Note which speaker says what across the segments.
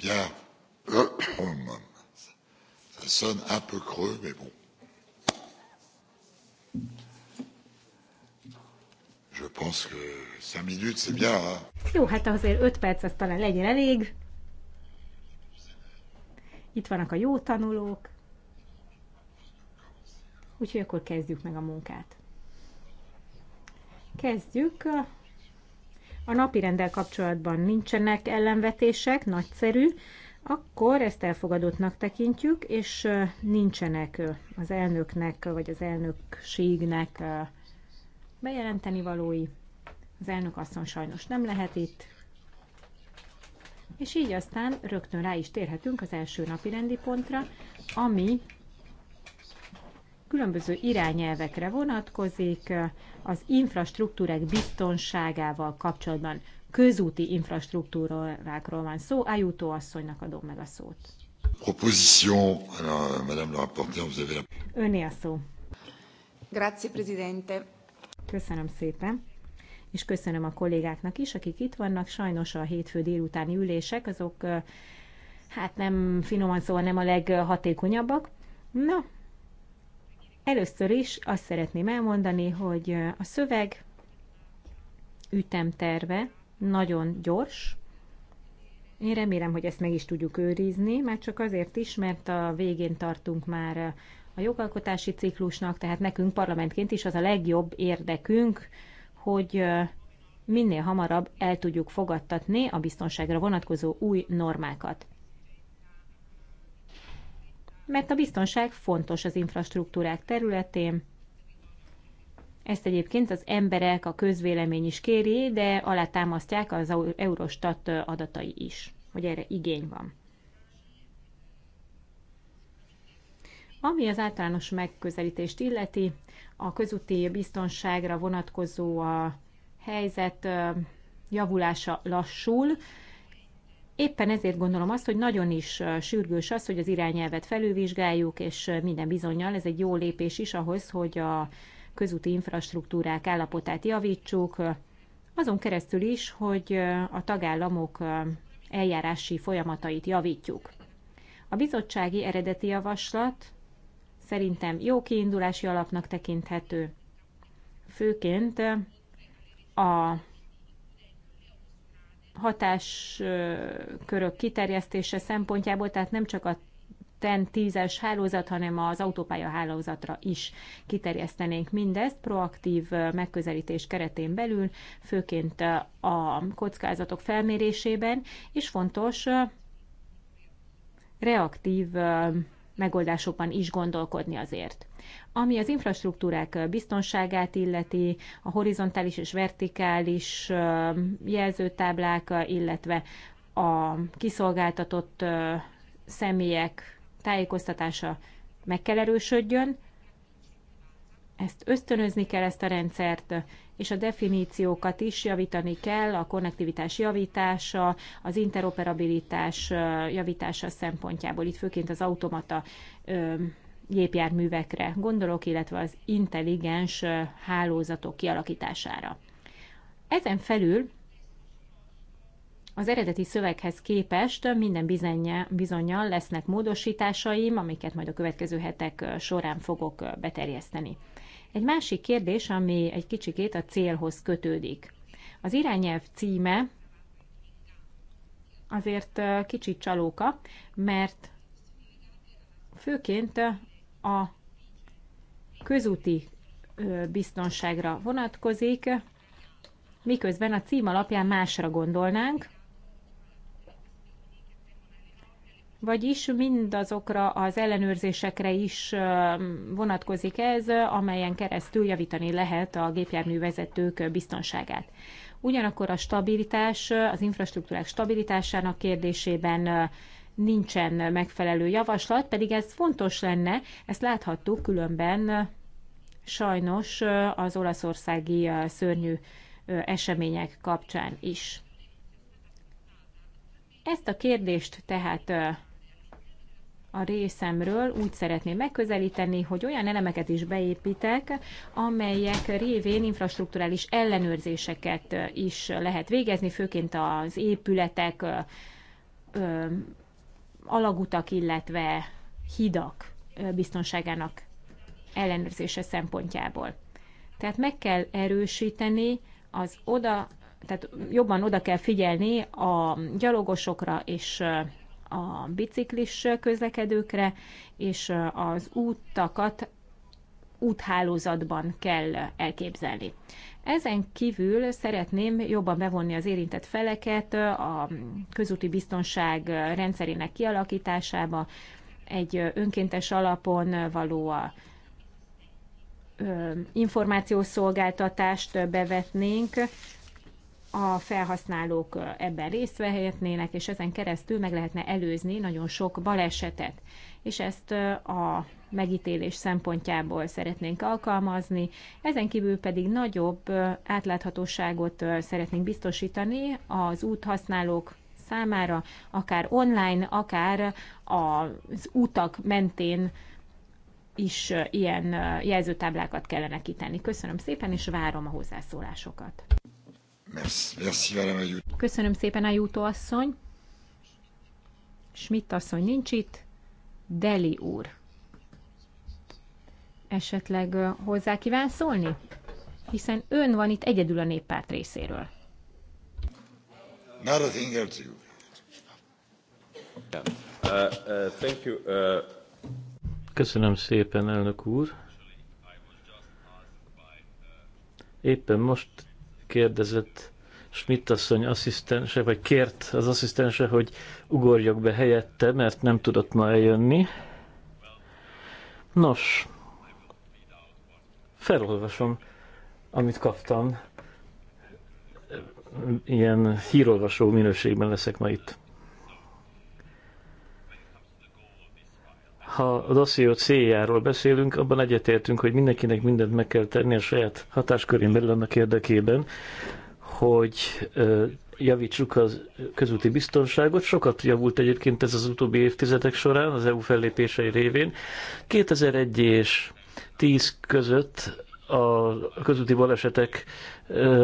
Speaker 1: Bien. Euh, oh, Ça sonne un peu creux, mais bon. Je pense que minutes, c'est bien, hein?
Speaker 2: Jó, hát azért 5 perc, az talán legyen elég. Itt vannak a jó tanulók. Úgyhogy akkor kezdjük meg a munkát. Kezdjük a napi rendel kapcsolatban nincsenek ellenvetések, nagyszerű, akkor ezt elfogadottnak tekintjük, és nincsenek az elnöknek vagy az elnökségnek bejelenteni valói. Az elnök asszony sajnos nem lehet itt. És így aztán rögtön rá is térhetünk az első napi rendi pontra, ami különböző irányelvekre vonatkozik az infrastruktúrák biztonságával kapcsolatban. Közúti infrastruktúrákról van szó. Ájútó asszonynak adom meg a szót.
Speaker 1: Proposition, alors, madame la rapporteure, vous avez la...
Speaker 2: Öné a szó. Grazie, presidente. Köszönöm szépen és köszönöm a kollégáknak is, akik itt vannak. Sajnos a hétfő délutáni ülések, azok hát nem finoman szóval nem a leghatékonyabbak. Na, Először is azt szeretném elmondani, hogy a szöveg ütemterve nagyon gyors. Én remélem, hogy ezt meg is tudjuk őrizni, már csak azért is, mert a végén tartunk már a jogalkotási ciklusnak, tehát nekünk parlamentként is az a legjobb érdekünk, hogy minél hamarabb el tudjuk fogadtatni a biztonságra vonatkozó új normákat mert a biztonság fontos az infrastruktúrák területén. Ezt egyébként az emberek, a közvélemény is kéri, de alátámasztják az Eurostat adatai is, hogy erre igény van. Ami az általános megközelítést illeti, a közúti biztonságra vonatkozó a helyzet javulása lassul, Éppen ezért gondolom azt, hogy nagyon is sürgős az, hogy az irányelvet felülvizsgáljuk, és minden bizonyal ez egy jó lépés is ahhoz, hogy a közúti infrastruktúrák állapotát javítsuk, azon keresztül is, hogy a tagállamok eljárási folyamatait javítjuk. A bizottsági eredeti javaslat szerintem jó kiindulási alapnak tekinthető, főként a hatáskörök kiterjesztése szempontjából, tehát nem csak a TEN tízes hálózat, hanem az autópálya hálózatra is kiterjesztenénk mindezt proaktív megközelítés keretén belül, főként a kockázatok felmérésében, és fontos reaktív megoldásokban is gondolkodni azért. Ami az infrastruktúrák biztonságát illeti, a horizontális és vertikális jelzőtáblák, illetve a kiszolgáltatott személyek tájékoztatása meg kell erősödjön, ezt ösztönözni kell ezt a rendszert, és a definíciókat is javítani kell, a konnektivitás javítása, az interoperabilitás javítása szempontjából, itt főként az automata gépjárművekre gondolok, illetve az intelligens hálózatok kialakítására. Ezen felül az eredeti szöveghez képest minden bizonyal lesznek módosításaim, amiket majd a következő hetek során fogok beterjeszteni. Egy másik kérdés, ami egy kicsikét a célhoz kötődik. Az irányelv címe azért kicsit csalóka, mert főként a közúti biztonságra vonatkozik, miközben a cím alapján másra gondolnánk, vagyis mindazokra az ellenőrzésekre is vonatkozik ez, amelyen keresztül javítani lehet a gépjárművezetők biztonságát. Ugyanakkor a stabilitás, az infrastruktúrák stabilitásának kérdésében nincsen megfelelő javaslat, pedig ez fontos lenne, ezt láthattuk különben sajnos az olaszországi szörnyű események kapcsán is. Ezt a kérdést tehát a részemről úgy szeretném megközelíteni, hogy olyan elemeket is beépítek, amelyek révén infrastruktúrális ellenőrzéseket is lehet végezni, főként az épületek, alagutak, illetve hidak biztonságának ellenőrzése szempontjából. Tehát meg kell erősíteni az oda, tehát jobban oda kell figyelni a gyalogosokra és a biciklis közlekedőkre, és az úttakat úthálózatban kell elképzelni. Ezen kívül szeretném jobban bevonni az érintett feleket a közúti biztonság rendszerének kialakításába, egy önkéntes alapon való a információszolgáltatást bevetnénk, a felhasználók ebben részt vehetnének, és ezen keresztül meg lehetne előzni nagyon sok balesetet. És ezt a megítélés szempontjából szeretnénk alkalmazni. Ezen kívül pedig nagyobb átláthatóságot szeretnénk biztosítani az úthasználók számára, akár online, akár az utak mentén is ilyen jelzőtáblákat kellene kitenni. Köszönöm szépen, és várom a hozzászólásokat.
Speaker 1: Merci,
Speaker 2: Köszönöm szépen, Ajutó asszony. Schmidt asszony nincs itt. Deli úr. Esetleg hozzá kíván szólni? Hiszen ön van itt egyedül a néppárt részéről.
Speaker 1: Not a thing else uh, uh, you. you. Uh,
Speaker 3: Köszönöm szépen, elnök úr. Éppen most kérdezett Schmidt asszony asszisztense, vagy kért az asszisztense, hogy ugorjak be helyette, mert nem tudott ma eljönni. Nos, felolvasom, amit kaptam. Ilyen hírolvasó minőségben leszek ma itt. ha a dosszió céljáról beszélünk, abban egyetértünk, hogy mindenkinek mindent meg kell tenni a saját hatáskörén belül annak érdekében, hogy javítsuk az közúti biztonságot. Sokat javult egyébként ez az utóbbi évtizedek során, az EU fellépései révén. 2001 és 10 között a közúti balesetek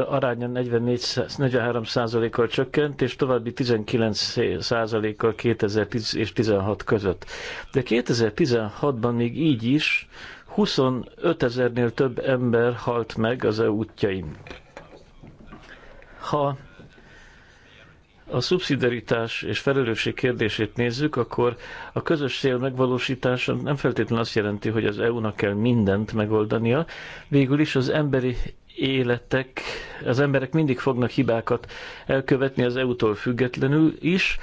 Speaker 3: aránya 43%-kal csökkent, és további 19%-kal 2010 és 16 között. De 2016-ban még így is 25 ezernél több ember halt meg az EU útjain. Ha a szubszidaritás és felelősség kérdését nézzük, akkor a közös cél megvalósítása nem feltétlenül azt jelenti, hogy az EU-nak kell mindent megoldania. Végül is az emberi életek, az emberek mindig fognak hibákat elkövetni az EU-tól függetlenül is.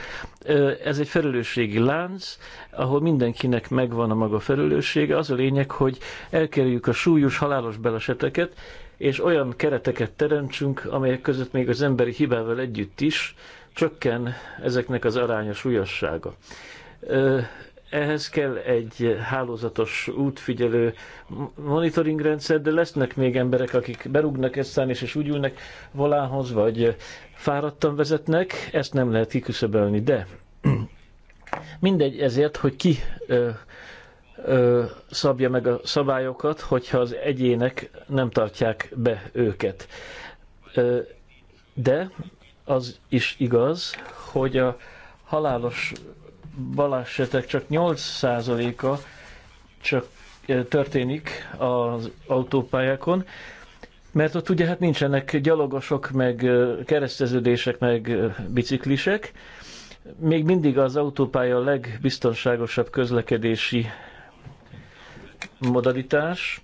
Speaker 3: Ez egy felelősségi lánc, ahol mindenkinek megvan a maga felelőssége. Az a lényeg, hogy elkerüljük a súlyos, halálos beleseteket, és olyan kereteket teremtsünk, amelyek között még az emberi hibával együtt is csökken ezeknek az aránya súlyossága. Ehhez kell egy hálózatos útfigyelő monitoring rendszer, de lesznek még emberek, akik berúgnak eztán és, és úgy ülnek volához, vagy fáradtan vezetnek, ezt nem lehet kiküszöbölni, de mindegy ezért, hogy ki ö, ö, szabja meg a szabályokat, hogyha az egyének nem tartják be őket. Ö, de az is igaz, hogy a halálos balesetek csak 8%-a csak eh, történik az autópályákon, mert ott ugye hát nincsenek gyalogosok, meg eh, kereszteződések, meg eh, biciklisek. Még mindig az autópálya a legbiztonságosabb közlekedési modalitás,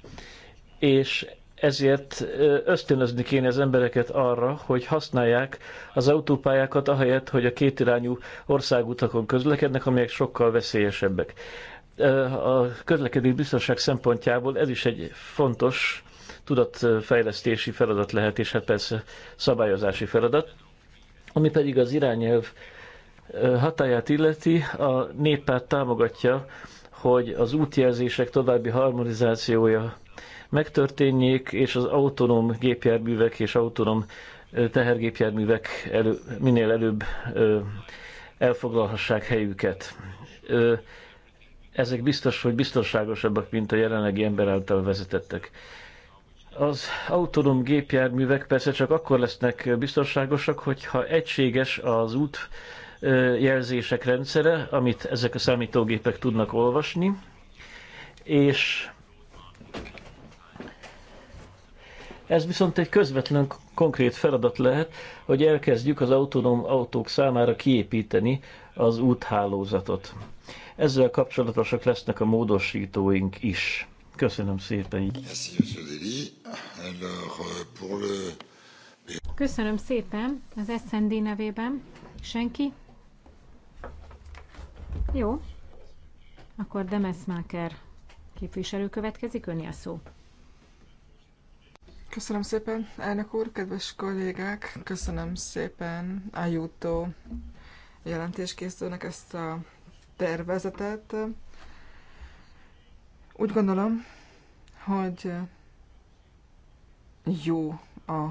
Speaker 3: és ezért ösztönözni kéne az embereket arra, hogy használják az autópályákat, ahelyett, hogy a kétirányú országutakon közlekednek, amelyek sokkal veszélyesebbek. A közlekedés biztonság szempontjából ez is egy fontos tudatfejlesztési feladat lehet, és hát persze szabályozási feladat. Ami pedig az irányelv hatáját illeti, a néppárt támogatja, hogy az útjelzések további harmonizációja megtörténjék, és az autonóm gépjárművek és autonóm tehergépjárművek elő, minél előbb elfoglalhassák helyüket. Ezek biztos, hogy biztonságosabbak, mint a jelenlegi ember által vezetettek. Az autonóm gépjárművek persze csak akkor lesznek biztonságosak, hogyha egységes az út jelzések rendszere, amit ezek a számítógépek tudnak olvasni, és Ez viszont egy közvetlen konkrét feladat lehet, hogy elkezdjük az autonóm autók számára kiépíteni az úthálózatot. Ezzel kapcsolatosak lesznek a módosítóink
Speaker 1: is. Köszönöm szépen. Euh,
Speaker 2: Köszönöm szépen az SND nevében. Senki? Jó. Akkor Demesmaker
Speaker 4: képviselő következik, önni a szó. Köszönöm szépen, elnök úr, kedves kollégák, köszönöm szépen a jutó jelentéskészítőnek ezt a tervezetet. Úgy gondolom, hogy jó a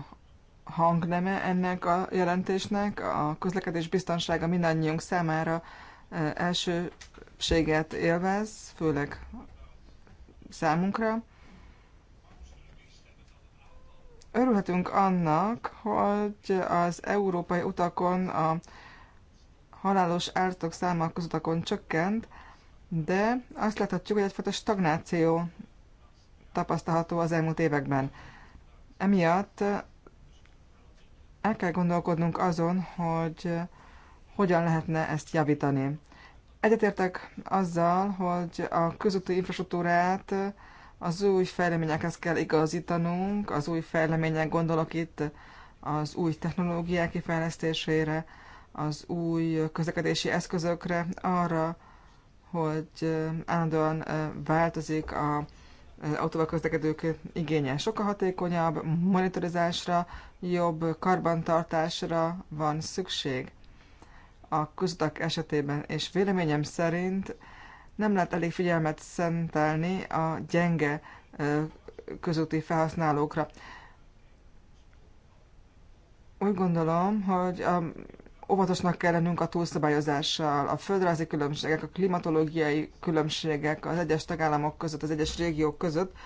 Speaker 4: hangneme ennek a jelentésnek, a közlekedés biztonsága mindannyiunk számára eh, elsőséget élvez, főleg számunkra. Örülhetünk annak, hogy az európai utakon a halálos ártok száma közutakon csökkent, de azt láthatjuk, hogy egyfajta stagnáció tapasztalható az elmúlt években. Emiatt el kell gondolkodnunk azon, hogy hogyan lehetne ezt javítani. Egyetértek azzal, hogy a közúti infrastruktúrát az új fejleményekhez kell igazítanunk, az új fejlemények gondolok itt az új technológiák kifejlesztésére, az új közlekedési eszközökre, arra, hogy állandóan változik a autóval közlekedők igénye. Sokkal hatékonyabb monitorizásra, jobb karbantartásra van szükség a közutak esetében, és véleményem szerint nem lehet elég figyelmet szentelni a gyenge közúti felhasználókra. Úgy gondolom, hogy a, óvatosnak kell lennünk a túlszabályozással, a földrajzi különbségek, a klimatológiai különbségek az egyes tagállamok között, az egyes régiók között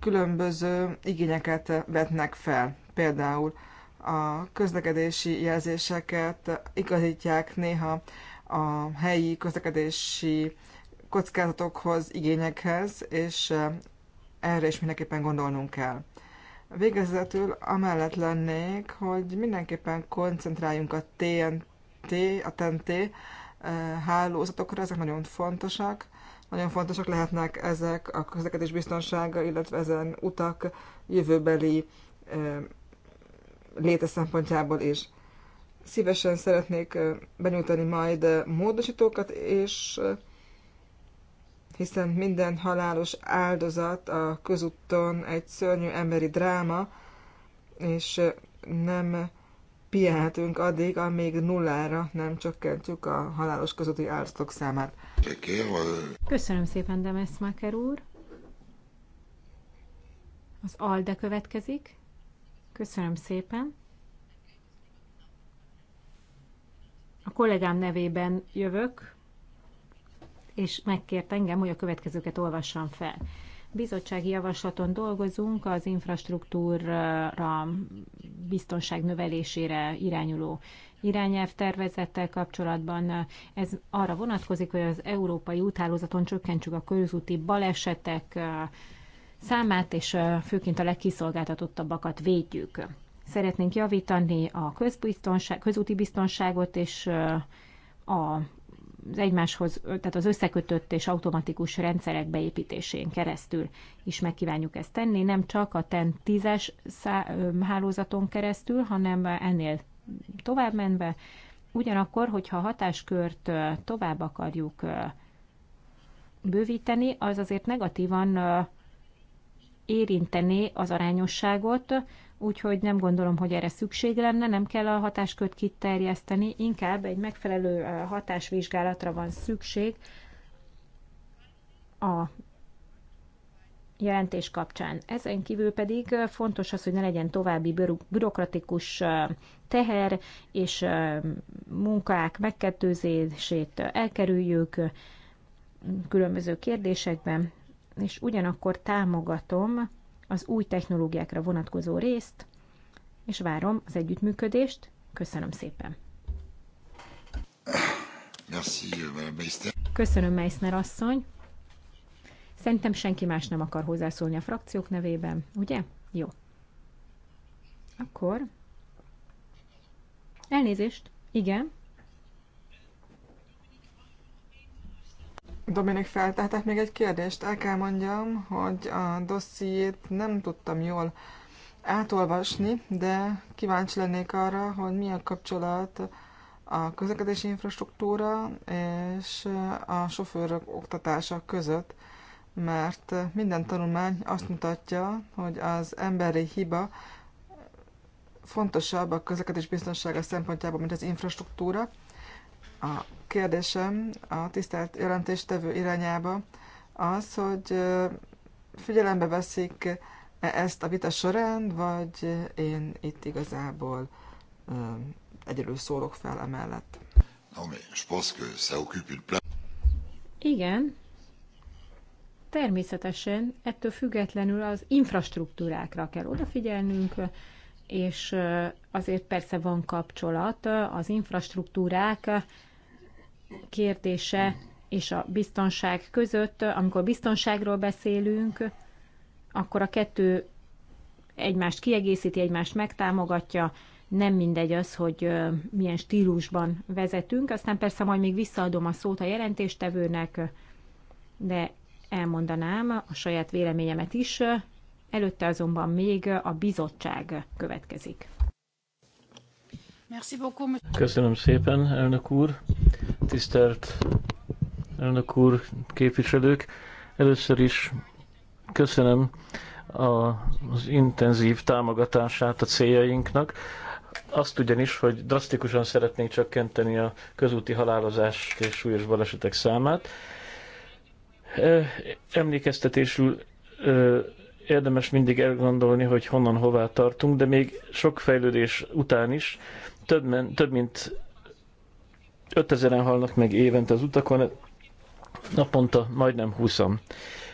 Speaker 4: különböző igényeket vetnek fel. Például a közlekedési jelzéseket igazítják néha a helyi közlekedési kockázatokhoz, igényekhez, és erre is mindenképpen gondolnunk kell. Végezetül amellett lennék, hogy mindenképpen koncentráljunk a TNT, a TNT hálózatokra, ezek nagyon fontosak. Nagyon fontosak lehetnek ezek a közlekedés biztonsága, illetve ezen utak jövőbeli léte szempontjából is. Szívesen szeretnék benyújtani majd módosítókat, és hiszen minden halálos áldozat a közúton egy szörnyű emberi dráma, és nem pihenhetünk addig, amíg nullára nem csökkentjük a halálos közúti áldozatok számát. Köszönöm szépen, Demeszmaker úr!
Speaker 2: Az ALDE következik. Köszönöm szépen! A kollégám nevében jövök, és megkért engem, hogy a következőket olvassam fel. Bizottsági javaslaton dolgozunk az infrastruktúra biztonság növelésére irányuló irányelv tervezettel kapcsolatban. Ez arra vonatkozik, hogy az európai úthálózaton csökkentsük a közúti balesetek számát, és főként a legkiszolgáltatottabbakat védjük. Szeretnénk javítani a közbiztonság, közúti biztonságot és a az egymáshoz, tehát az összekötött és automatikus rendszerek beépítésén keresztül is megkívánjuk ezt tenni, nem csak a TEN 10-es hálózaton keresztül, hanem ennél tovább menve. Ugyanakkor, hogyha a hatáskört tovább akarjuk bővíteni, az azért negatívan érinteni az arányosságot, úgyhogy nem gondolom, hogy erre szükség lenne, nem kell a hatáskört kiterjeszteni, inkább egy megfelelő hatásvizsgálatra van szükség a jelentés kapcsán. Ezen kívül pedig fontos az, hogy ne legyen további bürokratikus teher és munkák megkettőzését elkerüljük különböző kérdésekben, és ugyanakkor támogatom az új technológiákra vonatkozó részt, és várom az együttműködést. Köszönöm szépen! Köszönöm, Meissner asszony. Szerintem senki más nem akar hozzászólni a frakciók nevében, ugye? Jó. Akkor...
Speaker 4: Elnézést. Igen. Dominik feltehetek még egy kérdést. El kell mondjam, hogy a dossziét nem tudtam jól átolvasni, de kíváncsi lennék arra, hogy milyen kapcsolat a közlekedési infrastruktúra és a sofőrök oktatása között, mert minden tanulmány azt mutatja, hogy az emberi hiba fontosabb a közlekedés biztonsága szempontjából, mint az infrastruktúra. A kérdésem a tisztelt jelentéstevő irányába az, hogy figyelembe veszik -e ezt a vita során, vagy én itt igazából egyedül szólok fel emellett.
Speaker 2: Igen, természetesen ettől függetlenül az infrastruktúrákra kell odafigyelnünk, és azért persze van kapcsolat az infrastruktúrák kérdése és a biztonság között. Amikor biztonságról beszélünk, akkor a kettő egymást kiegészíti, egymást megtámogatja, nem mindegy az, hogy milyen stílusban vezetünk. Aztán persze majd még visszaadom a szót a jelentéstevőnek, de elmondanám a saját véleményemet is. Előtte azonban még a bizottság következik.
Speaker 3: Köszönöm szépen, elnök úr. Tisztelt elnök úr, képviselők. Először is köszönöm a, az intenzív támogatását a céljainknak. Azt ugyanis, hogy drasztikusan szeretnénk csökkenteni a közúti halálozás és súlyos balesetek számát. Emlékeztetésül érdemes mindig elgondolni, hogy honnan hová tartunk, de még sok fejlődés után is több, men, több mint 5000-en halnak meg évente az utakon, naponta majdnem 20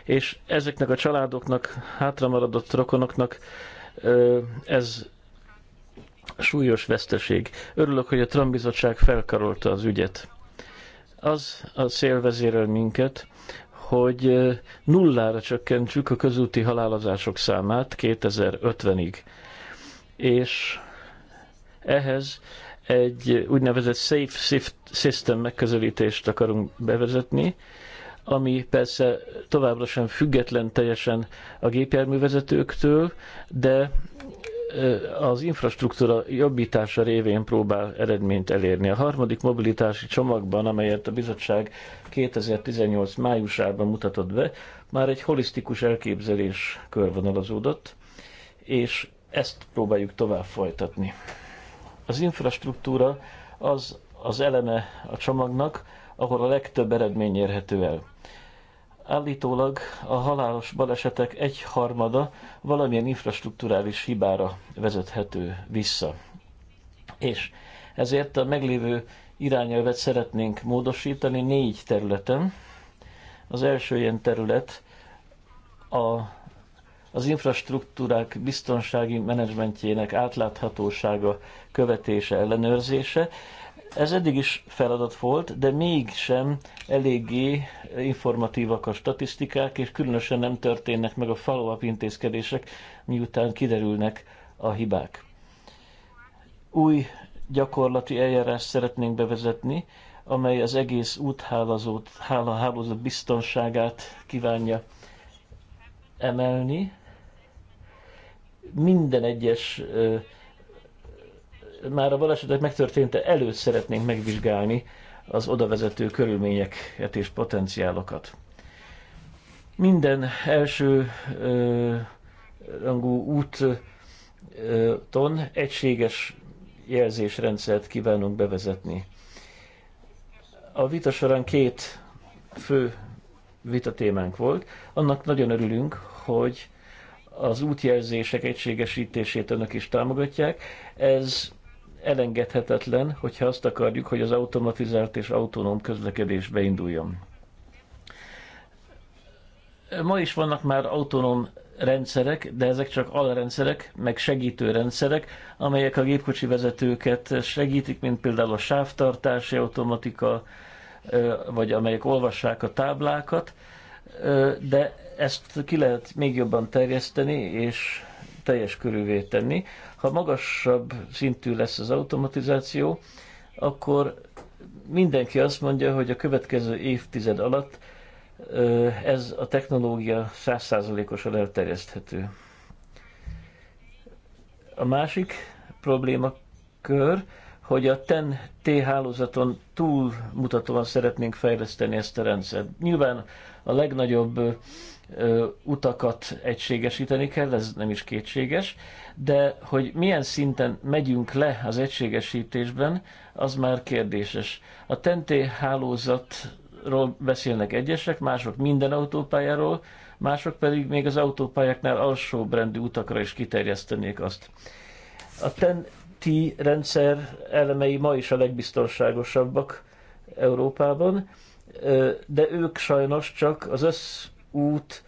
Speaker 3: És ezeknek a családoknak, hátramaradott rokonoknak ez súlyos veszteség. Örülök, hogy a Trump bizottság felkarolta az ügyet. Az a cél vezérel minket, hogy nullára csökkentsük a közúti halálozások számát 2050-ig. És ehhez egy úgynevezett safe shift system megközelítést akarunk bevezetni, ami persze továbbra sem független teljesen a gépjárművezetőktől, de az infrastruktúra jobbítása révén próbál eredményt elérni. A harmadik mobilitási csomagban, amelyet a bizottság 2018 májusában mutatott be, már egy holisztikus elképzelés körvonalazódott, és ezt próbáljuk tovább folytatni. Az infrastruktúra az az eleme a csomagnak, ahol a legtöbb eredmény érhető el. Állítólag a halálos balesetek egyharmada valamilyen infrastruktúrális hibára vezethető vissza. És ezért a meglévő irányelvet szeretnénk módosítani négy területen. Az első ilyen terület a az infrastruktúrák biztonsági menedzsmentjének átláthatósága, követése, ellenőrzése. Ez eddig is feladat volt, de mégsem eléggé informatívak a statisztikák, és különösen nem történnek meg a follow-up intézkedések, miután kiderülnek a hibák. Új gyakorlati eljárást szeretnénk bevezetni, amely az egész úthálózat, biztonságát kívánja emelni minden egyes már a balesetek megtörténte előtt szeretnénk megvizsgálni az odavezető körülményeket és potenciálokat. Minden első ö, rangú úton egységes jelzésrendszert kívánunk bevezetni. A vita során két fő vita témánk volt. Annak nagyon örülünk, hogy az útjelzések egységesítését önök is támogatják. Ez elengedhetetlen, hogyha azt akarjuk, hogy az automatizált és autonóm közlekedés beinduljon. Ma is vannak már autonóm rendszerek, de ezek csak alrendszerek, meg segítő rendszerek, amelyek a gépkocsi vezetőket segítik, mint például a sávtartási automatika, vagy amelyek olvassák a táblákat, de ezt ki lehet még jobban terjeszteni, és teljes körülvé tenni. Ha magasabb szintű lesz az automatizáció, akkor mindenki azt mondja, hogy a következő évtized alatt ez a technológia százszázalékosan elterjeszthető. A másik problémakör, hogy a TEN-T e hálózaton túlmutatóan szeretnénk fejleszteni ezt a rendszert. Nyilván a legnagyobb utakat egységesíteni kell, ez nem is kétséges, de hogy milyen szinten megyünk le az egységesítésben, az már kérdéses. A tenté hálózatról beszélnek egyesek, mások minden autópályáról, mások pedig még az autópályáknál rendű utakra is kiterjesztenék azt. A TEN-T rendszer elemei ma is a legbiztonságosabbak Európában, de ők sajnos csak az össz út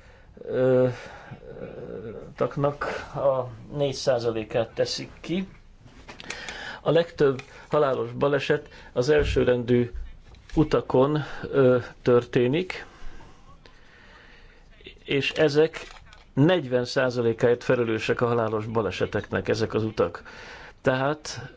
Speaker 3: taknak a 4%-át teszik ki. A legtöbb halálos baleset az elsőrendű utakon ö, történik, és ezek 40%-áért felelősek a halálos baleseteknek ezek az utak. Tehát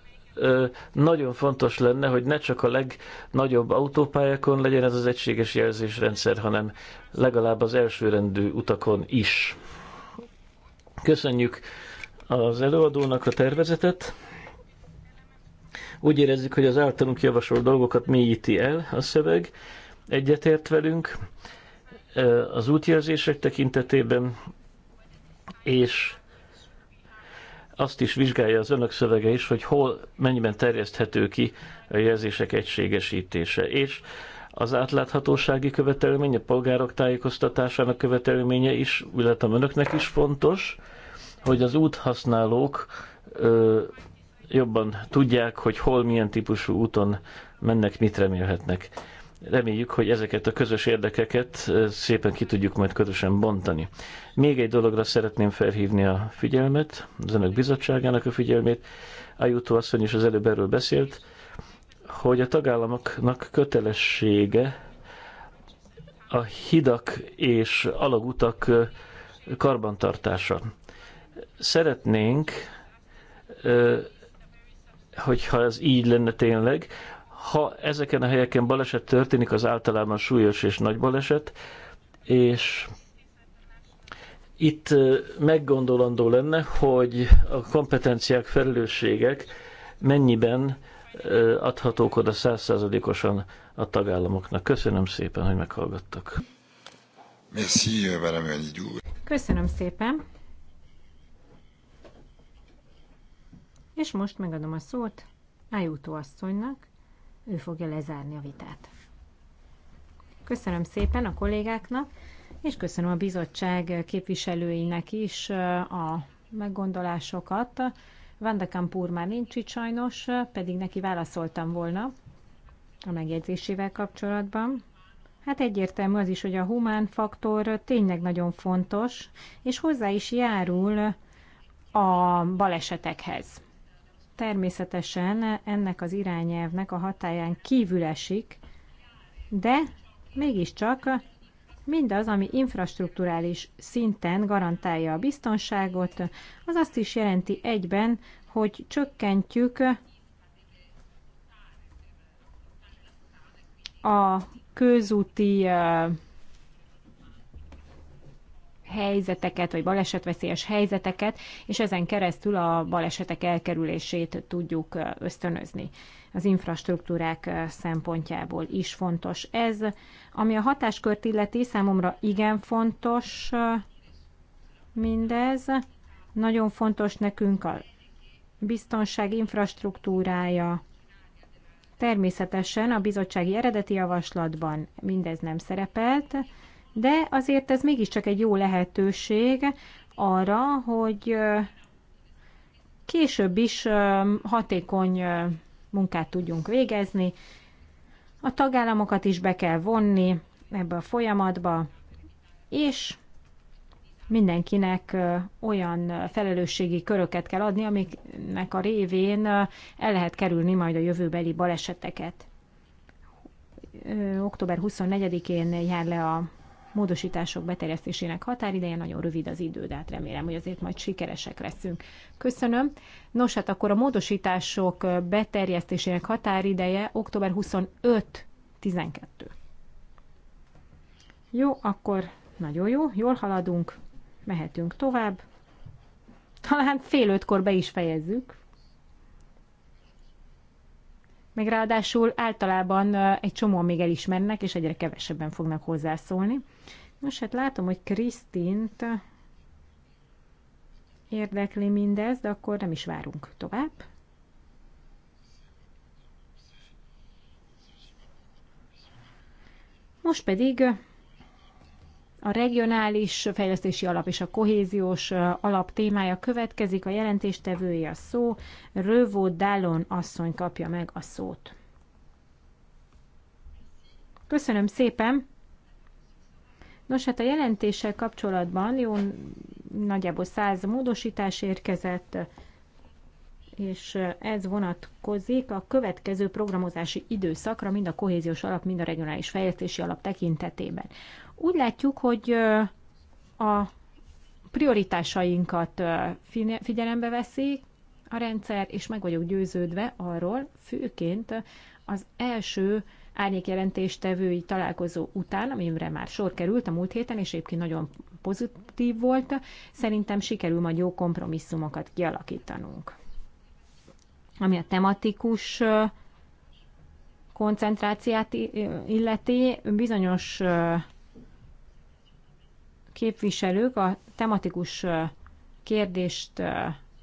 Speaker 3: nagyon fontos lenne, hogy ne csak a legnagyobb autópályákon legyen ez az egységes jelzésrendszer, hanem legalább az elsőrendű utakon is. Köszönjük az előadónak a tervezetet. Úgy érezzük, hogy az általunk javasolt dolgokat mélyíti el a szöveg, egyetért velünk az útjelzések tekintetében, és azt is vizsgálja az önök szövege is, hogy hol, mennyiben terjeszthető ki a jelzések egységesítése. És az átláthatósági követelmény, a polgárok tájékoztatásának követelménye is, illetve önöknek is fontos, hogy az úthasználók ö, jobban tudják, hogy hol, milyen típusú úton mennek, mit remélhetnek. Reméljük, hogy ezeket a közös érdekeket szépen ki tudjuk majd közösen bontani. Még egy dologra szeretném felhívni a figyelmet, az önök bizottságának a figyelmét. Ajutó asszony is az előbb erről beszélt, hogy a tagállamoknak kötelessége a hidak és alagutak karbantartása. Szeretnénk, hogyha ez így lenne tényleg, ha ezeken a helyeken baleset történik, az általában súlyos és nagy baleset, és itt meggondolandó lenne, hogy a kompetenciák, felelősségek mennyiben adhatók oda százszázadékosan a tagállamoknak. Köszönöm szépen, hogy meghallgattak.
Speaker 1: Merci, Madame
Speaker 2: Köszönöm szépen. És most megadom a szót Ájútó asszonynak, ő fogja lezárni a vitát. Köszönöm szépen a kollégáknak, és köszönöm a bizottság képviselőinek is a meggondolásokat. Vanda úr már nincs itt sajnos, pedig neki válaszoltam volna a megjegyzésével kapcsolatban. Hát egyértelmű az is, hogy a humán faktor tényleg nagyon fontos, és hozzá is járul a balesetekhez természetesen ennek az irányelvnek a hatáján kívül esik, de mégiscsak mindaz, ami infrastruktúrális szinten garantálja a biztonságot, az azt is jelenti egyben, hogy csökkentjük a közúti helyzeteket, vagy balesetveszélyes helyzeteket, és ezen keresztül a balesetek elkerülését tudjuk ösztönözni. Az infrastruktúrák szempontjából is fontos ez. Ami a hatáskört illeti, számomra igen fontos mindez. Nagyon fontos nekünk a biztonság infrastruktúrája, Természetesen a bizottsági eredeti javaslatban mindez nem szerepelt, de azért ez mégiscsak egy jó lehetőség arra, hogy később is hatékony munkát tudjunk végezni. A tagállamokat is be kell vonni ebbe a folyamatba, és mindenkinek olyan felelősségi köröket kell adni, amiknek a révén el lehet kerülni majd a jövőbeli baleseteket. Október 24-én jár le a módosítások beterjesztésének határideje, nagyon rövid az idő, de hát remélem, hogy azért majd sikeresek leszünk. Köszönöm. Nos, hát akkor a módosítások beterjesztésének határideje október 25-12. Jó, akkor nagyon jó, jól haladunk, mehetünk tovább. Talán fél ötkor be is fejezzük. Meg ráadásul általában egy csomó még elismernek, és egyre kevesebben fognak hozzászólni. Nos, hát látom, hogy Krisztint érdekli mindez, de akkor nem is várunk tovább. Most pedig a regionális fejlesztési alap és a kohéziós alap témája következik, a jelentéstevője a szó, Rövó Dálon asszony kapja meg a szót. Köszönöm szépen! Nos, hát a jelentéssel kapcsolatban jó nagyjából száz módosítás érkezett, és ez vonatkozik a következő programozási időszakra, mind a kohéziós alap, mind a regionális fejlesztési alap tekintetében. Úgy látjuk, hogy a prioritásainkat figyelembe veszi a rendszer, és meg vagyok győződve arról, főként az első árnyékjelentéstevői találkozó után, amire már sor került a múlt héten, és éppként nagyon pozitív volt, szerintem sikerül majd jó kompromisszumokat kialakítanunk. Ami a tematikus koncentráciát illeti, bizonyos képviselők a tematikus kérdést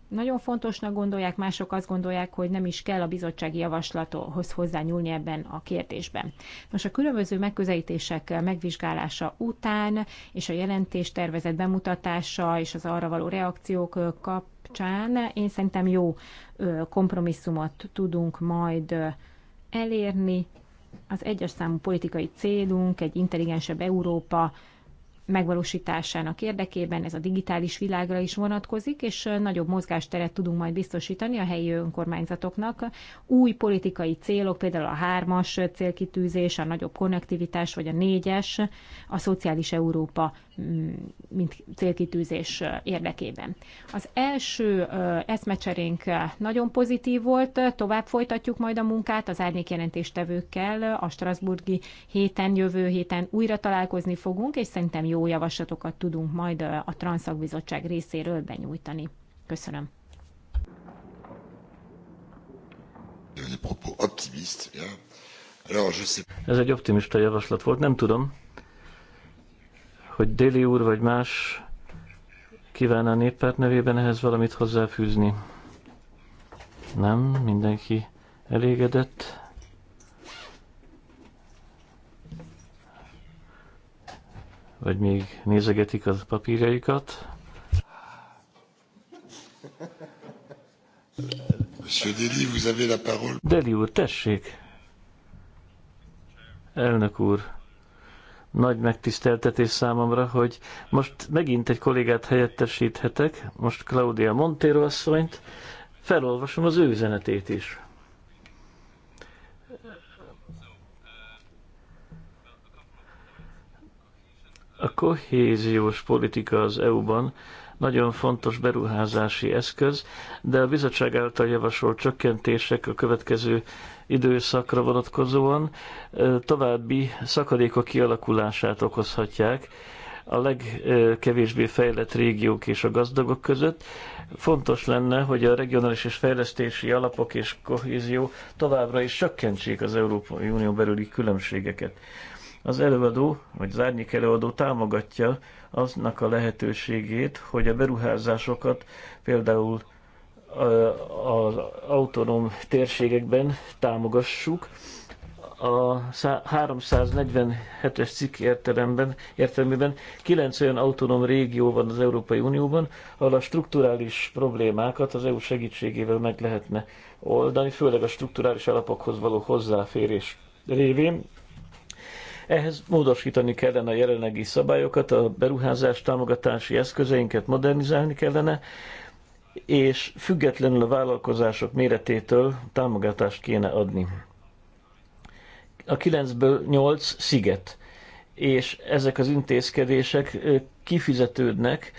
Speaker 2: nagyon fontosnak gondolják, mások azt gondolják, hogy nem is kell a bizottsági javaslathoz hozzányúlni ebben a kérdésben. Most a különböző megközelítések megvizsgálása után, és a jelentés tervezet bemutatása, és az arra való reakciók kapcsán én szerintem jó kompromisszumot tudunk majd elérni. Az egyes számú politikai célunk egy intelligensebb Európa megvalósításának érdekében, ez a digitális világra is vonatkozik, és nagyobb mozgásteret tudunk majd biztosítani a helyi önkormányzatoknak. Új politikai célok, például a hármas célkitűzés, a nagyobb konnektivitás, vagy a négyes, a szociális Európa mm, mint célkitűzés érdekében. Az első eszmecserénk nagyon pozitív volt, tovább folytatjuk majd a munkát az árnyékjelentéstevőkkel, a Strasburgi héten, jövő héten újra találkozni fogunk, és szerintem jó jó javaslatokat tudunk majd a Transzakbizottság részéről benyújtani. Köszönöm.
Speaker 1: Ez egy optimista
Speaker 3: javaslat volt, nem tudom, hogy Déli úr vagy más kíván a néppárt nevében ehhez valamit hozzáfűzni. Nem, mindenki elégedett. vagy még nézegetik az papírjaikat.
Speaker 1: Monsieur Deli, vous avez la parole.
Speaker 3: Deli úr, tessék! Elnök úr, nagy megtiszteltetés számomra, hogy most megint egy kollégát helyettesíthetek, most Claudia Montero asszonyt, felolvasom az ő üzenetét is. A kohéziós politika az EU-ban nagyon fontos beruházási eszköz, de a bizottság által javasolt csökkentések a következő időszakra vonatkozóan további szakadékok kialakulását okozhatják a legkevésbé fejlett régiók és a gazdagok között. Fontos lenne, hogy a regionális és fejlesztési alapok és kohézió továbbra is csökkentsék az Európai Unió belüli különbségeket. Az előadó, vagy az árnyék előadó támogatja aznak a lehetőségét, hogy a beruházásokat például az autonóm térségekben támogassuk. A 347-es cikk értelemben, értelmében 9 olyan autonóm régió van az Európai Unióban, ahol a strukturális problémákat az EU segítségével meg lehetne oldani, főleg a strukturális alapokhoz való hozzáférés révén. Ehhez módosítani kellene a jelenlegi szabályokat, a beruházás támogatási eszközeinket modernizálni kellene, és függetlenül a vállalkozások méretétől támogatást kéne adni. A 9-ből 8 sziget, és ezek az intézkedések kifizetődnek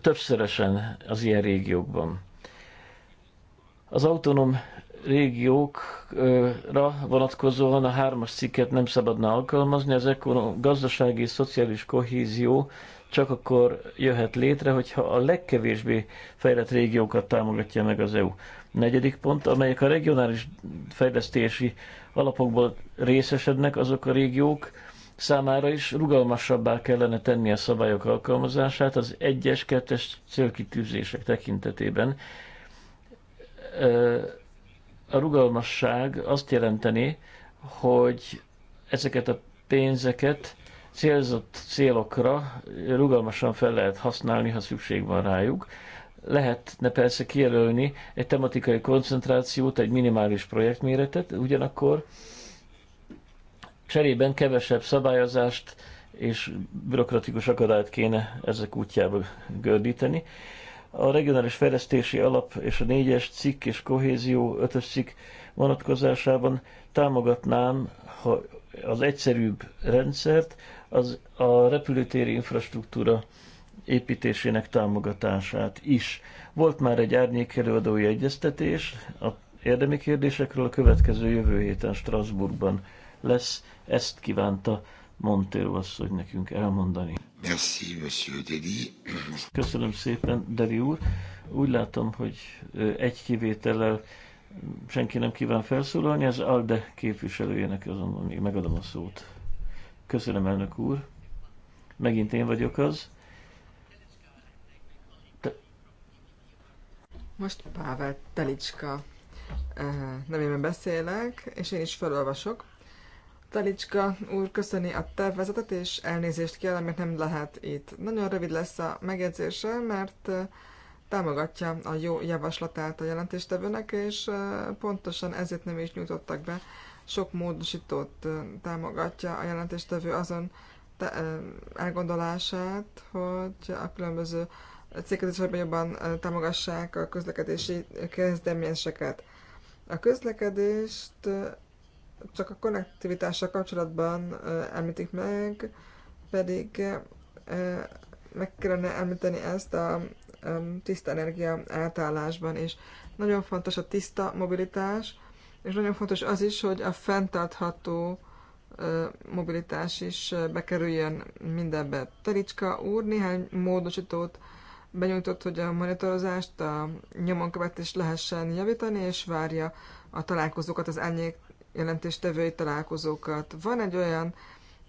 Speaker 3: többszörösen az ilyen régiókban. Az autonóm régiókra vonatkozóan a hármas cikket nem szabadna alkalmazni, az a gazdasági és szociális kohézió csak akkor jöhet létre, hogyha a legkevésbé fejlett régiókat támogatja meg az EU. Negyedik pont, amelyek a regionális fejlesztési alapokból részesednek, azok a régiók számára is rugalmasabbá kellene tenni a szabályok alkalmazását az egyes, kettes célkitűzések tekintetében a rugalmasság azt jelenteni, hogy ezeket a pénzeket célzott célokra rugalmasan fel lehet használni, ha szükség van rájuk. Lehetne persze kijelölni egy tematikai koncentrációt, egy minimális projektméretet, ugyanakkor cserében kevesebb szabályozást és bürokratikus akadályt kéne ezek útjába gördíteni a regionális fejlesztési alap és a négyes cikk és kohézió ötös cikk vonatkozásában támogatnám ha az egyszerűbb rendszert, az a repülőtéri infrastruktúra építésének támogatását is. Volt már egy előadói egyeztetés a érdemi kérdésekről, a következő jövő héten Strasbourgban lesz, ezt kívánta Montero asszony nekünk elmondani. Merci, monsieur Deli. Köszönöm szépen, Deli úr. Úgy látom, hogy egy kivétellel senki nem kíván felszólalni, az ALDE képviselőjének azonban még megadom a szót. Köszönöm, elnök úr. Megint én vagyok az.
Speaker 4: Te... Most Pável Telicska nevében beszélek, és én is felolvasok. Talicska úr köszöni a tervezetet, és elnézést kér, mert nem lehet itt. Nagyon rövid lesz a megjegyzése, mert támogatja a jó javaslatát a jelentéstevőnek, és pontosan ezért nem is nyújtottak be. Sok módosítót támogatja a jelentéstevő azon elgondolását, hogy a különböző cégkezdésekben jobban támogassák a közlekedési kezdeményeseket. A közlekedést csak a konnektivitással kapcsolatban említik meg, pedig meg kellene említeni ezt a tiszta energia átállásban is. Nagyon fontos a tiszta mobilitás, és nagyon fontos az is, hogy a fenntartható mobilitás is bekerüljön mindenbe. Tericska úr néhány módosítót benyújtott, hogy a monitorozást, a nyomonkövetést lehessen javítani, és várja a találkozókat az árnyék jelentéstevői találkozókat. Van egy olyan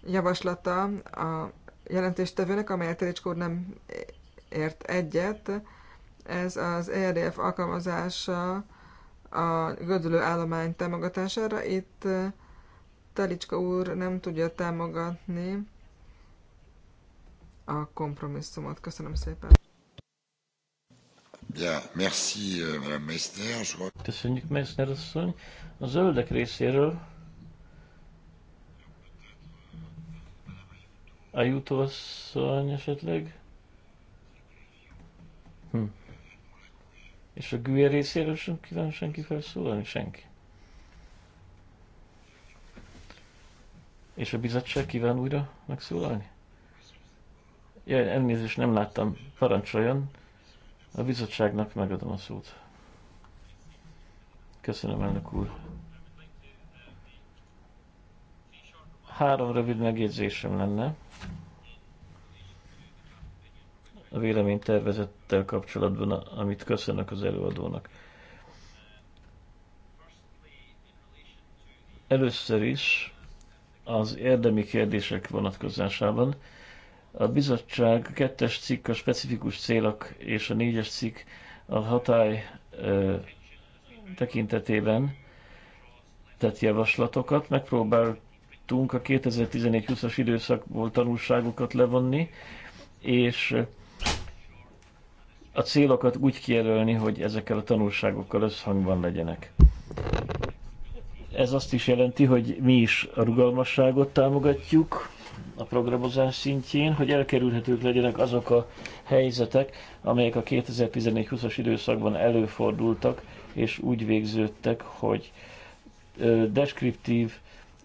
Speaker 4: javaslata a jelentéstevőnek, amelyet Tericskó nem ért egyet, ez az ERDF alkalmazása a gödülő állomány támogatására. Itt eh, Talicska úr nem tudja támogatni a kompromisszumot. Köszönöm szépen!
Speaker 1: Bien, merci, euh, Madame Meissner. Köszönjük,
Speaker 3: Meissner asszony. A zöldek részéről a asszony esetleg? Hm. És a Güje részéről sem kíván senki felszólalni? Senki. És a bizottság kíván újra megszólalni? Ja, elnézést nem láttam. Parancsoljon. A bizottságnak megadom a szót. Köszönöm, elnök úr. Három rövid megjegyzésem lenne a véleménytervezettel kapcsolatban, amit köszönök az előadónak. Először is az érdemi kérdések vonatkozásában a bizottság kettes cikk a specifikus célok és a négyes cikk a hatály ö, tekintetében tett javaslatokat. Megpróbáltunk a 2014-20-as időszakból tanulságokat levonni, és a célokat úgy kijelölni, hogy ezekkel a tanulságokkal összhangban legyenek. Ez azt is jelenti, hogy mi is a rugalmasságot támogatjuk, a programozás szintjén, hogy elkerülhetők legyenek azok a helyzetek, amelyek a 2014-20-as időszakban előfordultak, és úgy végződtek, hogy deskriptív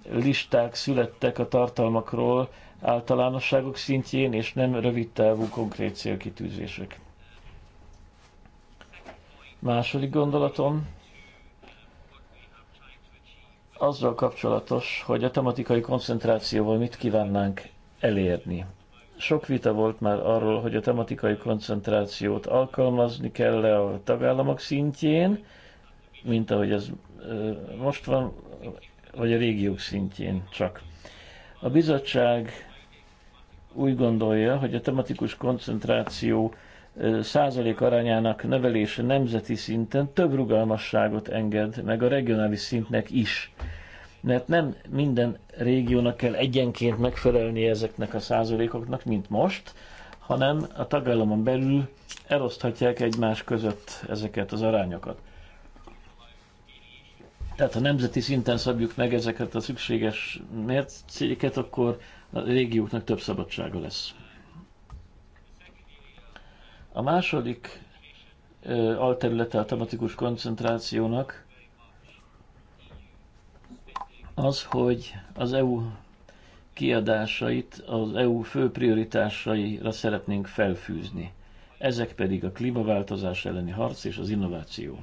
Speaker 3: listák születtek a tartalmakról általánosságok szintjén, és nem rövid távú konkrét célkitűzések. Második gondolatom, azzal kapcsolatos, hogy a tematikai koncentrációval mit kívánnánk elérni. Sok vita volt már arról, hogy a tematikai koncentrációt alkalmazni kell -e a tagállamok szintjén, mint ahogy ez most van, vagy a régiók szintjén csak. A bizottság úgy gondolja, hogy a tematikus koncentráció százalék arányának növelése nemzeti szinten több rugalmasságot enged, meg a regionális szintnek is. Mert nem minden régiónak kell egyenként megfelelni ezeknek a százalékoknak, mint most, hanem a tagállamon belül eloszthatják egymás között ezeket az arányokat. Tehát ha nemzeti szinten szabjuk meg ezeket a szükséges mércéket, akkor a régióknak több szabadsága lesz. A második alterülete a tematikus koncentrációnak az, hogy az EU kiadásait az EU fő prioritásaira szeretnénk felfűzni. Ezek pedig a klímaváltozás elleni harc és az innováció.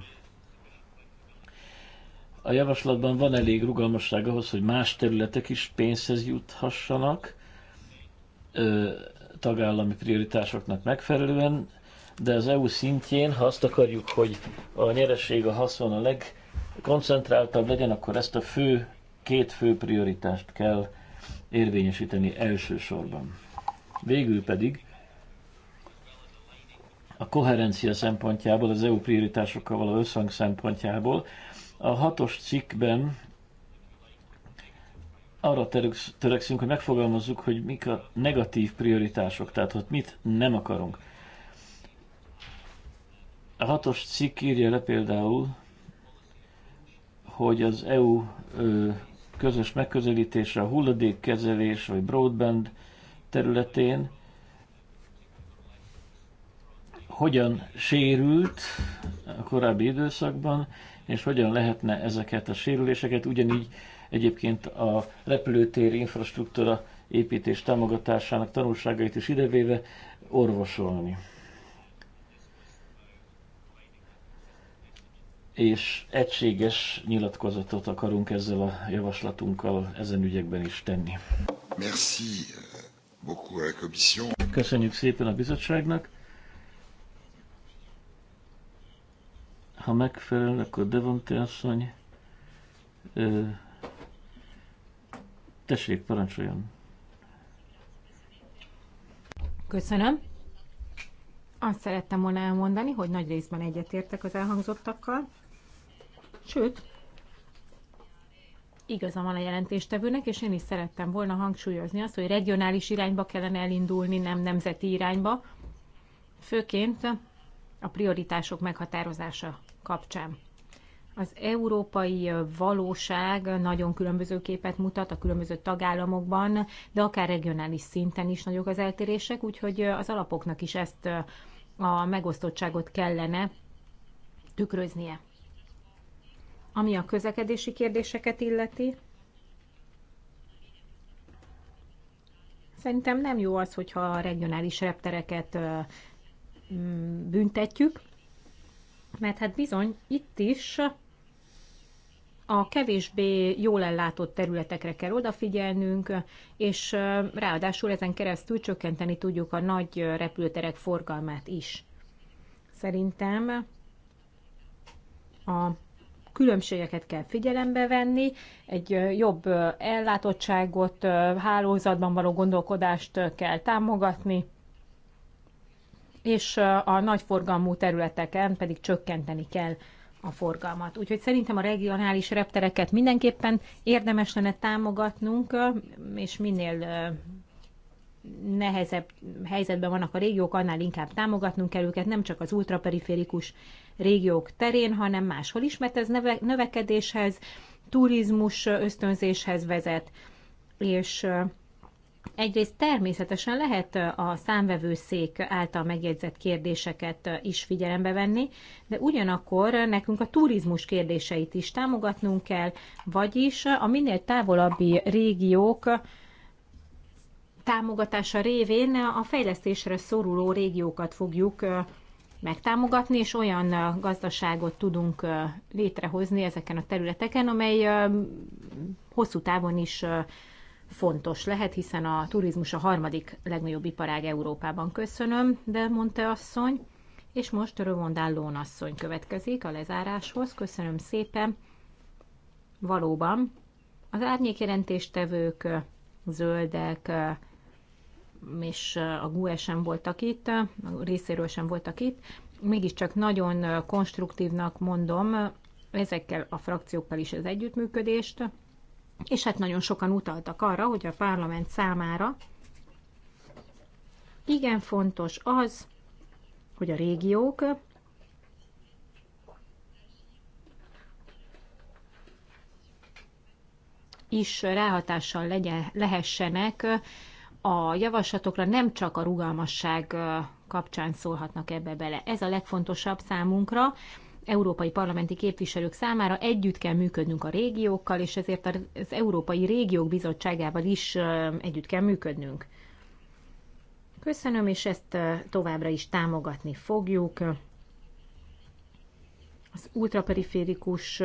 Speaker 3: A javaslatban van elég rugalmasság ahhoz, hogy más területek is pénzhez juthassanak, tagállami prioritásoknak megfelelően, de az EU szintjén, ha azt akarjuk, hogy a nyeresség, a haszon a legkoncentráltabb legyen, akkor ezt a fő, két fő prioritást kell érvényesíteni elsősorban. Végül pedig a koherencia szempontjából, az EU prioritásokkal való összhang szempontjából a hatos cikkben arra törekszünk, hogy megfogalmazzuk, hogy mik a negatív prioritások, tehát hogy mit nem akarunk a hatos cikk írja le például, hogy az EU ö, közös megközelítésre a hulladékkezelés vagy broadband területén hogyan sérült a korábbi időszakban, és hogyan lehetne ezeket a sérüléseket, ugyanígy egyébként a repülőtéri infrastruktúra építés támogatásának tanulságait is idevéve orvosolni. és egységes nyilatkozatot akarunk ezzel a javaslatunkkal ezen ügyekben is tenni.
Speaker 1: Merci euh, beaucoup à la commission.
Speaker 3: Köszönjük szépen a bizottságnak. Ha megfelel, akkor Devonte asszony, tessék, parancsoljon.
Speaker 2: Köszönöm. Azt szerettem volna elmondani, hogy nagy részben egyetértek az elhangzottakkal, Sőt, igaza van a jelentéstevőnek, és én is szerettem volna hangsúlyozni azt, hogy regionális irányba kellene elindulni, nem nemzeti irányba, főként a prioritások meghatározása kapcsán. Az európai valóság nagyon különböző képet mutat a különböző tagállamokban, de akár regionális szinten is nagyok az eltérések, úgyhogy az alapoknak is ezt a megosztottságot kellene tükröznie. Ami a közlekedési kérdéseket illeti, szerintem nem jó az, hogyha a regionális reptereket mm, büntetjük, mert hát bizony itt is a kevésbé jól ellátott területekre kell odafigyelnünk, és ráadásul ezen keresztül csökkenteni tudjuk a nagy repülőterek forgalmát is. Szerintem a különbségeket kell figyelembe venni, egy jobb ellátottságot, hálózatban való gondolkodást kell támogatni, és a nagyforgalmú területeken pedig csökkenteni kell a forgalmat. Úgyhogy szerintem a regionális reptereket mindenképpen érdemes lenne támogatnunk, és minél nehezebb helyzetben vannak a régiók, annál inkább támogatnunk kell őket, nem csak az ultraperiférikus régiók terén, hanem máshol is, mert ez növekedéshez, turizmus ösztönzéshez vezet, és Egyrészt természetesen lehet a számvevőszék által megjegyzett kérdéseket is figyelembe venni, de ugyanakkor nekünk a turizmus kérdéseit is támogatnunk kell, vagyis a minél távolabbi régiók támogatása révén a fejlesztésre szoruló régiókat fogjuk megtámogatni, és olyan gazdaságot tudunk létrehozni ezeken a területeken, amely hosszú távon is fontos lehet, hiszen a turizmus a harmadik legnagyobb iparág Európában. Köszönöm, de mondta asszony. És most Rövondán Lón asszony következik a lezáráshoz. Köszönöm szépen. Valóban az árnyékjelentéstevők, zöldek, és a GUE sem voltak itt, a részéről sem voltak itt, mégiscsak nagyon konstruktívnak mondom ezekkel a frakciókkal is az együttműködést, és hát nagyon sokan utaltak arra, hogy a parlament számára igen fontos az, hogy a régiók is ráhatással legyen, lehessenek a javaslatokra nem csak a rugalmasság kapcsán szólhatnak ebbe bele. Ez a legfontosabb számunkra, európai parlamenti képviselők számára együtt kell működnünk a régiókkal, és ezért az Európai Régiók Bizottságával is együtt kell működnünk. Köszönöm, és ezt továbbra is támogatni fogjuk. Az ultraperiférikus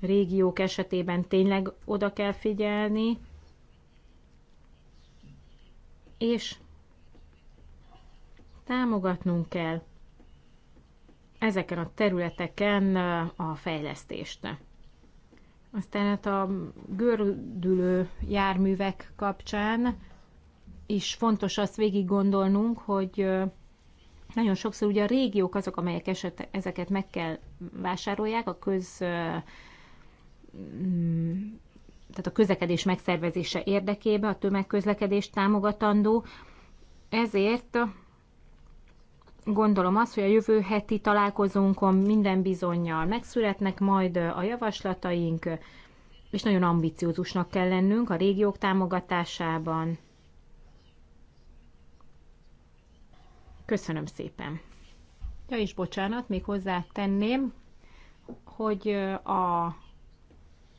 Speaker 2: régiók esetében tényleg oda kell figyelni, és támogatnunk kell ezeken a területeken a fejlesztést. Aztán hát a gördülő járművek kapcsán is fontos azt végig gondolnunk, hogy nagyon sokszor ugye a régiók azok, amelyek eset, ezeket meg kell vásárolják, a köz tehát a közlekedés megszervezése érdekében a tömegközlekedést támogatandó. Ezért gondolom azt, hogy a jövő heti találkozónkon minden bizonyal megszületnek majd a javaslataink, és nagyon ambiciózusnak kell lennünk a régiók támogatásában. Köszönöm szépen. Ja, és bocsánat, még hozzá tenném, hogy a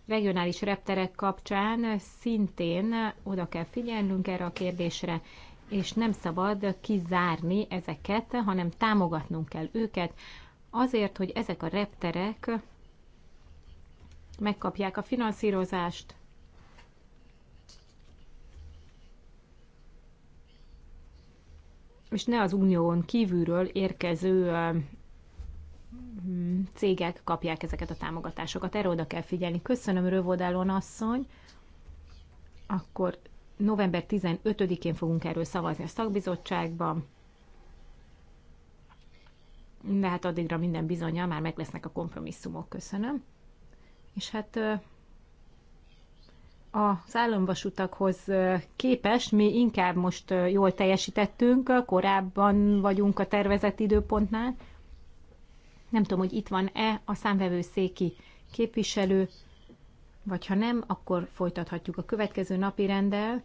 Speaker 2: regionális repterek kapcsán szintén oda kell figyelnünk erre a kérdésre, és nem szabad kizárni ezeket, hanem támogatnunk kell őket, azért, hogy ezek a repterek megkapják a finanszírozást, és ne az unión kívülről érkező cégek kapják ezeket a támogatásokat. Erre oda kell figyelni. Köszönöm, Rövodálon asszony. Akkor november 15-én fogunk erről szavazni a szakbizottságban. De hát addigra minden bizonyja, már meg lesznek a kompromisszumok. Köszönöm. És hát az államvasutakhoz képest mi inkább most jól teljesítettünk, korábban vagyunk a tervezett időpontnál. Nem tudom, hogy itt van-e a számvevőszéki képviselő, vagy ha nem, akkor folytathatjuk a következő napi rendel.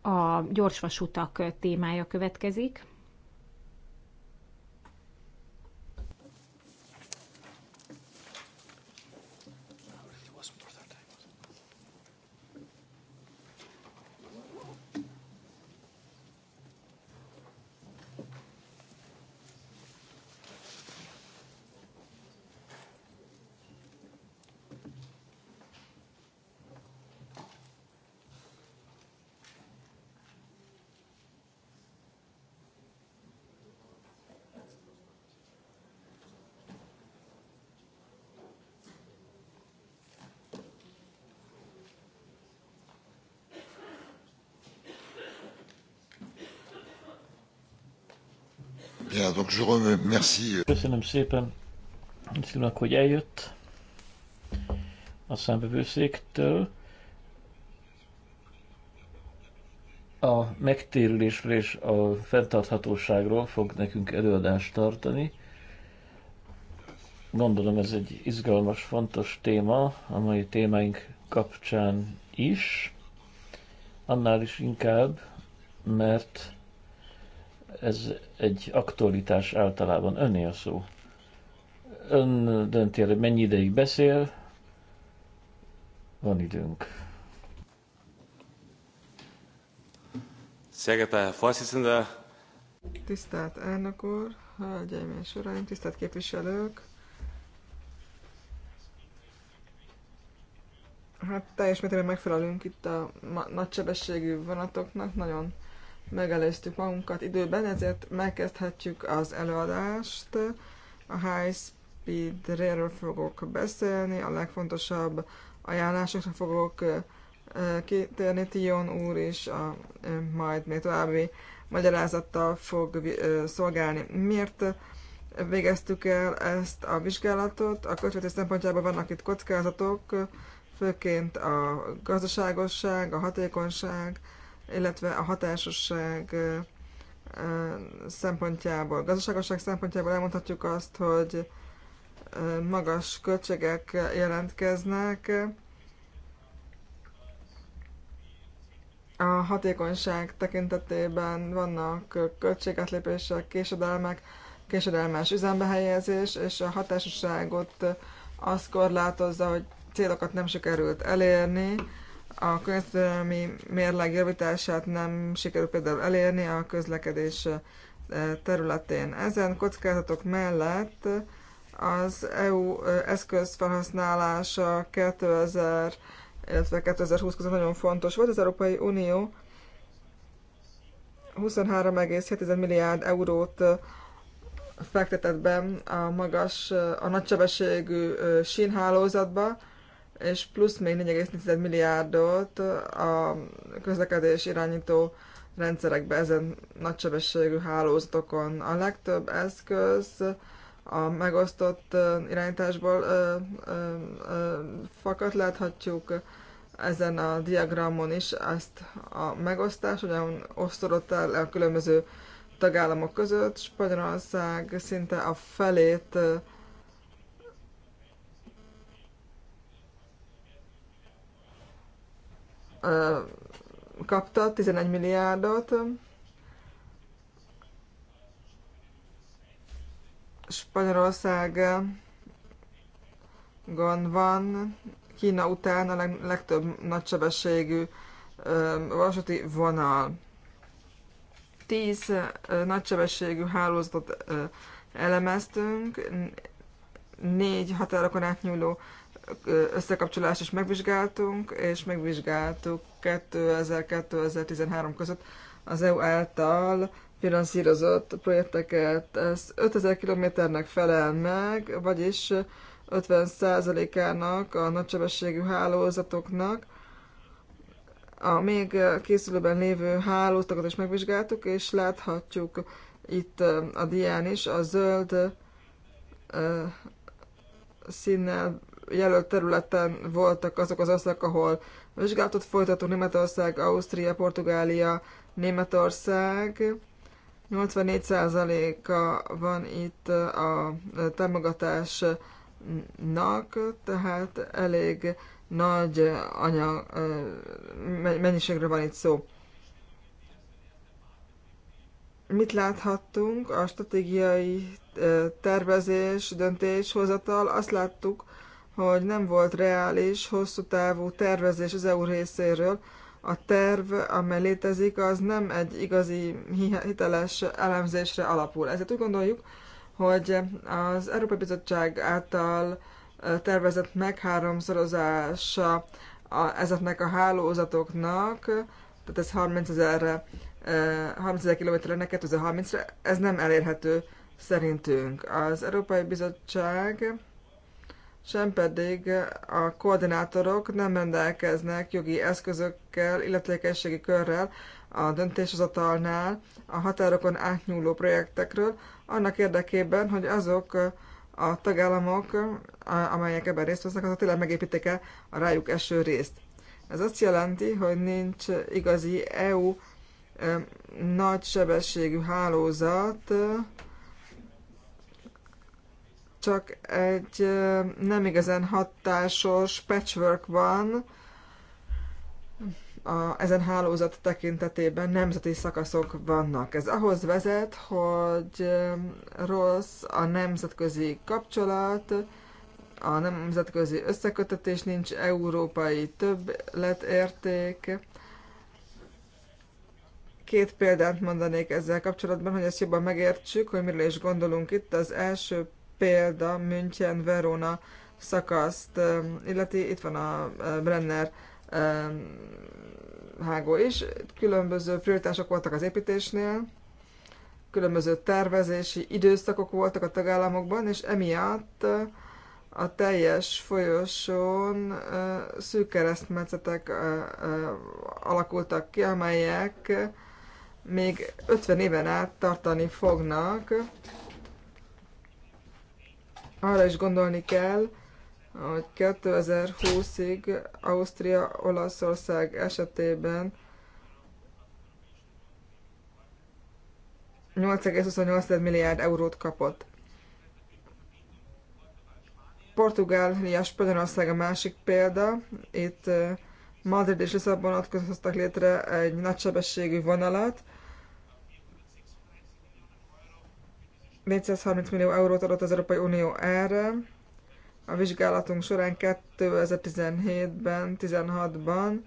Speaker 2: A gyorsvasutak témája következik.
Speaker 1: Donc je remercie. Köszönöm szépen
Speaker 3: Szilnak, hogy eljött a számbevőszéktől. A megtérülésről és a fenntarthatóságról fog nekünk előadást tartani. Gondolom ez egy izgalmas, fontos téma a mai témáink kapcsán is. Annál is inkább, mert ez egy aktualitás általában. Önné a szó. Ön dönti el, hogy mennyi ideig beszél. Van időnk.
Speaker 4: Tisztelt elnök úr, hölgyeim és uraim, tisztelt képviselők! Hát teljes mértékben megfelelünk itt a nagysebességű vonatoknak, nagyon megelőztük magunkat időben, ezért megkezdhetjük az előadást. A High Speed Railről fogok beszélni, a legfontosabb ajánlásokra fogok kitérni. Tion úr is a, majd még további magyarázattal fog szolgálni. Miért végeztük el ezt a vizsgálatot? A költségvetés szempontjában vannak itt kockázatok, főként a gazdaságosság, a hatékonyság, illetve a hatásosság szempontjából, gazdaságosság szempontjából elmondhatjuk azt, hogy magas költségek jelentkeznek. A hatékonyság tekintetében vannak költségátlépések, késedelmek, késedelmes üzembehelyezés, és a hatásosságot azt korlátozza, hogy célokat nem sikerült elérni, a közmi mérleg javítását nem sikerül például elérni a közlekedés területén. Ezen kockázatok mellett az EU eszköz felhasználása 2000, illetve 2020 között nagyon fontos volt. Az Európai Unió 23,7 milliárd eurót fektetett be a magas, a nagysebességű sínhálózatba, és plusz még 4,4 milliárdot a közlekedés irányító rendszerekbe, ezen nagysebességű hálózatokon. A legtöbb eszköz a megosztott irányításból ö, ö, ö, fakat láthatjuk ezen a diagramon is ezt a megosztást, hogyan osztodott el a különböző tagállamok között. Spanyolország szinte a felét kapta 11 milliárdot. Spanyolországon van Kína után a leg, legtöbb nagysebességű vasúti vonal. 10 nagysebességű hálózatot elemeztünk, négy határokon átnyúló összekapcsolást is megvizsgáltunk, és megvizsgáltuk 2000-2013 között az EU által finanszírozott projekteket. Ez 5000 kilométernek felel meg, vagyis 50%-ának a nagysebességű hálózatoknak. A még készülőben lévő hálózatokat is megvizsgáltuk, és láthatjuk itt a dián is a zöld színnel jelölt területen voltak azok az országok, ahol vizsgálatot folytatunk, Németország, Ausztria, Portugália, Németország. 84%-a van itt a támogatásnak, tehát elég nagy anya mennyiségre van itt szó. Mit láthattunk a stratégiai tervezés, döntéshozatal? Azt láttuk, hogy nem volt reális, hosszú távú tervezés az EU részéről. A terv, amely létezik, az nem egy igazi hiteles elemzésre alapul. Ezért úgy gondoljuk, hogy az Európai Bizottság által tervezett megháromszorozása a, ezeknek a hálózatoknak, tehát ez 30 ezerre, 30 ezer kilométerre 2030-re, ez nem elérhető szerintünk. Az Európai Bizottság sem pedig a koordinátorok nem rendelkeznek jogi eszközökkel, illetékességi körrel a döntéshozatalnál a határokon átnyúló projektekről, annak érdekében, hogy azok a tagállamok, amelyek ebben részt vesznek, azok tényleg megépítik -e a rájuk eső részt. Ez azt jelenti, hogy nincs igazi EU nagy sebességű hálózat, csak egy nem igazán hatásos patchwork van a, ezen hálózat tekintetében, nemzeti szakaszok vannak. Ez ahhoz vezet, hogy rossz a nemzetközi kapcsolat, a nemzetközi összekötetés nincs, európai többletérték. Két példát mondanék ezzel kapcsolatban, hogy ezt jobban megértsük, hogy miről is gondolunk itt. Az első példa München-Verona szakaszt, illeti itt van a Brenner hágó is. Különböző prioritások voltak az építésnél, különböző tervezési időszakok voltak a tagállamokban, és emiatt a teljes folyosón szűk keresztmetszetek alakultak ki, amelyek még 50 éven át tartani fognak, arra is gondolni kell, hogy 2020-ig Ausztria, Olaszország esetében 8,28 milliárd eurót kapott. Portugália, Spanyolország a másik példa. Itt Madrid és Lisszabon adkoztak létre egy nagysebességű vonalat, 430 millió eurót adott az Európai Unió erre. A vizsgálatunk során 2017-ben, 16-ban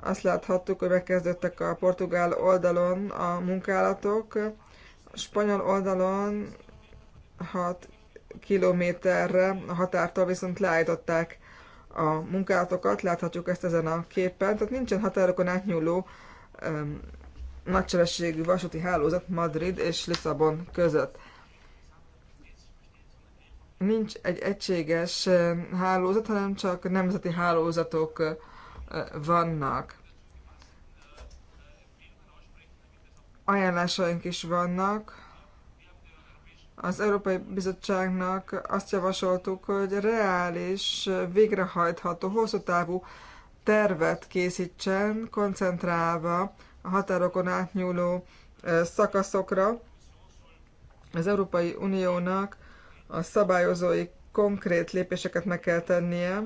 Speaker 4: azt láthattuk, hogy megkezdődtek a portugál oldalon a munkálatok. A spanyol oldalon 6 kilométerre a határtól viszont leállították a munkálatokat, láthatjuk ezt ezen a képen, tehát nincsen határokon átnyúló um, nagysebességű vasúti hálózat Madrid és Lisszabon között. Nincs egy egységes hálózat, hanem csak nemzeti hálózatok vannak. Ajánlásaink is vannak. Az Európai Bizottságnak azt javasoltuk, hogy reális, végrehajtható, hosszú távú tervet készítsen, koncentrálva a határokon átnyúló szakaszokra. Az Európai Uniónak a szabályozói konkrét lépéseket meg kell tennie,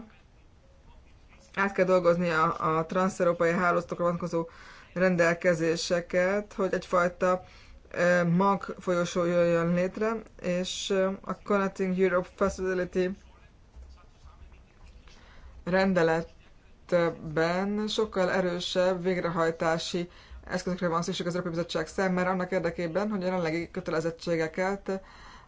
Speaker 4: át kell dolgoznia a, a transzeurópai hálózatokra vonatkozó rendelkezéseket, hogy egyfajta mag folyosó jöjjön létre, és a Connecting Europe Facility rendeletben sokkal erősebb végrehajtási eszközökre van szükség az Európai Bizottság szemmel annak érdekében, hogy a jelenlegi kötelezettségeket,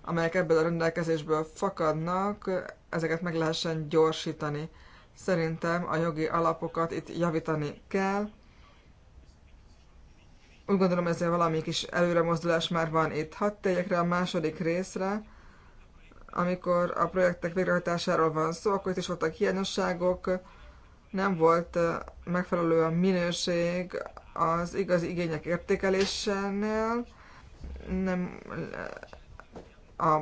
Speaker 4: amelyek ebből a rendelkezésből fakadnak, ezeket meg lehessen gyorsítani. Szerintem a jogi alapokat itt javítani kell. Úgy gondolom ezzel valami kis előremozdulás már van itt. Hadd tegyek a második részre, amikor a projektek végrehajtásáról van szó, akkor itt is voltak hiányosságok, nem volt eh, megfelelő a minőség, az igazi igények értékelésénél, nem a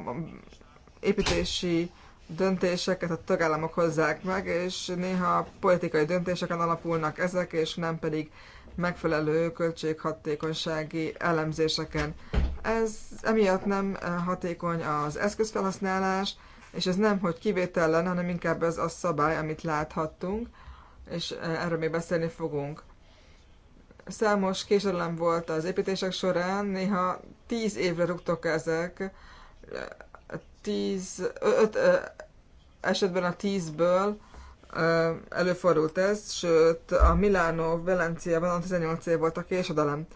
Speaker 4: építési döntéseket a tagállamok hozzák meg, és néha politikai döntéseken alapulnak ezek, és nem pedig megfelelő költséghatékonysági elemzéseken. Ez emiatt nem hatékony az eszközfelhasználás, és ez nem, hogy kivétellen, hanem inkább ez a szabály, amit láthattunk, és erről még beszélni fogunk. Számos késedelem volt az építések során, néha tíz évre rúgtok ezek, tíz, öt esetben a tízből előfordult ez, sőt a Milánó Velenciában a 18 év volt a késedelem.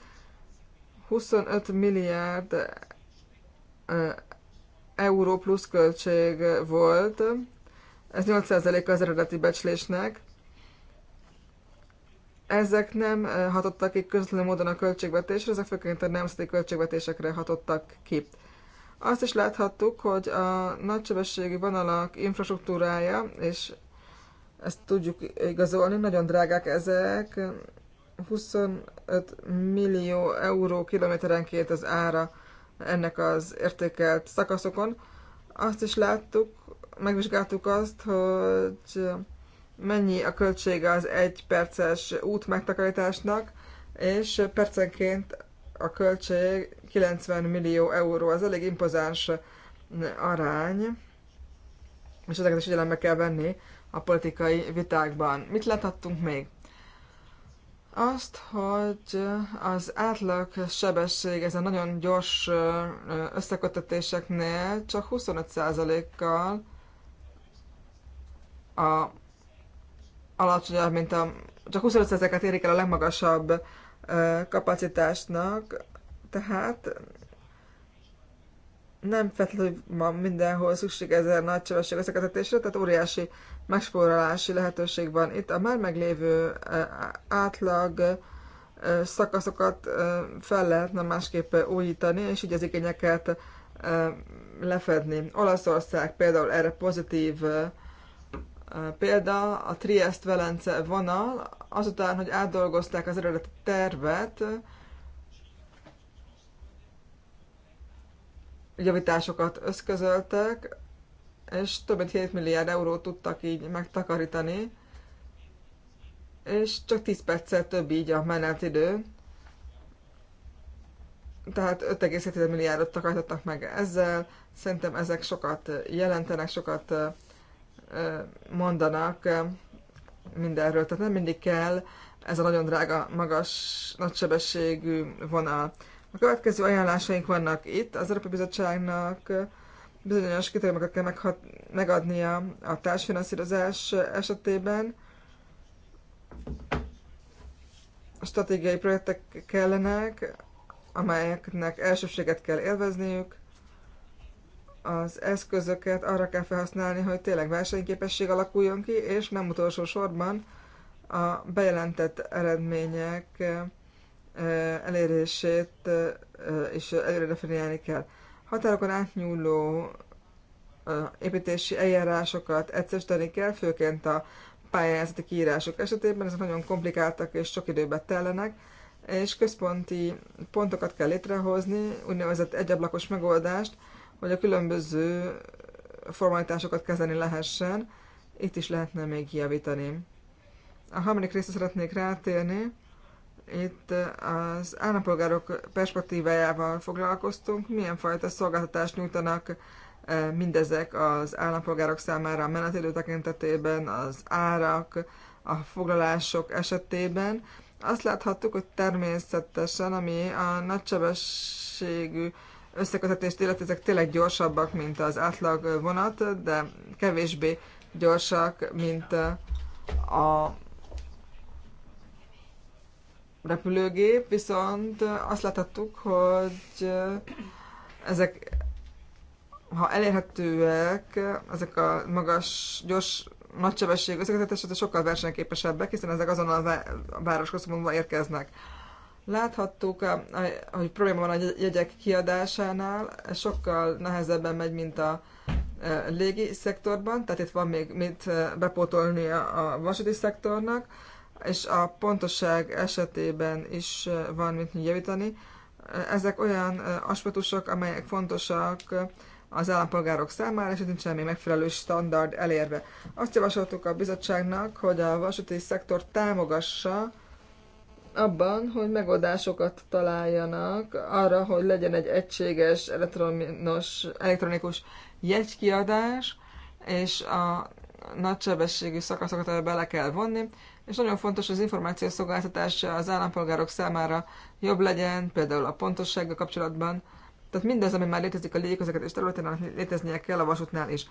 Speaker 4: 25 milliárd euró plusz költség volt, ez 8% az eredeti becslésnek, ezek nem eh, hatottak ki közvetlenül módon a költségvetésre, ezek főként a nemzeti költségvetésekre hatottak ki. Azt is láthattuk, hogy a nagysebességi vonalak infrastruktúrája, és ezt tudjuk igazolni, nagyon drágák ezek, 25 millió euró kilométerenként az ára ennek az értékelt szakaszokon. Azt is láttuk, megvizsgáltuk azt, hogy mennyi a költsége az egy perces út megtakarításnak, és percenként a költség 90 millió euró, az elég impozáns arány, és ezeket is figyelembe kell venni a politikai vitákban. Mit láthattunk még? Azt, hogy az átlag sebesség ezen nagyon gyors összekötetéseknél csak 25%-kal a alacsonyabb, mint a... Csak 25 ezeket érik el a legmagasabb kapacitásnak, tehát nem feltétlenül van mindenhol szükség ezer nagy sebesség összekötetésre, tehát óriási megspórolási lehetőség van. Itt a már meglévő átlag szakaszokat fel lehetne másképp újítani, és így az igényeket lefedni. Olaszország például erre pozitív példa a trieste velence vonal, azután, hogy átdolgozták az eredeti tervet, javításokat összközöltek, és több mint 7 milliárd eurót tudtak így megtakarítani, és csak 10 perccel több így a menetidő. Tehát 5,7 milliárdot takarítottak meg ezzel, szerintem ezek sokat jelentenek, sokat mondanak mindenről. Tehát nem mindig kell ez a nagyon drága, magas, nagysebességű vonal. A következő ajánlásaink vannak itt. Az Európai Bizottságnak bizonyos kritériumokat kell meghat, megadnia a társfinanszírozás esetében. A stratégiai projektek kellenek, amelyeknek elsőséget kell élvezniük, az eszközöket arra kell felhasználni, hogy tényleg versenyképesség alakuljon ki, és nem utolsó sorban a bejelentett eredmények elérését is előre definiálni kell. Határokon átnyúló építési eljárásokat egyszerűsíteni kell, főként a pályázati kiírások esetében, ezek nagyon komplikáltak és sok időbe tellenek, és központi pontokat kell létrehozni, úgynevezett egyablakos megoldást, hogy a különböző formalitásokat kezelni lehessen, itt is lehetne még javítani. A harmadik részre szeretnék rátérni. Itt az állampolgárok perspektívájával foglalkoztunk, milyen fajta szolgáltatást nyújtanak eh, mindezek az állampolgárok számára a menetidő tekintetében, az árak, a foglalások esetében. Azt láthattuk, hogy természetesen, ami a nagysebességű összekötetést illeti, ezek tényleg gyorsabbak, mint az átlag vonat, de kevésbé gyorsak, mint a repülőgép, viszont azt láthattuk, hogy ezek, ha elérhetőek, ezek a magas, gyors, nagysebességű összekötetés, sokkal versenyképesebbek, hiszen ezek azonnal a városkozomba érkeznek. Láthattuk, hogy probléma van a jegyek kiadásánál, ez sokkal nehezebben megy, mint a e, légi szektorban, tehát itt van még mit e, bepótolni a vasúti szektornak, és a pontosság esetében is e, van mit javítani. Ezek olyan aspektusok, amelyek fontosak az állampolgárok számára, és itt nincs semmi megfelelő standard elérve. Azt javasoltuk a bizottságnak, hogy a vasúti szektor támogassa abban, hogy megoldásokat találjanak arra, hogy legyen egy egységes elektronos, elektronikus jegykiadás, és a nagysebességű szakaszokat ebbe bele kell vonni, és nagyon fontos, hogy az információ szolgáltatása az állampolgárok számára jobb legyen, például a pontossággal kapcsolatban. Tehát mindez, ami már létezik a és területen, léteznie kell a vasútnál is.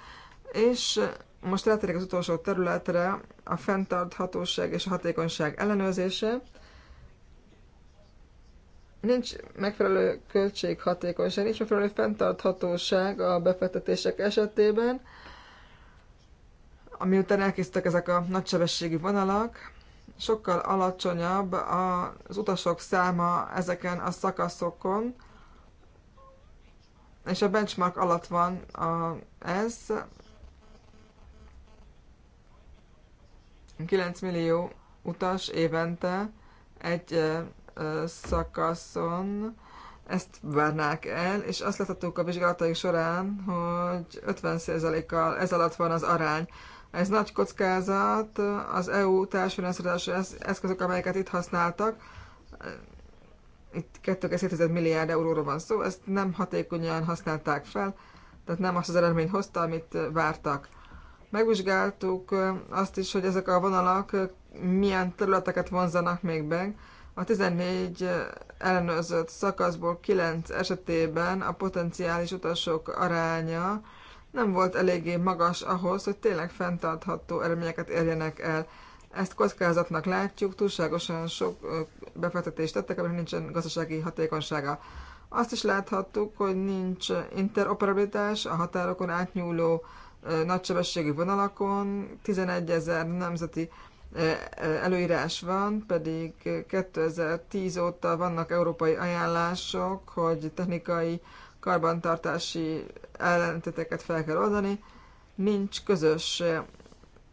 Speaker 4: És most rátérek az utolsó területre, a fenntarthatóság és a hatékonyság ellenőrzése nincs megfelelő költséghatékonyság, nincs megfelelő fenntarthatóság a befektetések esetében, amiután elkészítek ezek a nagysebességű vonalak, sokkal alacsonyabb az utasok száma ezeken a szakaszokon, és a benchmark alatt van a, ez. 9 millió utas évente egy szakaszon ezt várnák el, és azt láthatók a vizsgálataik során, hogy 50%-kal ez alatt van az arány. Ez nagy kockázat, az EU társfinanszírozási eszközök, amelyeket itt használtak, itt 2,7 milliárd euróról van szó, ezt nem hatékonyan használták fel, tehát nem azt az eredményt hozta, amit vártak. Megvizsgáltuk azt is, hogy ezek a vonalak milyen területeket vonzanak még meg, a 14 ellenőrzött szakaszból 9 esetében a potenciális utasok aránya nem volt eléggé magas ahhoz, hogy tényleg fenntartható eredményeket érjenek el. Ezt kockázatnak látjuk, túlságosan sok befektetést tettek, aminek nincsen gazdasági hatékonysága. Azt is láthattuk, hogy nincs interoperabilitás a határokon átnyúló nagysebességű vonalakon, 11 ezer nemzeti E, e, előírás van, pedig 2010 óta vannak európai ajánlások, hogy technikai karbantartási ellentéteket fel kell oldani. Nincs közös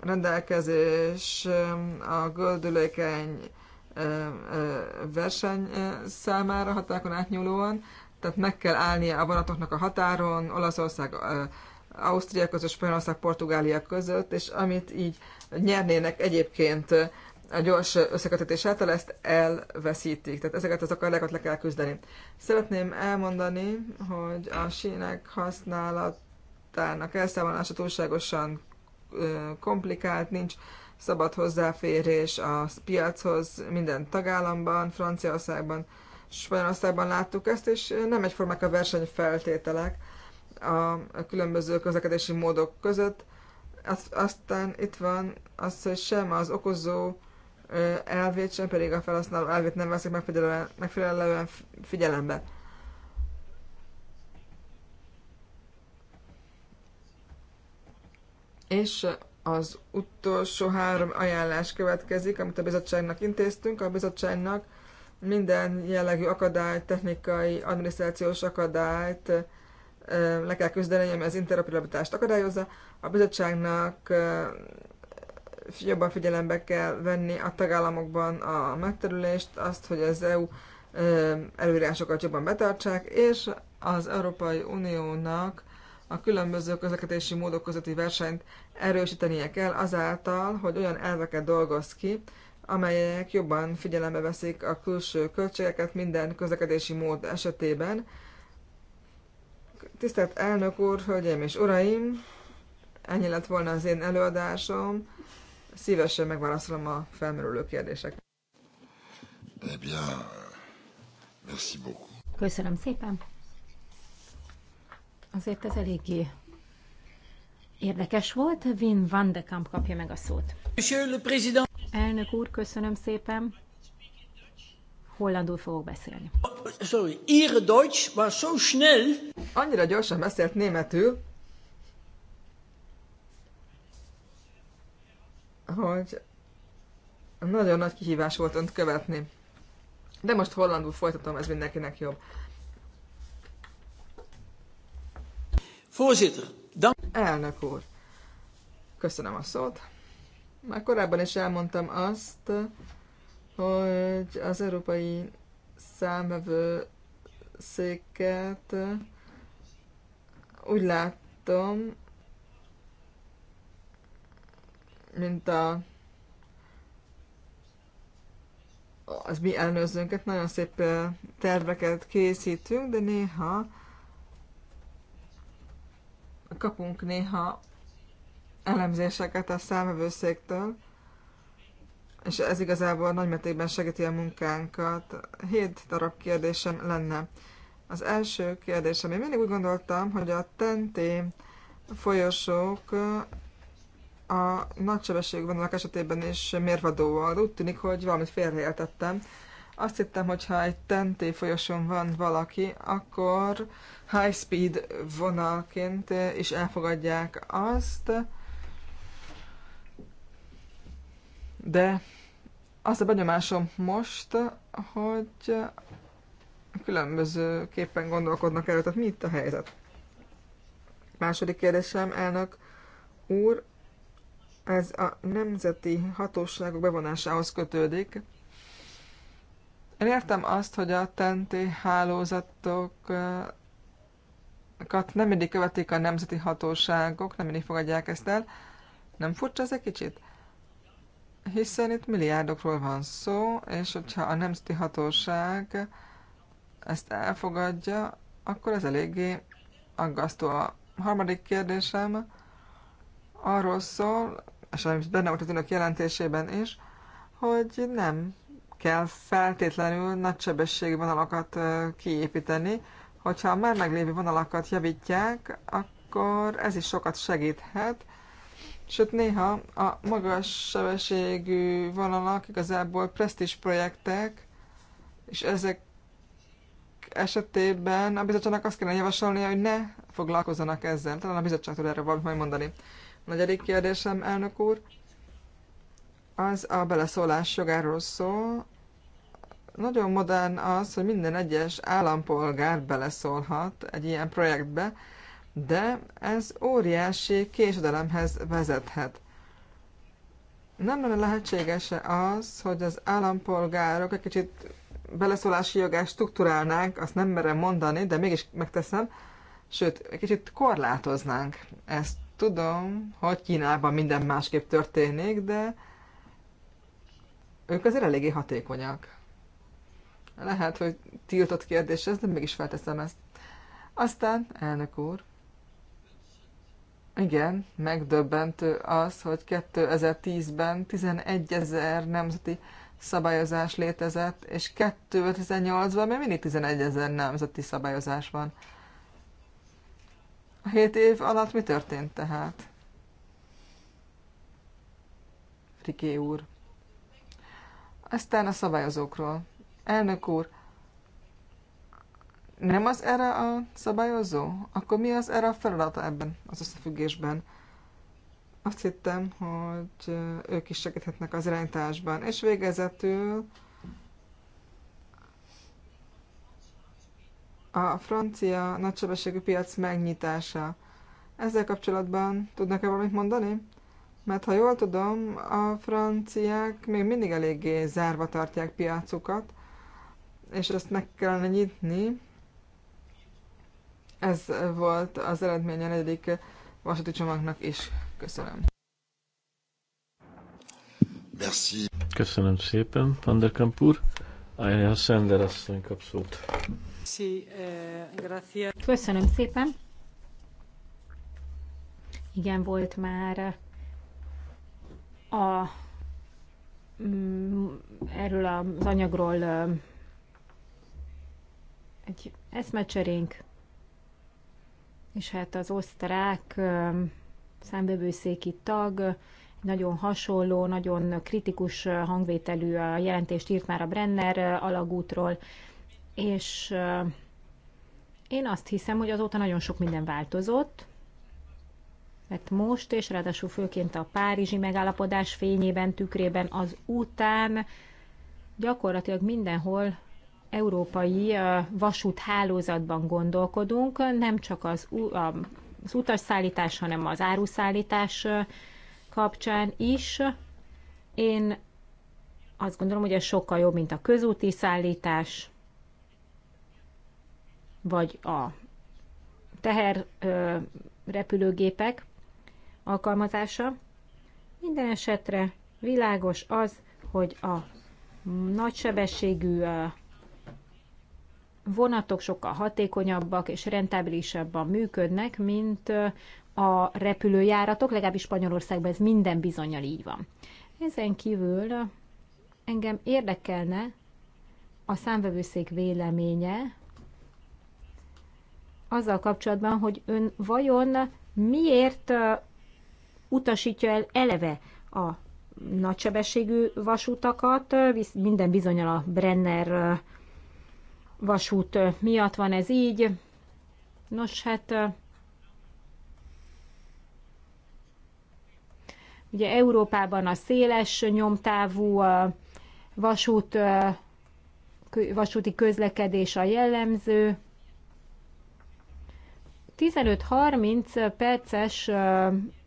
Speaker 4: rendelkezés e, a göldülékeny verseny számára határokon átnyúlóan, tehát meg kell állnia a vonatoknak a határon, Olaszország, Ausztria között, Spanyolország, Portugália között, és amit így nyernének egyébként a gyors összekötetés által, ezt elveszítik. Tehát ezeket az akarlákat le kell küzdeni. Szeretném elmondani, hogy a sínek használatának elszámolása túlságosan komplikált, nincs szabad hozzáférés a piachoz minden tagállamban, Franciaországban, Spanyolországban láttuk ezt, és nem egyformák a versenyfeltételek a különböző közlekedési módok között az, aztán itt van az, hogy sem az okozó elvét, sem pedig a felhasználó elvét nem veszik megfelelően, megfelelően figyelembe. És az utolsó három ajánlás következik, amit a bizottságnak intéztünk. A bizottságnak minden jellegű akadályt, technikai, adminisztrációs akadályt le kell küzdeni, ez interoperabilitást akadályozza. A bizottságnak jobban figyelembe kell venni a tagállamokban a megterülést, azt, hogy az EU előírásokat jobban betartsák, és az Európai Uniónak a különböző közlekedési módok közötti versenyt erősítenie kell azáltal, hogy olyan elveket dolgoz ki, amelyek jobban figyelembe veszik a külső költségeket minden közlekedési mód esetében, Tisztelt elnök úr, hölgyeim és uraim! Ennyi lett volna az én előadásom. Szívesen megválaszolom a felmerülő kérdéseket.
Speaker 1: Eh bien, merci beaucoup.
Speaker 4: Köszönöm
Speaker 2: szépen. Azért ez eléggé érdekes volt. Vin van de Kamp kapja meg a szót. Monsieur le Président. Elnök úr, köszönöm szépen
Speaker 4: hollandul fogok beszélni. Sorry, ihre Deutsch war so schnell. Annyira gyorsan beszélt németül, hogy nagyon nagy kihívás volt önt követni. De most hollandul folytatom, ez mindenkinek jobb. Voorzitter, dan... Elnök úr, köszönöm a szót. Már korábban is elmondtam azt, hogy az európai számövő széket úgy látom, mint a az mi elnőzőnket, nagyon szép terveket készítünk, de néha kapunk néha elemzéseket a számövőszéktől, és ez igazából mértékben segíti a munkánkat. Hét darab kérdésem lenne. Az első kérdésem, én mindig úgy gondoltam, hogy a tenté folyosók a nagysebességű vonalak esetében is mérvadóval. Úgy tűnik, hogy valamit félreértettem. Azt hittem, hogy ha egy tenté folyosón van valaki, akkor high speed vonalként is elfogadják azt, De az a benyomásom most, hogy különbözőképpen gondolkodnak erről, tehát mi itt a helyzet? Második kérdésem, elnök úr, ez a nemzeti hatóságok bevonásához kötődik. Én értem azt, hogy a tenti hálózatokat nem mindig követik a nemzeti hatóságok, nem mindig fogadják ezt el. Nem furcsa ez egy kicsit? hiszen itt milliárdokról van szó, és hogyha a nemzeti hatóság ezt elfogadja, akkor ez eléggé aggasztó. A harmadik kérdésem arról szól, és ami benne volt az önök jelentésében is, hogy nem kell feltétlenül nagysebességű vonalakat kiépíteni. Hogyha a már meglévő vonalakat javítják, akkor ez is sokat segíthet, sőt néha a magas sebességű vonalak igazából presztis projektek, és ezek esetében a bizottságnak azt kellene javasolnia, hogy ne foglalkozzanak ezzel. Talán a bizottság tud erre valamit majd mondani. A negyedik kérdésem, elnök úr, az a beleszólás jogáról szól. Nagyon modern az, hogy minden egyes állampolgár beleszólhat egy ilyen projektbe, de ez óriási késedelemhez vezethet. Nem lenne lehetséges -e az, hogy az állampolgárok egy kicsit beleszólási jogát struktúrálnánk, azt nem merem mondani, de mégis megteszem, sőt, egy kicsit korlátoznánk. Ezt tudom, hogy Kínában minden másképp történik, de ők azért eléggé hatékonyak. Lehet, hogy tiltott kérdés ez, de mégis felteszem ezt. Aztán, elnök úr, igen, megdöbbentő az, hogy 2010-ben 11 ezer nemzeti szabályozás létezett, és 2018-ban még mindig 11 ezer nemzeti szabályozás van. A 7 év alatt mi történt tehát? Riké úr. Aztán a szabályozókról. Elnök úr, nem az erre a szabályozó? Akkor mi az erre a feladata ebben az összefüggésben? Azt hittem, hogy ők is segíthetnek az irányításban. És végezetül a francia nagysebességű piac megnyitása. Ezzel kapcsolatban tudnak-e valamit mondani? Mert ha jól tudom, a franciák még mindig eléggé zárva tartják piacukat, és ezt meg kellene nyitni, ez volt az eredmény a negyedik vasúti csomagnak is. Köszönöm.
Speaker 3: Merci. Köszönöm szépen, Vanderkamp úr. a Szender asszony kap szót.
Speaker 2: Eh, Köszönöm szépen. Igen, volt már a, mm, erről az anyagról eh, egy eszmecserénk, és hát az osztrák számbevőszéki tag nagyon hasonló, nagyon kritikus hangvételű jelentést írt már a Brenner alagútról, és én azt hiszem, hogy azóta nagyon sok minden változott, mert hát most, és ráadásul főként a párizsi megállapodás fényében, tükrében az után gyakorlatilag mindenhol európai vasúthálózatban gondolkodunk, nem csak az, az utasszállítás, hanem az áruszállítás kapcsán is. Én azt gondolom, hogy ez sokkal jobb, mint a közúti szállítás, vagy a teher repülőgépek alkalmazása. Minden esetre világos az, hogy a nagysebességű vonatok sokkal hatékonyabbak és rentábilisabban működnek, mint a repülőjáratok, legalábbis Spanyolországban ez minden bizonyal így van. Ezen kívül engem érdekelne a számvevőszék véleménye azzal kapcsolatban, hogy ön vajon miért utasítja el eleve a nagysebességű vasutakat, minden bizonyal a Brenner vasút miatt van ez így. Nos, hát ugye Európában a széles nyomtávú vasút, vasúti közlekedés a jellemző. 15-30 perces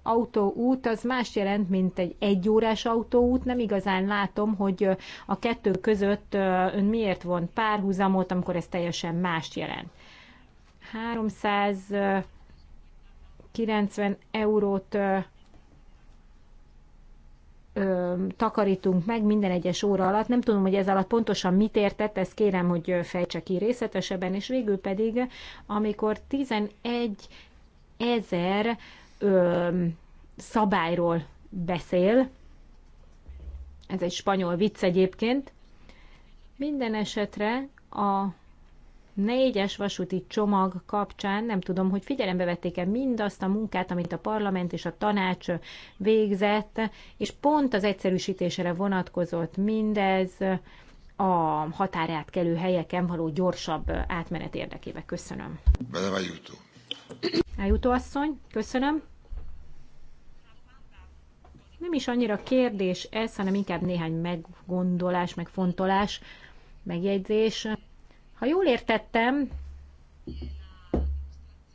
Speaker 2: autóút az más jelent, mint egy egyórás autóút. Nem igazán látom, hogy a kettő között ön miért von párhuzamot, amikor ez teljesen más jelent. 390 eurót ö, takarítunk meg minden egyes óra alatt. Nem tudom, hogy ez alatt pontosan mit értett, ezt kérem, hogy fejtse ki részletesebben, és végül pedig, amikor 11 ezer ö, szabályról beszél. Ez egy spanyol vicc egyébként. Minden esetre a négyes vasúti csomag kapcsán nem tudom, hogy figyelembe vették-e mindazt a munkát, amit a parlament és a tanács végzett, és pont az egyszerűsítésre vonatkozott mindez a határátkelő helyeken való gyorsabb átmenet érdekébe. Köszönöm.
Speaker 1: vagy jutó.
Speaker 2: Eljutó asszony, köszönöm nem is annyira kérdés ez, hanem inkább néhány meggondolás, megfontolás, megjegyzés. Ha jól értettem,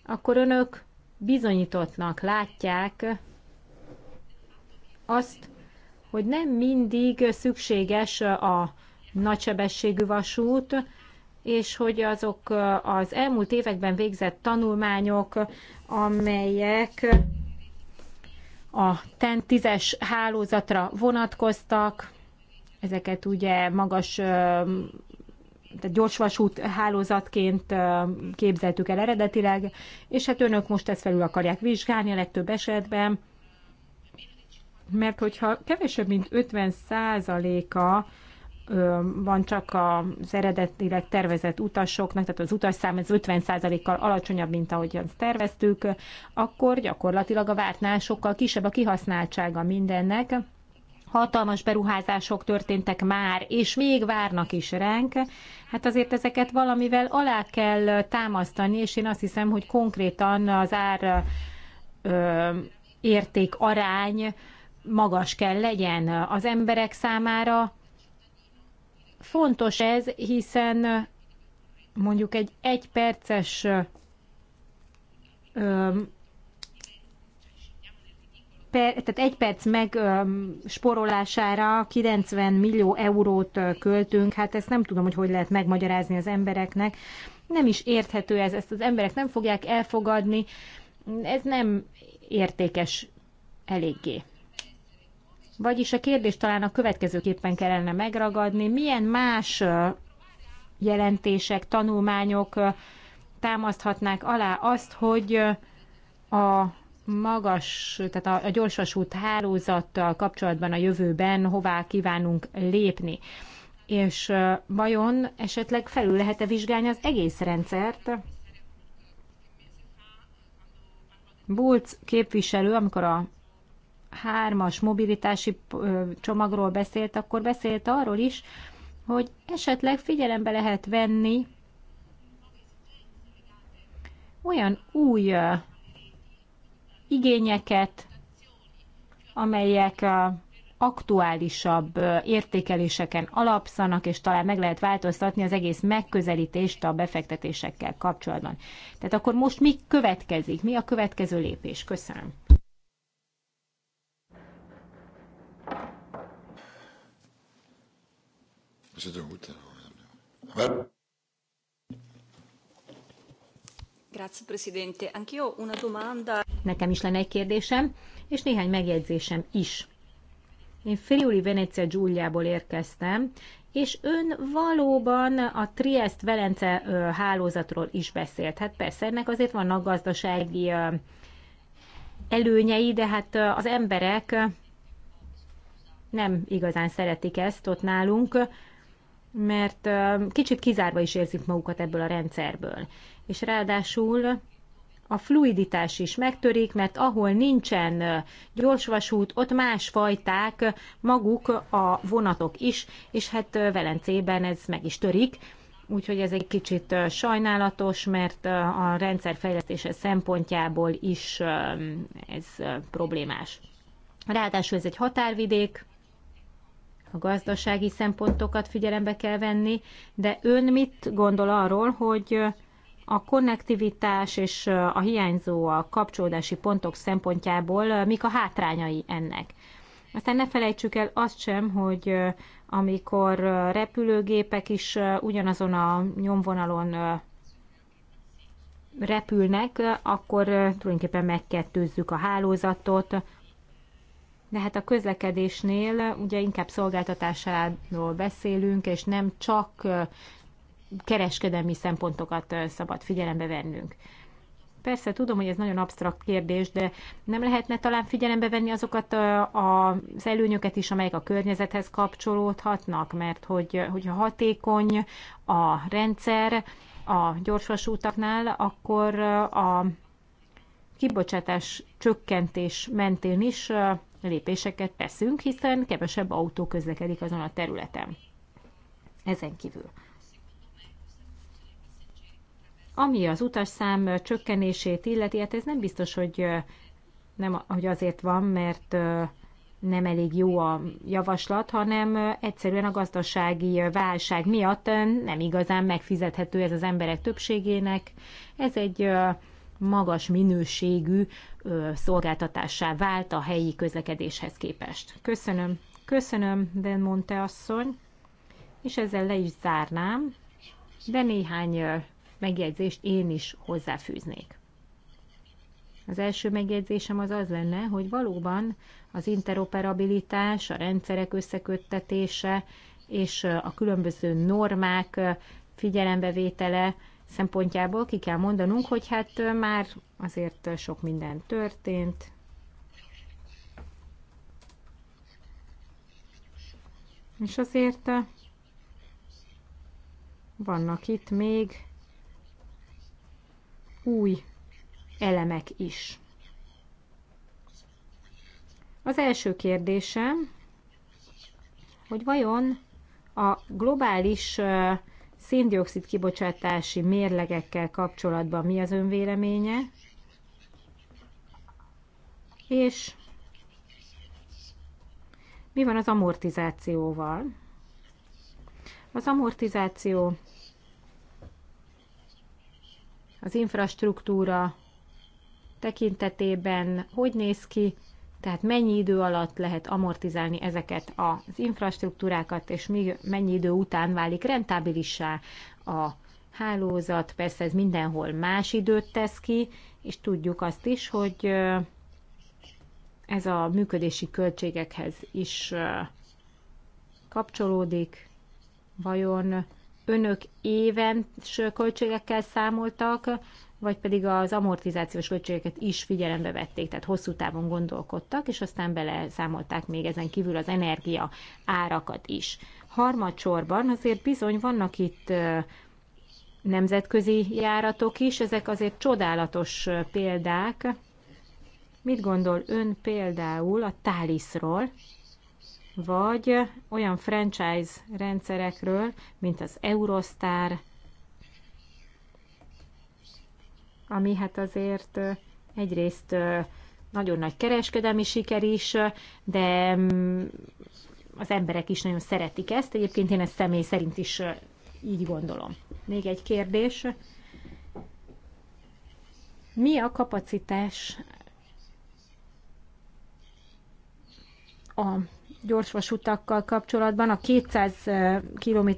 Speaker 2: akkor önök bizonyítottnak látják azt, hogy nem mindig szükséges a nagysebességű vasút, és hogy azok az elmúlt években végzett tanulmányok, amelyek a TEN 10-es hálózatra vonatkoztak, ezeket ugye magas tehát gyorsvasút hálózatként képzeltük el eredetileg, és hát önök most ezt felül akarják vizsgálni a legtöbb esetben, mert hogyha kevesebb, mint 50 a van csak az eredetileg tervezett utasoknak, tehát az utasszám ez 50%-kal alacsonyabb, mint azt terveztük, akkor gyakorlatilag a vártnál sokkal kisebb a kihasználtsága mindennek. Hatalmas beruházások történtek már, és még várnak is ránk. Hát azért ezeket valamivel alá kell támasztani, és én azt hiszem, hogy konkrétan az ár ö, érték arány magas kell legyen az emberek számára, Fontos ez, hiszen mondjuk egy egyperces per, tehát egy perc megsporolására 90 millió eurót költünk, hát ezt nem tudom, hogy hogy lehet megmagyarázni az embereknek. Nem is érthető ez, ezt az emberek nem fogják elfogadni, ez nem értékes eléggé. Vagyis a kérdést talán a következőképpen kellene megragadni, milyen más jelentések, tanulmányok támaszthatnák alá azt, hogy a magas, tehát a, a gyorsvasút hálózattal kapcsolatban a jövőben hová kívánunk lépni. És vajon esetleg felül lehet-e vizsgálni az egész rendszert? Bulc képviselő, amikor a hármas mobilitási csomagról beszélt, akkor beszélt arról is, hogy esetleg figyelembe lehet venni olyan új igényeket, amelyek aktuálisabb értékeléseken alapszanak, és talán meg lehet változtatni az egész megközelítést a befektetésekkel kapcsolatban. Tehát akkor most mi következik? Mi a következő lépés? Köszönöm. Grazie Presidente. Anch'io una domanda. Nekem is lenne egy kérdésem, és néhány megjegyzésem is. Én Friuli Venecia Giuliából érkeztem, és ön valóban a Triest-Velence hálózatról is beszélt. Hát persze, ennek azért vannak gazdasági előnyei, de hát az emberek nem igazán szeretik ezt ott nálunk mert kicsit kizárva is érzik magukat ebből a rendszerből. És ráadásul a fluiditás is megtörik, mert ahol nincsen gyorsvasút, ott más fajták maguk a vonatok is, és hát Velencében ez meg is törik, úgyhogy ez egy kicsit sajnálatos, mert a rendszer fejlesztése szempontjából is ez problémás. Ráadásul ez egy határvidék, a gazdasági szempontokat figyelembe kell venni, de ön mit gondol arról, hogy a konnektivitás és a hiányzó a kapcsolódási pontok szempontjából mik a hátrányai ennek? Aztán ne felejtsük el azt sem, hogy amikor repülőgépek is ugyanazon a nyomvonalon repülnek, akkor tulajdonképpen megkettőzzük a hálózatot, de hát a közlekedésnél ugye inkább szolgáltatásáról beszélünk, és nem csak kereskedelmi szempontokat szabad figyelembe vennünk. Persze tudom, hogy ez nagyon absztrakt kérdés, de nem lehetne talán figyelembe venni azokat az előnyöket is, amelyek a környezethez kapcsolódhatnak, mert hogy, hogyha hatékony a rendszer a gyorsvasútaknál, akkor a kibocsátás csökkentés mentén is lépéseket teszünk, hiszen kevesebb autó közlekedik azon a területen. Ezen kívül. Ami az utasszám csökkenését illeti, hát ez nem biztos, hogy, nem, hogy azért van, mert nem elég jó a javaslat, hanem egyszerűen a gazdasági válság miatt nem igazán megfizethető ez az emberek többségének. Ez egy magas minőségű szolgáltatássá vált a helyi közlekedéshez képest. Köszönöm. Köszönöm, de mondta asszony. És ezzel le is zárnám, de néhány megjegyzést én is hozzáfűznék. Az első megjegyzésem az az lenne, hogy valóban az interoperabilitás, a rendszerek összeköttetése és a különböző normák figyelembevétele szempontjából ki kell mondanunk, hogy hát már azért sok minden történt, És azért vannak itt még új elemek is. Az első kérdésem, hogy vajon a globális széndiokszid kibocsátási mérlegekkel kapcsolatban mi az önvéleménye, és mi van az amortizációval. Az amortizáció az infrastruktúra tekintetében hogy néz ki, tehát mennyi idő alatt lehet amortizálni ezeket az infrastruktúrákat, és még mennyi idő után válik rentábilissá a hálózat. Persze ez mindenhol más időt tesz ki, és tudjuk azt is, hogy ez a működési költségekhez is kapcsolódik. Vajon önök éven költségekkel számoltak, vagy pedig az amortizációs költségeket is figyelembe vették, tehát hosszú távon gondolkodtak, és aztán bele számolták még ezen kívül az energia árakat is. Harmadsorban azért bizony vannak itt nemzetközi járatok is, ezek azért csodálatos példák. Mit gondol ön például a Thalysról, vagy olyan franchise rendszerekről, mint az Eurostar, ami hát azért egyrészt nagyon nagy kereskedelmi siker is, de mm, az emberek is nagyon szeretik ezt. Egyébként én ezt személy szerint is így gondolom. Még egy kérdés. Mi a kapacitás a gyorsvasutakkal kapcsolatban a 200 km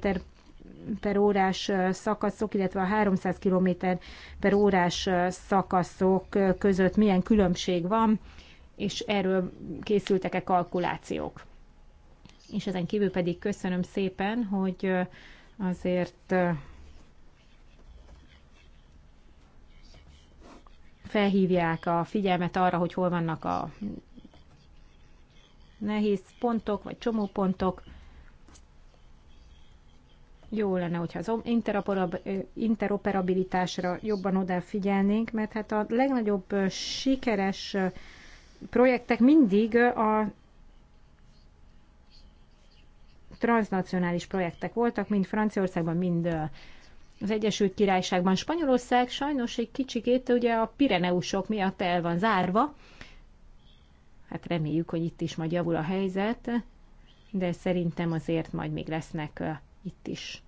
Speaker 2: per órás szakaszok, illetve a 300 km per órás szakaszok között milyen különbség van, és erről készültek-e kalkulációk. És ezen kívül pedig köszönöm szépen, hogy azért felhívják a figyelmet arra, hogy hol vannak a nehéz pontok, vagy csomópontok, jó lenne, hogyha az interoperabilitásra jobban odafigyelnénk, mert hát a legnagyobb sikeres projektek mindig a transnacionális projektek voltak, mind Franciaországban, mind az Egyesült Királyságban. Spanyolország sajnos egy kicsikét ugye a Pireneusok miatt el van zárva. Hát reméljük, hogy itt is majd javul a helyzet, de szerintem azért majd még lesznek itt is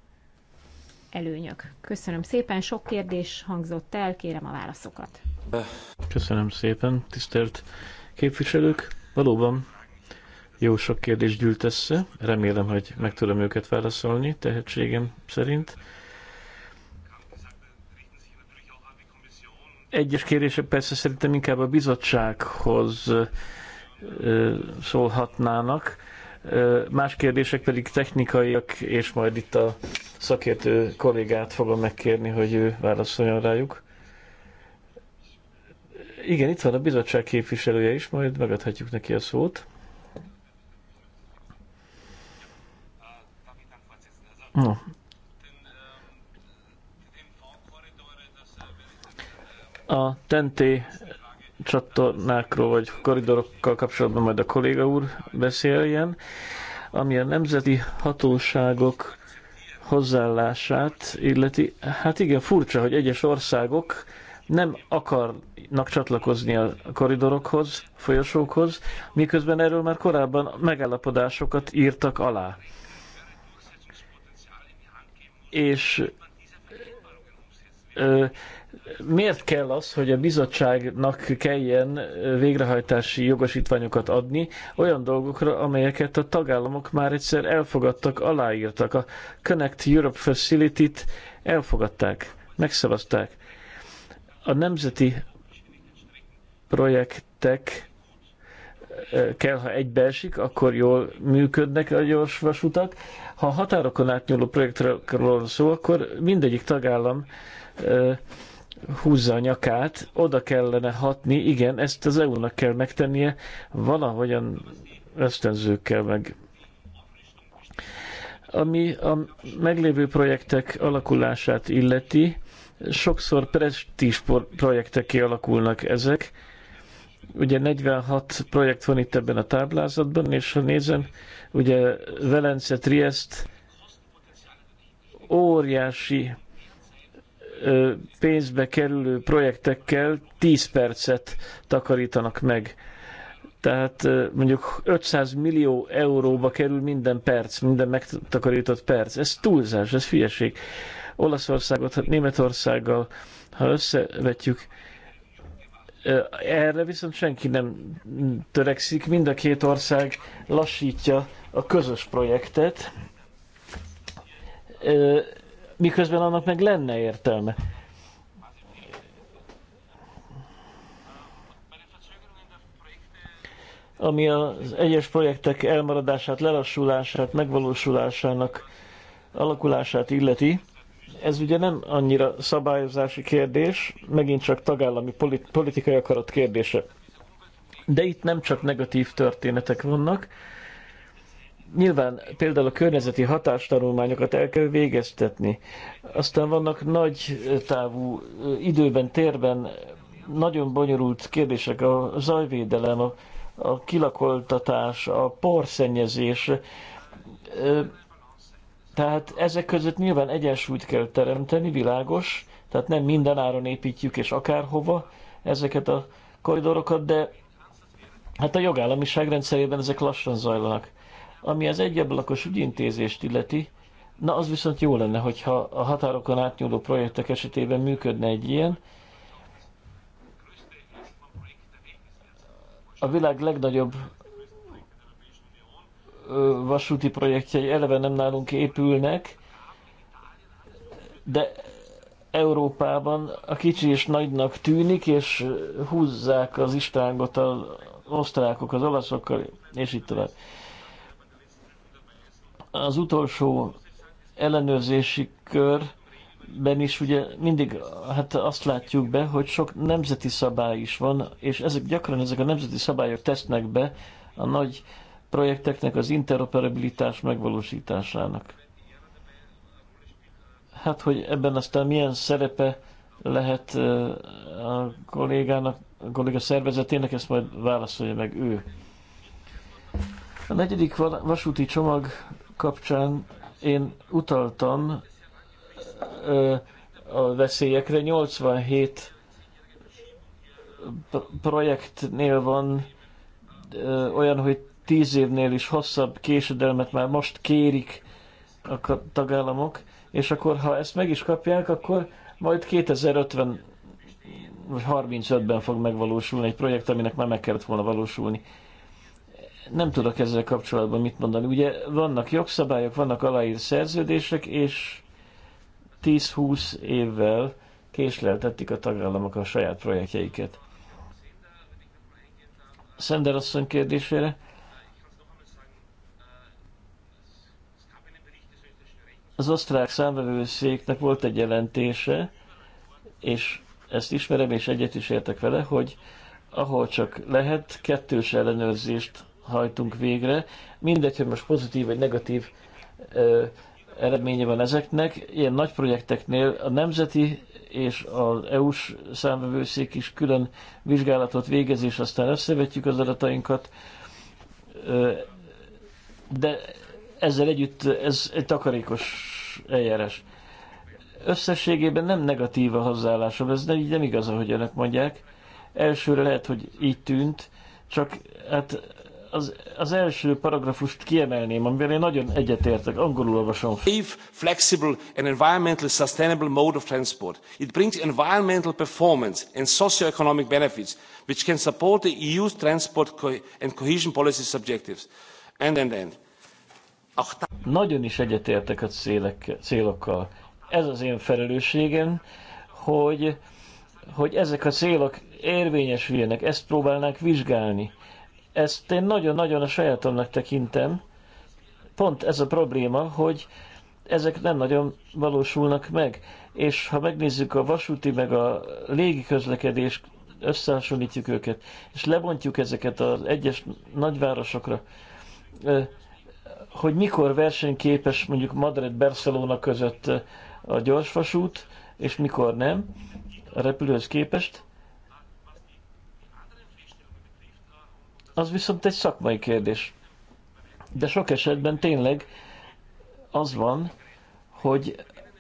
Speaker 2: előnyök. Köszönöm szépen, sok kérdés hangzott el, kérem a válaszokat.
Speaker 3: Köszönöm szépen, tisztelt képviselők. Valóban jó sok kérdés gyűlt össze, remélem, hogy meg tudom őket válaszolni, tehetségem szerint. Egyes kérdése persze szerintem inkább a bizottsághoz szólhatnának Más kérdések pedig technikaiak, és majd itt a szakértő kollégát fogom megkérni, hogy ő válaszoljon rájuk. Igen, itt van a bizottság képviselője is, majd megadhatjuk neki a szót. No. A tenté csatornákról vagy koridorokkal kapcsolatban majd a kolléga úr beszéljen, ami a nemzeti hatóságok hozzáállását illeti. Hát igen, furcsa, hogy egyes országok nem akarnak csatlakozni a koridorokhoz, folyosókhoz, miközben erről már korábban megállapodásokat írtak alá. És ö, miért kell az, hogy a bizottságnak kelljen végrehajtási jogosítványokat adni olyan dolgokra, amelyeket a tagállamok már egyszer elfogadtak, aláírtak. A Connect Europe Facility-t elfogadták, megszavazták. A nemzeti projektek kell, ha egybeesik, akkor jól működnek a gyors vasutak. Ha határokon átnyúló projektről van szó, akkor mindegyik tagállam húzza a nyakát, oda kellene hatni, igen, ezt az EU-nak kell megtennie, valahogyan ösztönzőkkel meg. Ami a meglévő projektek alakulását illeti, sokszor prestízs projekteké alakulnak ezek. Ugye 46 projekt van itt ebben a táblázatban, és ha nézem, ugye Velence, Triest óriási pénzbe kerülő projektekkel 10 percet takarítanak meg. Tehát mondjuk 500 millió euróba kerül minden perc, minden megtakarított perc. Ez túlzás, ez hülyeség. Olaszországot, hát Németországgal, ha összevetjük, erre viszont senki nem törekszik, mind a két ország lassítja a közös projektet miközben annak meg lenne értelme. Ami az egyes projektek elmaradását, lelassulását, megvalósulásának alakulását illeti, ez ugye nem annyira szabályozási kérdés, megint csak tagállami politikai akarat kérdése. De itt nem csak negatív történetek vannak, Nyilván például a környezeti hatástanulmányokat el kell végeztetni. Aztán vannak nagy távú időben, térben nagyon bonyolult kérdések, a zajvédelem, a, a kilakoltatás, a porszennyezés. Tehát ezek között nyilván egyensúlyt kell teremteni, világos, tehát nem minden áron építjük és akárhova ezeket a koridorokat, de hát a jogállamiság rendszerében ezek lassan zajlanak. Ami az egyablakos ügyintézést illeti, na az viszont jó lenne, hogyha a határokon átnyúló projektek esetében működne egy ilyen. A világ legnagyobb vasúti projektjei eleve nem nálunk épülnek, de Európában a kicsi és nagynak tűnik, és húzzák az istángot az osztrákok, az olaszokkal, és itt tovább az utolsó ellenőrzési körben is ugye mindig hát azt látjuk be, hogy sok nemzeti szabály is van, és ezek gyakran ezek a nemzeti szabályok tesznek be a nagy projekteknek az interoperabilitás megvalósításának. Hát, hogy ebben aztán milyen szerepe lehet a kollégának, a kolléga szervezetének, ezt majd válaszolja meg ő. A negyedik vasúti csomag kapcsán én utaltam a veszélyekre. 87 projektnél van olyan, hogy 10 évnél is hosszabb késedelmet már most kérik a tagállamok, és akkor ha ezt meg is kapják, akkor majd 2050 vagy 35-ben fog megvalósulni egy projekt, aminek már meg kellett volna valósulni nem tudok ezzel kapcsolatban mit mondani. Ugye vannak jogszabályok, vannak aláír szerződések, és 10-20 évvel késleltették a tagállamok a saját projektjeiket. Szender asszony kérdésére. Az osztrák számvevőszéknek volt egy jelentése, és ezt ismerem, és egyet is értek vele, hogy ahol csak lehet, kettős ellenőrzést hajtunk végre. Mindegy, hogy most pozitív vagy negatív ö, eredménye van ezeknek. Ilyen nagy projekteknél a nemzeti és az EU-s számvevőszék is külön vizsgálatot végez, és aztán összevetjük az adatainkat. Ö, de ezzel együtt ez egy takarékos eljárás. Összességében nem negatív a hozzáállásom, ez nem, nem igaz, ahogy önök mondják. Elsőre lehet, hogy így tűnt, csak hát az, az első paragrafust kiemelném, amivel én nagyon egyetértek, angolul olvasom. Safe, flexible and environmentally sustainable mode of transport. It brings environmental performance and socio-economic benefits, which can support the EU's transport co and cohesion policy objectives. And, and, and. Nagyon is egyetértek a célek, célokkal. Ez az én felelősségem, hogy, hogy ezek a célok érvényesüljenek, ezt próbálnánk vizsgálni ezt én nagyon-nagyon a sajátomnak tekintem. Pont ez a probléma, hogy ezek nem nagyon valósulnak meg. És ha megnézzük a vasúti meg a légi közlekedést, összehasonlítjuk őket, és lebontjuk ezeket az egyes nagyvárosokra, hogy mikor versenyképes mondjuk Madrid-Barcelona között a gyorsvasút, és mikor nem, a repülőhöz képest, az viszont egy szakmai kérdés. De sok esetben tényleg az van, hogy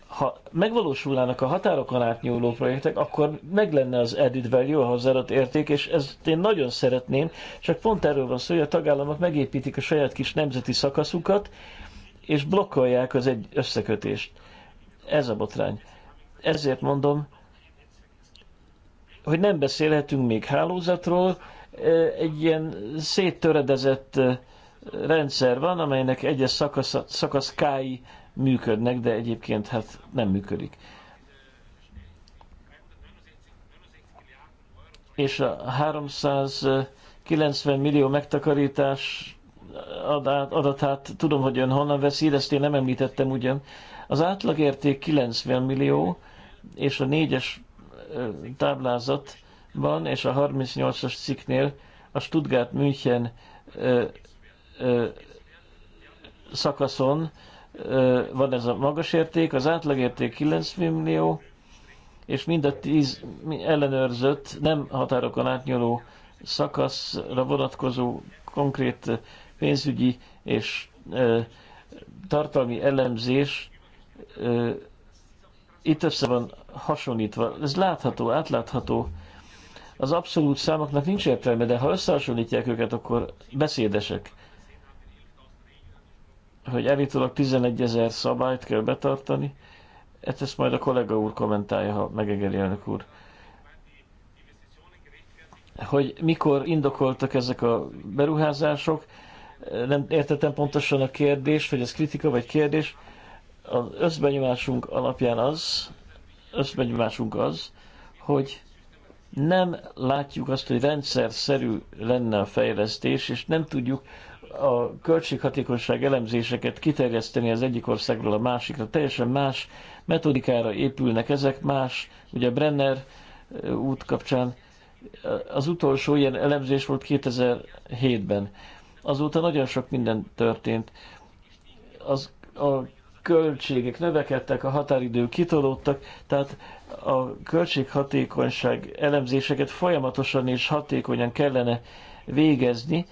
Speaker 3: ha megvalósulnának a határokon átnyúló projektek, akkor meg lenne az added value, a hozzáadott érték, és ezt én nagyon szeretném, csak pont erről van szó, hogy a tagállamok megépítik a saját kis nemzeti szakaszukat, és blokkolják az egy összekötést. Ez a botrány. Ezért mondom, hogy nem beszélhetünk még hálózatról, egy ilyen széttöredezett rendszer van, amelynek egyes szakasz, szakaszkái működnek, de egyébként hát nem működik. És a 390 millió megtakarítás adát, adatát tudom, hogy ön honnan veszi, de ezt én nem említettem ugyan. Az átlagérték 90 millió, és a négyes táblázat van, és a 38-as cikknél a Stuttgart-München szakaszon ö, van ez a magas érték, az átlagérték 9 millió, és mind a 10 ellenőrzött, nem határokon átnyúló szakaszra vonatkozó konkrét pénzügyi és ö, tartalmi elemzés ö, itt össze van hasonlítva. Ez látható, átlátható az abszolút számoknak nincs értelme, de ha összehasonlítják őket, akkor beszédesek. Hogy állítólag 11 ezer szabályt kell betartani, ezt majd a kollega úr kommentálja, ha megegeli elnök úr. Hogy mikor indokoltak ezek a beruházások, nem értettem pontosan a kérdést, hogy ez kritika vagy kérdés. Az összbenyomásunk alapján az, összbenyomásunk az, hogy nem látjuk azt, hogy rendszer szerű lenne a fejlesztés, és nem tudjuk a költséghatékonyság elemzéseket kiterjeszteni az egyik országról a másikra. Teljesen más metodikára épülnek ezek, más, ugye Brenner eh, út kapcsán az utolsó ilyen elemzés volt 2007-ben. Azóta nagyon sok minden történt. Az, a költségek növekedtek, a határidők kitolódtak, tehát a költséghatékonyság elemzéseket folyamatosan és hatékonyan kellene végezni,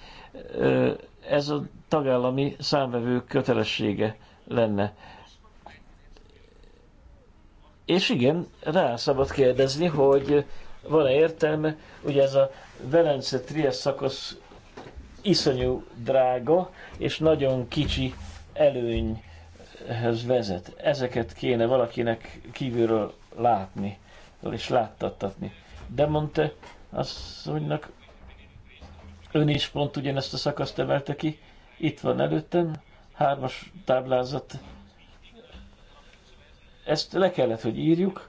Speaker 3: ez a tagállami számvevők kötelessége lenne. És igen, rá szabad kérdezni, hogy van-e értelme, ugye ez a Velence-Triesz szakasz iszonyú drága és nagyon kicsi előny eredményekhez vezet. Ezeket kéne valakinek kívülről látni és láttattatni. De mondta asszonynak, ön is pont ugyanezt a szakaszt emelte ki, itt van előttem, hármas táblázat. Ezt le kellett, hogy írjuk.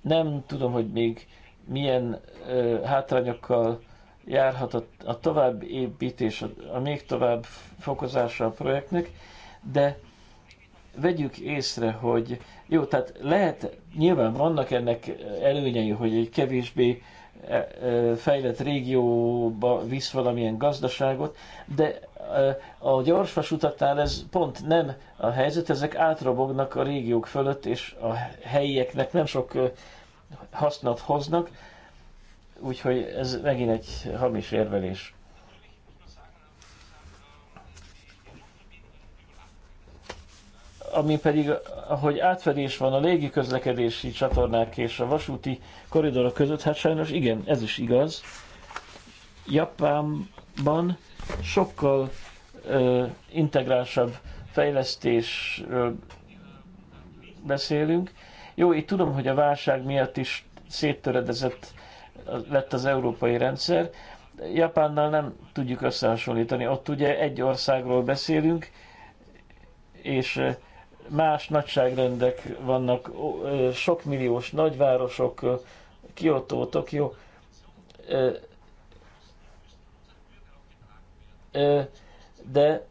Speaker 3: Nem tudom, hogy még milyen ö, hátrányokkal járhat a, a tovább építés, a, a még tovább fokozása a projektnek, de vegyük észre, hogy jó, tehát lehet, nyilván vannak ennek előnyei, hogy egy kevésbé e, e, fejlett régióba visz valamilyen gazdaságot, de e, a gyorsvasutatnál ez pont nem a helyzet, ezek átrobognak a régiók fölött, és a helyieknek nem sok hasznot hoznak, úgyhogy ez megint egy hamis érvelés. ami pedig, hogy átfedés van a légi közlekedési csatornák és a vasúti koridorok között, hát sajnos igen, ez is igaz. Japánban sokkal ö, integrálsabb fejlesztésről beszélünk. Jó, itt tudom, hogy a válság miatt is széttöredezett lett az európai rendszer. Japánnal nem tudjuk összehasonlítani. Ott ugye egy országról beszélünk, és más nagyságrendek vannak, sok milliós nagyvárosok, Kyoto, Tokio. De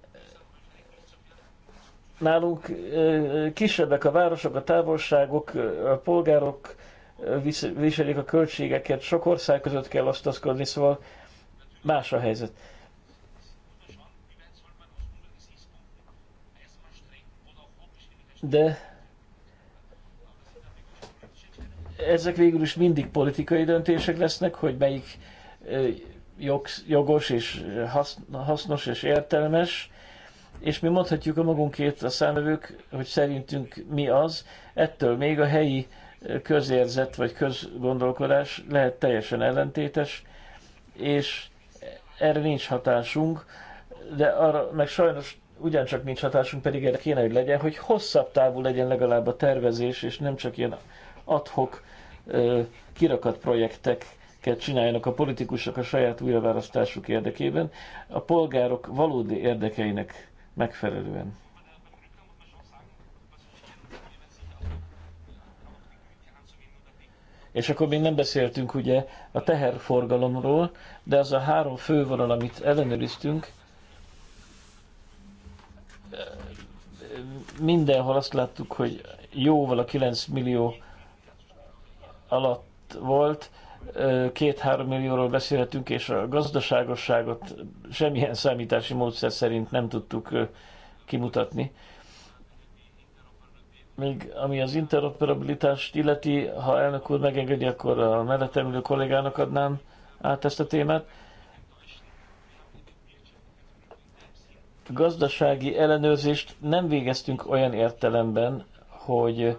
Speaker 3: nálunk kisebbek a városok, a távolságok, a polgárok viselik a költségeket, sok ország között kell osztozkodni, szóval más a helyzet. de ezek végül is mindig politikai döntések lesznek, hogy melyik jogos és hasznos és értelmes, és mi mondhatjuk a magunkét a számvevők, hogy szerintünk mi az, ettől még a helyi közérzet vagy közgondolkodás lehet teljesen ellentétes, és erre nincs hatásunk, de arra meg sajnos ugyancsak nincs hatásunk, pedig erre kéne, hogy legyen, hogy hosszabb távú legyen legalább a tervezés, és nem csak ilyen adhok kirakat projekteket csináljanak a politikusok a saját újraválasztásuk érdekében, a polgárok valódi érdekeinek megfelelően. És akkor még nem beszéltünk ugye a teherforgalomról, de az a három fővonal, amit ellenőriztünk, mindenhol azt láttuk, hogy jóval a 9 millió alatt volt, két-három millióról beszélhetünk, és a gazdaságosságot semmilyen számítási módszer szerint nem tudtuk kimutatni. Még ami az interoperabilitást illeti, ha elnök úr megengedi, akkor a mellettem ülő kollégának adnám át ezt a témát. gazdasági ellenőrzést nem végeztünk olyan értelemben, hogy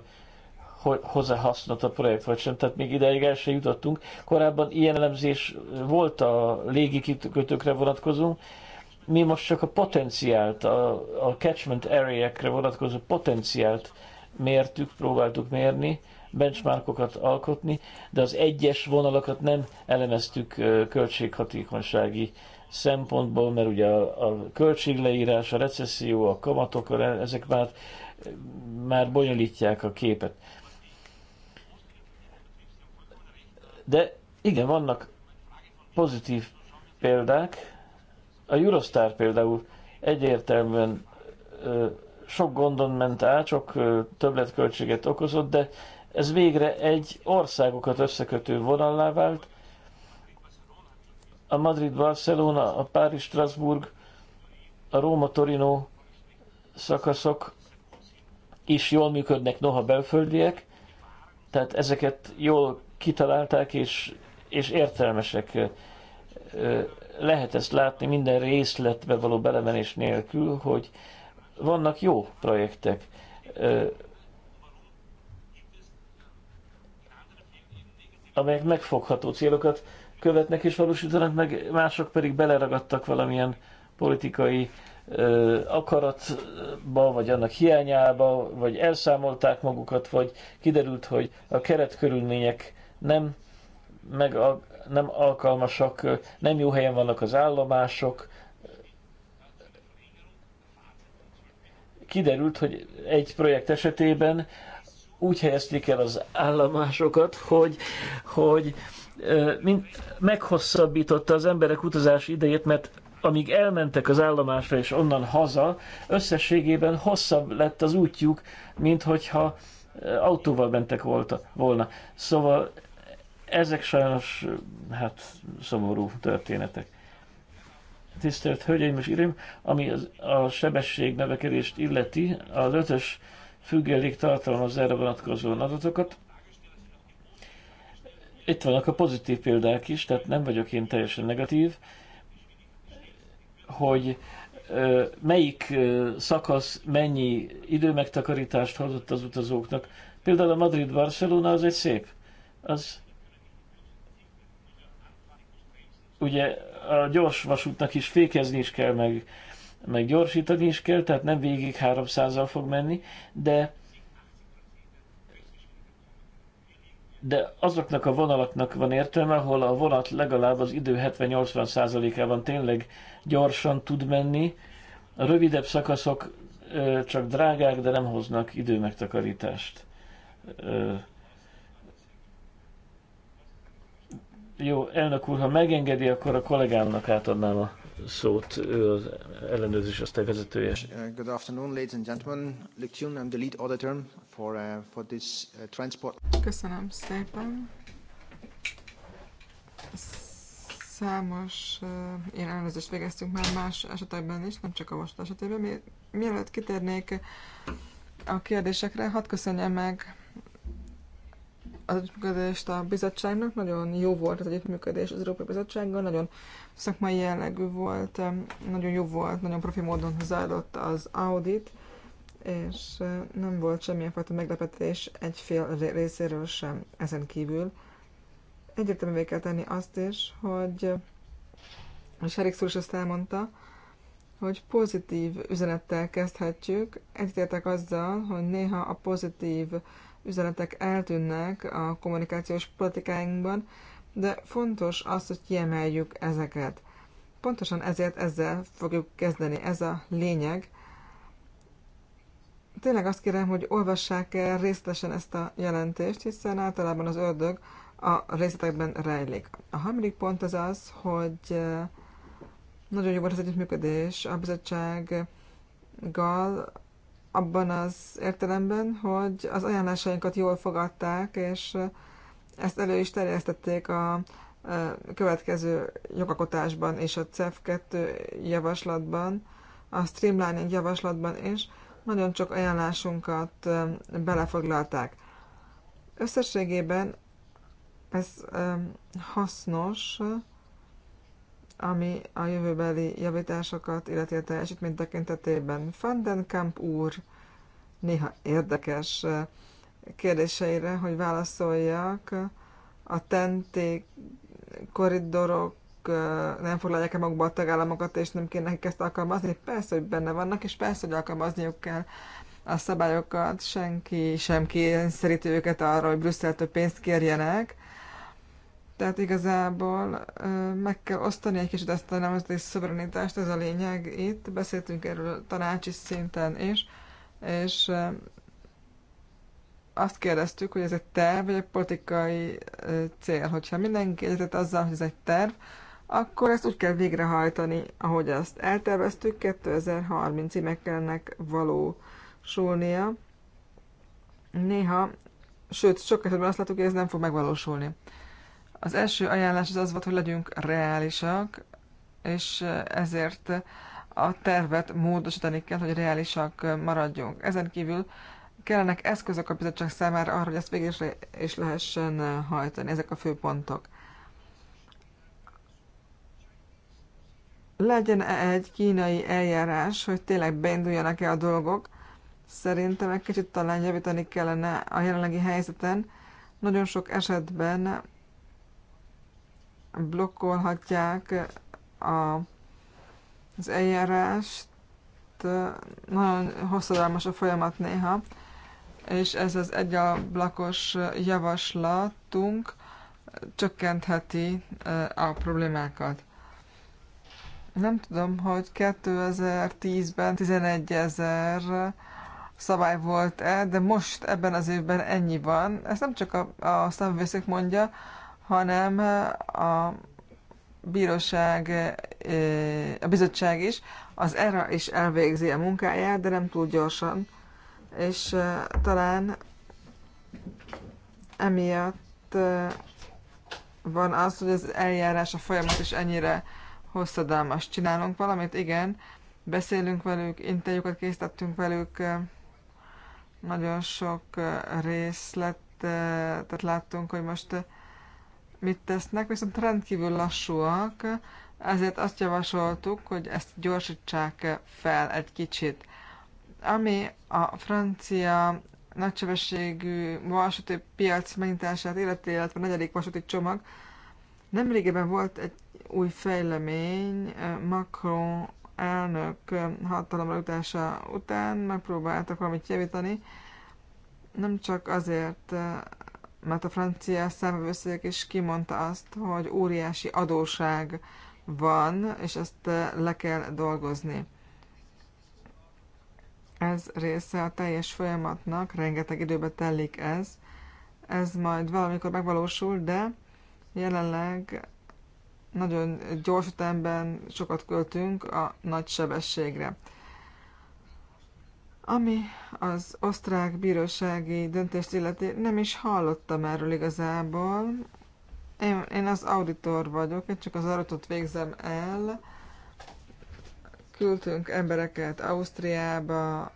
Speaker 3: hozzá hasznot a projekt, vagy sem. Tehát még ideig el sem jutottunk. Korábban ilyen elemzés volt a légi vonatkozó, mi most csak a potenciált, a, a catchment area-kre vonatkozó potenciált mértük, próbáltuk mérni, benchmarkokat alkotni, de az egyes vonalakat nem elemeztük költséghatékonysági szempontból, mert ugye a, a költségleírás, a recesszió, a kamatok, ezek már, már bonyolítják a képet. De igen, vannak pozitív példák. A Eurostar például egyértelműen ö, sok gondon ment át, sok ö, többletköltséget okozott, de ez végre egy országokat összekötő vonallá vált, a Madrid-Barcelona, a Párizs-Strasbourg, a Róma-Torino szakaszok is jól működnek, noha belföldiek, tehát ezeket jól kitalálták és, és értelmesek. Lehet ezt látni minden részletbe való belemenés nélkül, hogy vannak jó projektek. amelyek megfogható célokat követnek és valósítanak meg, mások pedig beleragadtak valamilyen politikai ö, akaratba, vagy annak hiányába, vagy elszámolták magukat, vagy kiderült, hogy a keretkörülmények nem, meg a, nem alkalmasak, nem jó helyen vannak az állomások. Kiderült, hogy egy projekt esetében úgy helyezték el az állomásokat, hogy, hogy mint meghosszabbította az emberek utazási idejét, mert amíg elmentek az állomásra és onnan haza, összességében hosszabb lett az útjuk, mint hogyha autóval mentek volna. Szóval ezek sajnos hát szomorú történetek. Tisztelt Hölgyeim és Irim, ami az, a sebesség növekedést illeti, az ötös függelék tartalmaz erre vonatkozó adatokat itt vannak a pozitív példák is, tehát nem vagyok én teljesen negatív, hogy melyik szakasz mennyi időmegtakarítást hozott az utazóknak. Például a Madrid-Barcelona az egy szép. Az ugye a gyors vasútnak is fékezni is kell, meg, meg gyorsítani is kell, tehát nem végig 300-al fog menni, de de azoknak a vonalaknak van értelme, ahol a vonat legalább az idő 70-80%-ában tényleg gyorsan tud menni. A rövidebb szakaszok csak drágák, de nem hoznak időmegtakarítást. Jó, elnök úr, ha megengedi, akkor a kollégámnak átadnám a szót ő az ellenőrzés osztály vezetője.
Speaker 2: Uh, good afternoon, ladies and gentlemen. Luke I'm the lead auditor for, uh, for this uh,
Speaker 4: transport. Köszönöm szépen. Számos uh, ilyen ellenőrzést végeztünk már más esetekben is, nem csak a most esetében. Mi, mielőtt kitérnék a kérdésekre, hadd köszönjem meg az együttműködést a bizottságnak. Nagyon jó volt az együttműködés az Európai Bizottsággal, nagyon szakmai jellegű volt, nagyon jó volt, nagyon profi módon zajlott az audit, és nem volt semmilyen fajta meglepetés egy fél részéről sem ezen kívül. Egyértelművé kell tenni azt is, hogy a Serik is azt elmondta, hogy pozitív üzenettel kezdhetjük. Egyetértek azzal, hogy néha a pozitív üzenetek eltűnnek a kommunikációs politikáinkban, de fontos az, hogy kiemeljük ezeket. Pontosan ezért ezzel fogjuk kezdeni, ez a lényeg. Tényleg azt kérem, hogy olvassák el részletesen ezt a jelentést, hiszen általában az ördög a részletekben rejlik. A harmadik pont az az, hogy eh, nagyon jó volt az együttműködés a bizottsággal, abban az értelemben, hogy az ajánlásainkat jól fogadták, és ezt elő is terjesztették a következő jogakotásban és a CEF2 javaslatban, a streamlining javaslatban is nagyon sok ajánlásunkat belefoglalták. Összességében ez hasznos, ami a jövőbeli javításokat, illetve a teljesítmény tekintetében. Fandenkamp úr néha érdekes eh, kérdéseire, hogy válaszoljak. A tenté koridorok eh, nem foglalják e magukba a tagállamokat, és nem kéne nekik ezt alkalmazni. Persze, hogy benne vannak, és persze, hogy alkalmazniuk kell a szabályokat. Senki sem kényszeríti őket arra, hogy Brüsszeltől pénzt kérjenek. Tehát igazából meg kell osztani egy kicsit ezt a nemzeti szuverenitást, ez a lényeg itt. Beszéltünk erről tanácsi szinten is, és azt kérdeztük, hogy ez egy terv, vagy egy politikai cél. Hogyha mindenki egyetett azzal, hogy ez egy terv, akkor ezt úgy kell végrehajtani, ahogy azt elterveztük, 2030-ig meg kell ennek valósulnia. Néha, sőt, sok esetben azt látjuk, hogy ez nem fog megvalósulni. Az első ajánlás az az volt, hogy legyünk reálisak, és ezért a tervet módosítani kell, hogy reálisak maradjunk. Ezen kívül kellenek eszközök a bizottság számára arra, hogy ezt végre is lehessen hajtani. Ezek a fő pontok. Legyen -e egy kínai eljárás, hogy tényleg beinduljanak-e a dolgok. Szerintem egy kicsit talán javítani kellene a jelenlegi helyzeten. Nagyon sok esetben blokkolhatják a, az eljárást, nagyon hosszadalmas a folyamat néha, és ez az egyablakos javaslatunk csökkentheti eh, a problémákat. Nem tudom, hogy 2010-ben 11 ezer szabály volt-e, de most ebben az évben ennyi van. Ezt nem csak a, a számvészék mondja, hanem a bíróság, a bizottság is, az ERA is elvégzi a munkáját, de nem túl gyorsan. És talán emiatt van az, hogy az eljárás, a folyamat is ennyire hosszadalmas. Csinálunk valamit, igen, beszélünk velük, interjúkat készítettünk velük, nagyon sok részlet, tehát láttunk, hogy most mit tesznek, viszont rendkívül lassúak, ezért azt javasoltuk, hogy ezt gyorsítsák fel egy kicsit. Ami a francia nagysebességű vasúti piac megnyitását illeti, illetve a negyedik vasúti csomag, nemrégében volt egy új fejlemény, Macron elnök hatalomra utása után megpróbáltak valamit javítani, nem csak azért, mert a francia számvevőszék is kimondta azt, hogy óriási adóság van, és ezt eh, le kell dolgozni. Ez része a teljes folyamatnak, rengeteg időbe telik ez. Ez majd valamikor megvalósul, de jelenleg nagyon gyors ütemben sokat költünk a nagy sebességre. Ami az osztrák bírósági döntést illeti, nem is hallottam erről igazából. Én, én az auditor vagyok, én csak az adatot végzem el. Küldtünk embereket Ausztriába,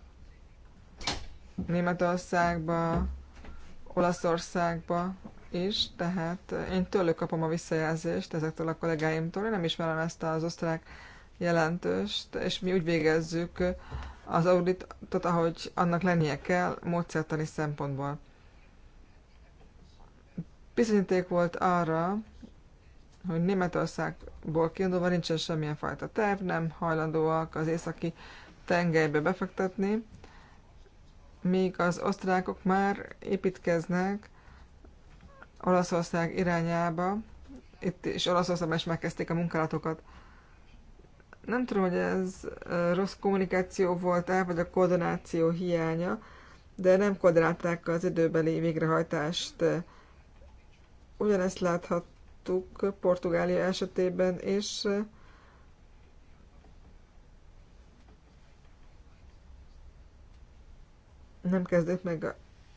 Speaker 4: Németországba, Olaszországba is, tehát én tőlük kapom a visszajelzést ezektől a kollégáimtól, én nem ismerem ezt az osztrák jelentőst, és mi úgy végezzük az auditot, ahogy annak lennie kell, módszertani szempontból. Bizonyíték volt arra, hogy Németországból kiindulva nincsen semmilyen fajta terv, nem hajlandóak az északi tengelybe befektetni, míg az osztrákok már építkeznek Olaszország irányába, itt is Olaszországban is megkezdték a munkálatokat. Nem tudom, hogy ez rossz kommunikáció volt-e, vagy a koordináció hiánya, de nem koordinálták az időbeli végrehajtást. Ugyanezt láthattuk Portugália esetében, és nem kezdett meg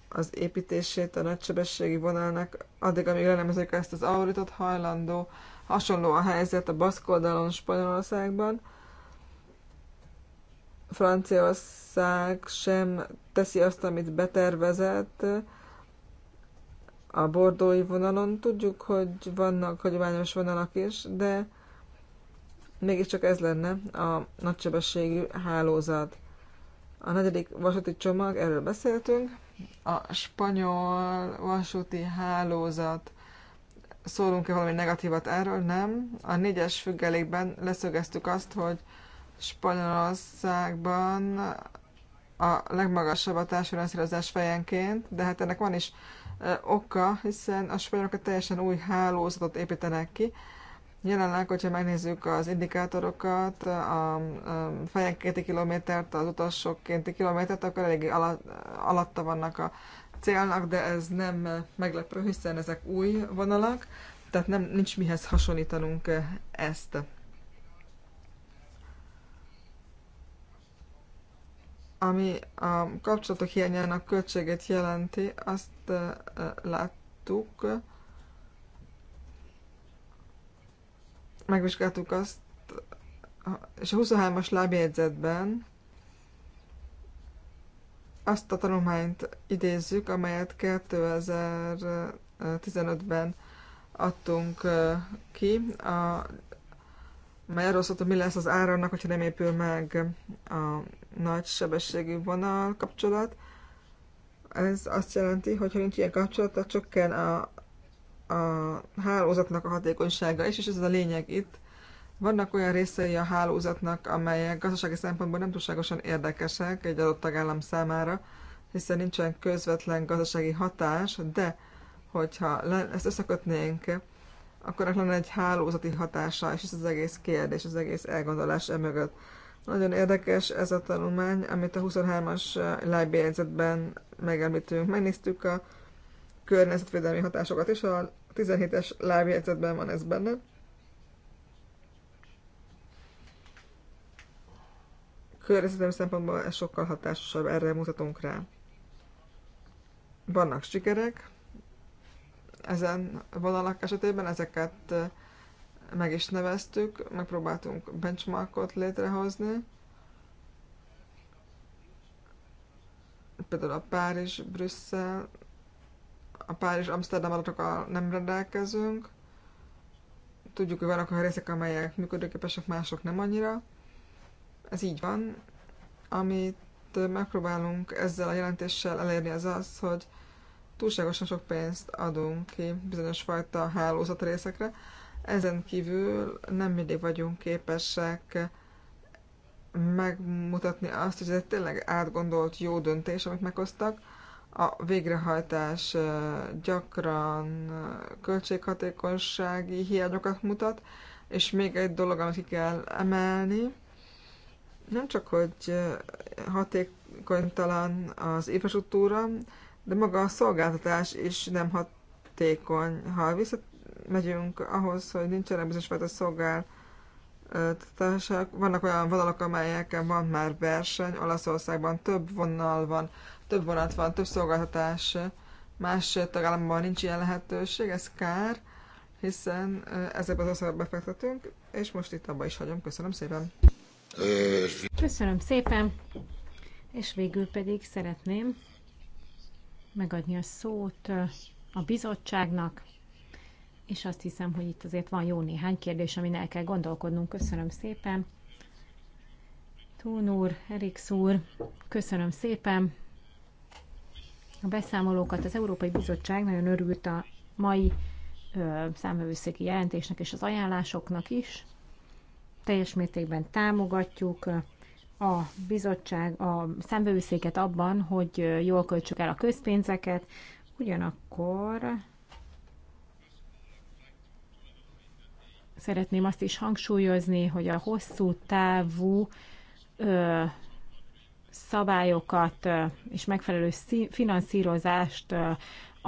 Speaker 4: az építését a nagysebességi vonalnak, addig, amíg le nem ezt az auditot hajlandó Hasonló a helyzet a baszk oldalon Spanyolországban. Franciaország sem teszi azt, amit betervezett a bordói vonalon. Tudjuk, hogy vannak hagyományos vonalak is, de mégiscsak ez lenne a nagysebességű hálózat. A negyedik vasúti csomag, erről beszéltünk, a spanyol vasúti hálózat szólunk-e valami negatívat erről, nem. A négyes függelékben leszögeztük azt, hogy Spanyolországban a legmagasabb a társadalmi fejenként, de hát ennek van is oka, hiszen a spanyolok teljesen új hálózatot építenek ki. Jelenleg, hogyha megnézzük az indikátorokat, a fejenkénti kilométert, az utasokkénti kilométert, akkor eléggé alatta vannak a célnak, de ez nem meglepő, hiszen ezek új vonalak, tehát nem, nincs mihez hasonlítanunk ezt. Ami a kapcsolatok hiányának költséget jelenti, azt láttuk, megvizsgáltuk azt, és a 23-as lábjegyzetben azt a tanulmányt idézzük, amelyet 2015-ben adtunk ki, a, mely arról szólt, hogy mi lesz az áramnak, hogyha nem épül meg a nagy sebességű vonal kapcsolat. Ez azt jelenti, hogy ha nincs ilyen kapcsolat, csökken a, a hálózatnak a hatékonysága is, és ez a lényeg itt, vannak olyan részei a hálózatnak, amelyek gazdasági szempontból nem túlságosan érdekesek egy adott tagállam számára, hiszen nincsen közvetlen gazdasági hatás, de hogyha ezt összekötnénk, akkor lenne egy hálózati hatása, és ez az egész kérdés, az egész elgondolás emögött. Nagyon érdekes ez a tanulmány, amit a 23-as lábjegyzetben megemlítünk. Megnéztük a környezetvédelmi hatásokat, és a 17-es lábjegyzetben van ez benne. környezetvédelmi szempontból ez sokkal hatásosabb, erre mutatunk rá. Vannak sikerek ezen vonalak esetében, ezeket meg is neveztük, megpróbáltunk benchmarkot létrehozni. Például a Párizs, Brüsszel, a Párizs, Amsterdam adatokkal nem rendelkezünk. Tudjuk, hogy vannak olyan részek, amelyek működőképesek, mások nem annyira ez így van. Amit megpróbálunk ezzel a jelentéssel elérni az az, hogy túlságosan sok pénzt adunk ki bizonyos fajta hálózat részekre. Ezen kívül nem mindig vagyunk képesek megmutatni azt, hogy ez egy tényleg átgondolt jó döntés, amit meghoztak. A végrehajtás gyakran költséghatékonysági hiányokat mutat, és még egy dolog, amit ki kell emelni, nem csak, hogy eh, hatékonytalan az infrastruktúra, de maga a szolgáltatás is nem hatékony. Ha visszamegyünk ahhoz, hogy nincsenek bizonyos fajta szolgáltatások, vannak olyan vonalak, amelyeken van már verseny, Olaszországban több vonal van, több vonat van, több szolgáltatás, más tagállamban nincs ilyen lehetőség, ez kár, hiszen eh, ezekbe az országba befektetünk, és most itt abba is hagyom. Köszönöm szépen! Köszönöm szépen,
Speaker 2: és végül pedig szeretném megadni a szót a bizottságnak, és azt hiszem, hogy itt azért van jó néhány kérdés, amin el kell gondolkodnunk. Köszönöm szépen. Thun úr, Erik úr, köszönöm szépen a beszámolókat. Az Európai Bizottság nagyon örült a mai számvevőszéki jelentésnek és az ajánlásoknak is teljes mértékben támogatjuk a bizottság, a szembevőszéket abban, hogy jól költsük el a közpénzeket, ugyanakkor szeretném azt is hangsúlyozni, hogy a hosszú távú ö, szabályokat ö, és megfelelő szí- finanszírozást ö,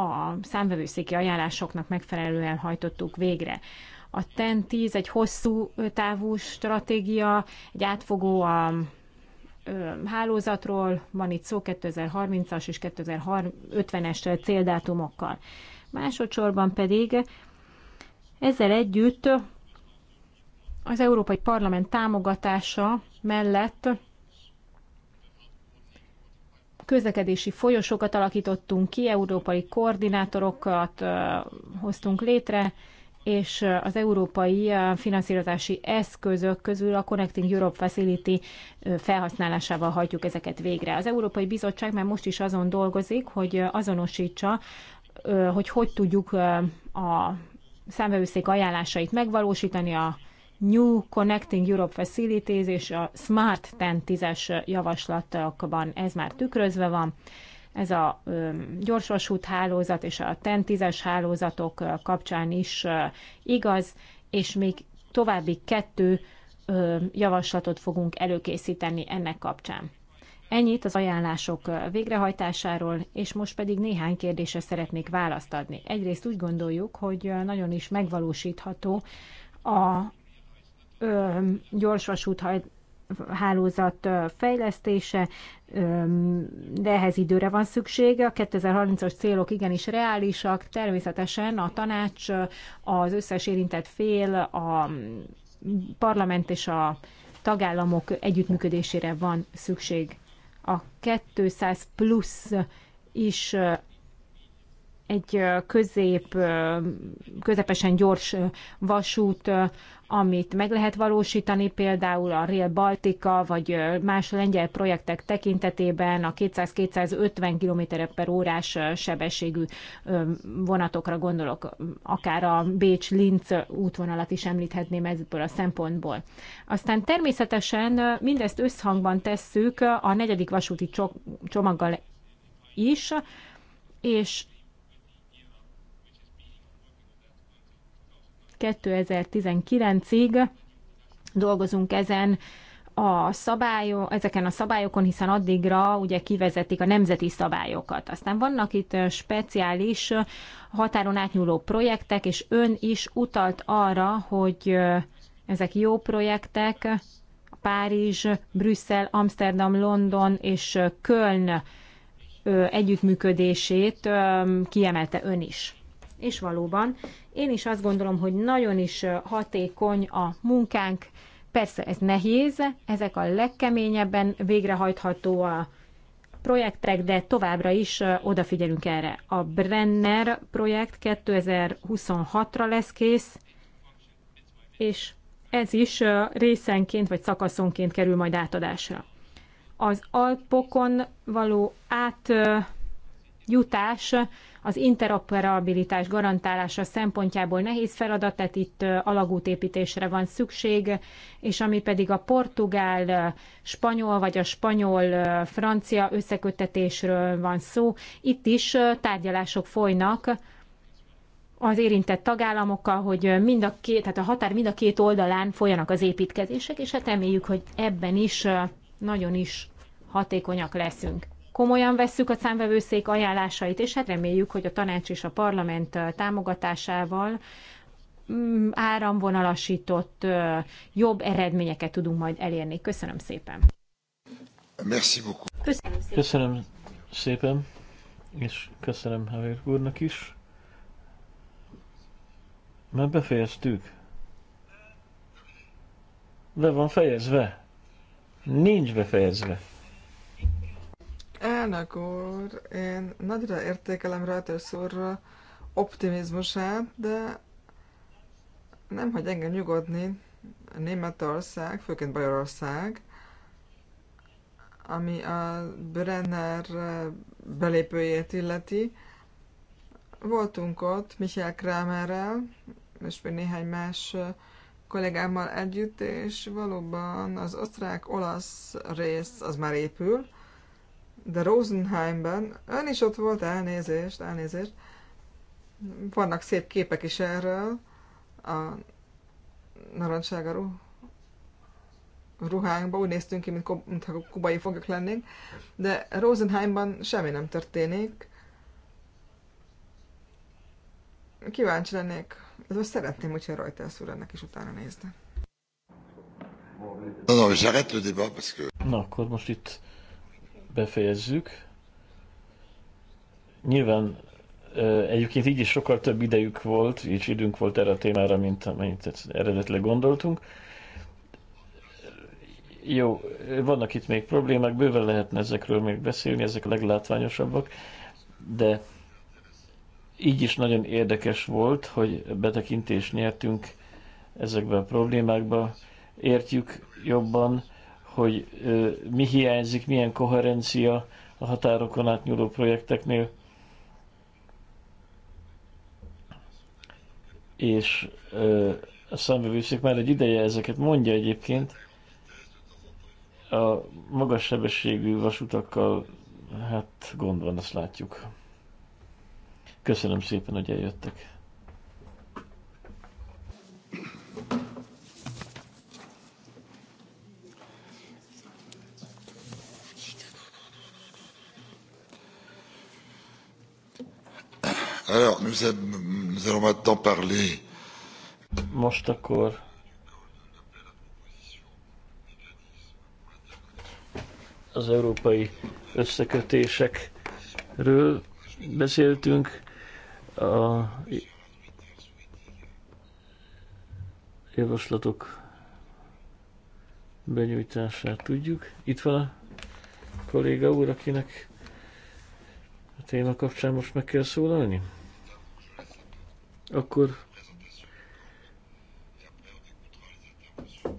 Speaker 2: a számvevőszéki ajánlásoknak megfelelően hajtottuk végre. A TEN-10 egy hosszú távú stratégia, egy átfogó a hálózatról, van itt szó 2030-as és 2050-es céldátumokkal. Másodszorban pedig ezzel együtt az Európai Parlament támogatása mellett közlekedési folyosókat alakítottunk ki, európai koordinátorokat hoztunk létre, és az európai finanszírozási eszközök közül a Connecting Europe Facility felhasználásával hajtjuk ezeket végre. Az Európai Bizottság már most is azon dolgozik, hogy azonosítsa, hogy hogy tudjuk a számvevőszék ajánlásait megvalósítani a New Connecting Europe Facilities és a Smart 10-10-es javaslatokban ez már tükrözve van ez a gyorsvasút hálózat és a TEN-10-es hálózatok kapcsán is igaz, és még további kettő javaslatot fogunk előkészíteni ennek kapcsán. Ennyit az ajánlások végrehajtásáról, és most pedig néhány kérdésre szeretnék választ adni. Egyrészt úgy gondoljuk, hogy nagyon is megvalósítható a gyorsvasút hálózat fejlesztése, de ehhez időre van szüksége. A 2030-as célok igenis reálisak. Természetesen a tanács, az összes érintett fél, a parlament és a tagállamok együttműködésére van szükség. A 200 plusz is egy közép, közepesen gyors vasút, amit meg lehet valósítani, például a Rail Baltica, vagy más lengyel projektek tekintetében a 200-250 km per órás sebességű vonatokra gondolok, akár a Bécs-Linz útvonalat is említhetném ebből a szempontból. Aztán természetesen mindezt összhangban tesszük a negyedik vasúti csomaggal is, és 2019-ig dolgozunk ezen a szabályo, ezeken a szabályokon, hiszen addigra ugye kivezetik a nemzeti szabályokat. Aztán vannak itt speciális határon átnyúló projektek, és ön is utalt arra, hogy ezek jó projektek, Párizs, Brüsszel, Amsterdam, London és Köln együttműködését kiemelte ön is. És valóban én is azt gondolom, hogy nagyon is hatékony a munkánk. Persze ez nehéz, ezek a legkeményebben végrehajtható a projektek, de továbbra is odafigyelünk erre. A Brenner projekt 2026-ra lesz kész, és ez is részenként vagy szakaszonként kerül majd átadásra. Az Alpokon való átjutás az interoperabilitás garantálása szempontjából nehéz feladat, tehát itt alagútépítésre van szükség, és ami pedig a portugál, spanyol vagy a spanyol-francia összekötetésről van szó, itt is tárgyalások folynak, az érintett tagállamokkal, hogy mind a két, tehát a határ mind a két oldalán folyanak az építkezések, és hát reméljük, hogy ebben is nagyon is hatékonyak leszünk komolyan vesszük a számvevőszék ajánlásait, és hát reméljük, hogy a tanács és a parlament támogatásával mm, áramvonalasított jobb eredményeket tudunk majd elérni. Köszönöm szépen!
Speaker 1: Merci beaucoup. Köszönöm szépen.
Speaker 3: köszönöm szépen, és köszönöm Havér úrnak is. Már befejeztük. Le van fejezve? Nincs befejezve.
Speaker 4: Elnök úr, én nagyra értékelem Reuters úr optimizmusát, de nem hagy engem nyugodni Németország, főként Bajorország, ami a Brenner belépőjét illeti. Voltunk ott Michael Kramerrel, és még néhány más kollégámmal együtt, és valóban az osztrák-olasz rész az már épül, de Rosenheimben, ön is ott volt, elnézést, elnézést, vannak szép képek is erről, a narancsága ruhánkban, úgy néztünk ki, mint mintha kubai fogok lennénk, de Rosenheimban semmi nem történik. Kíváncsi lennék, ez most szeretném, hogyha Reuters úr ennek is utána nézni.
Speaker 1: le
Speaker 3: Na, akkor most itt befejezzük. Nyilván egyébként így is sokkal több idejük volt, és időnk volt erre a témára, mint amennyit eredetileg gondoltunk. Jó, vannak itt még problémák, bőven lehetne ezekről még beszélni, ezek a leglátványosabbak, de így is nagyon érdekes volt, hogy betekintést nyertünk ezekbe a problémákba, értjük jobban hogy mi hiányzik, milyen koherencia a határokon átnyúló projekteknél. És a számbevőszék már egy ideje ezeket mondja egyébként, a magas sebességű vasutakkal hát gond van, azt látjuk. Köszönöm szépen, hogy eljöttek.
Speaker 1: Alors, nous, nous allons maintenant parler.
Speaker 3: Most akkor az európai összekötésekről beszéltünk. A javaslatok benyújtását tudjuk. Itt van a kolléga úr, akinek téma kapcsán most meg kell szólalni? Akkor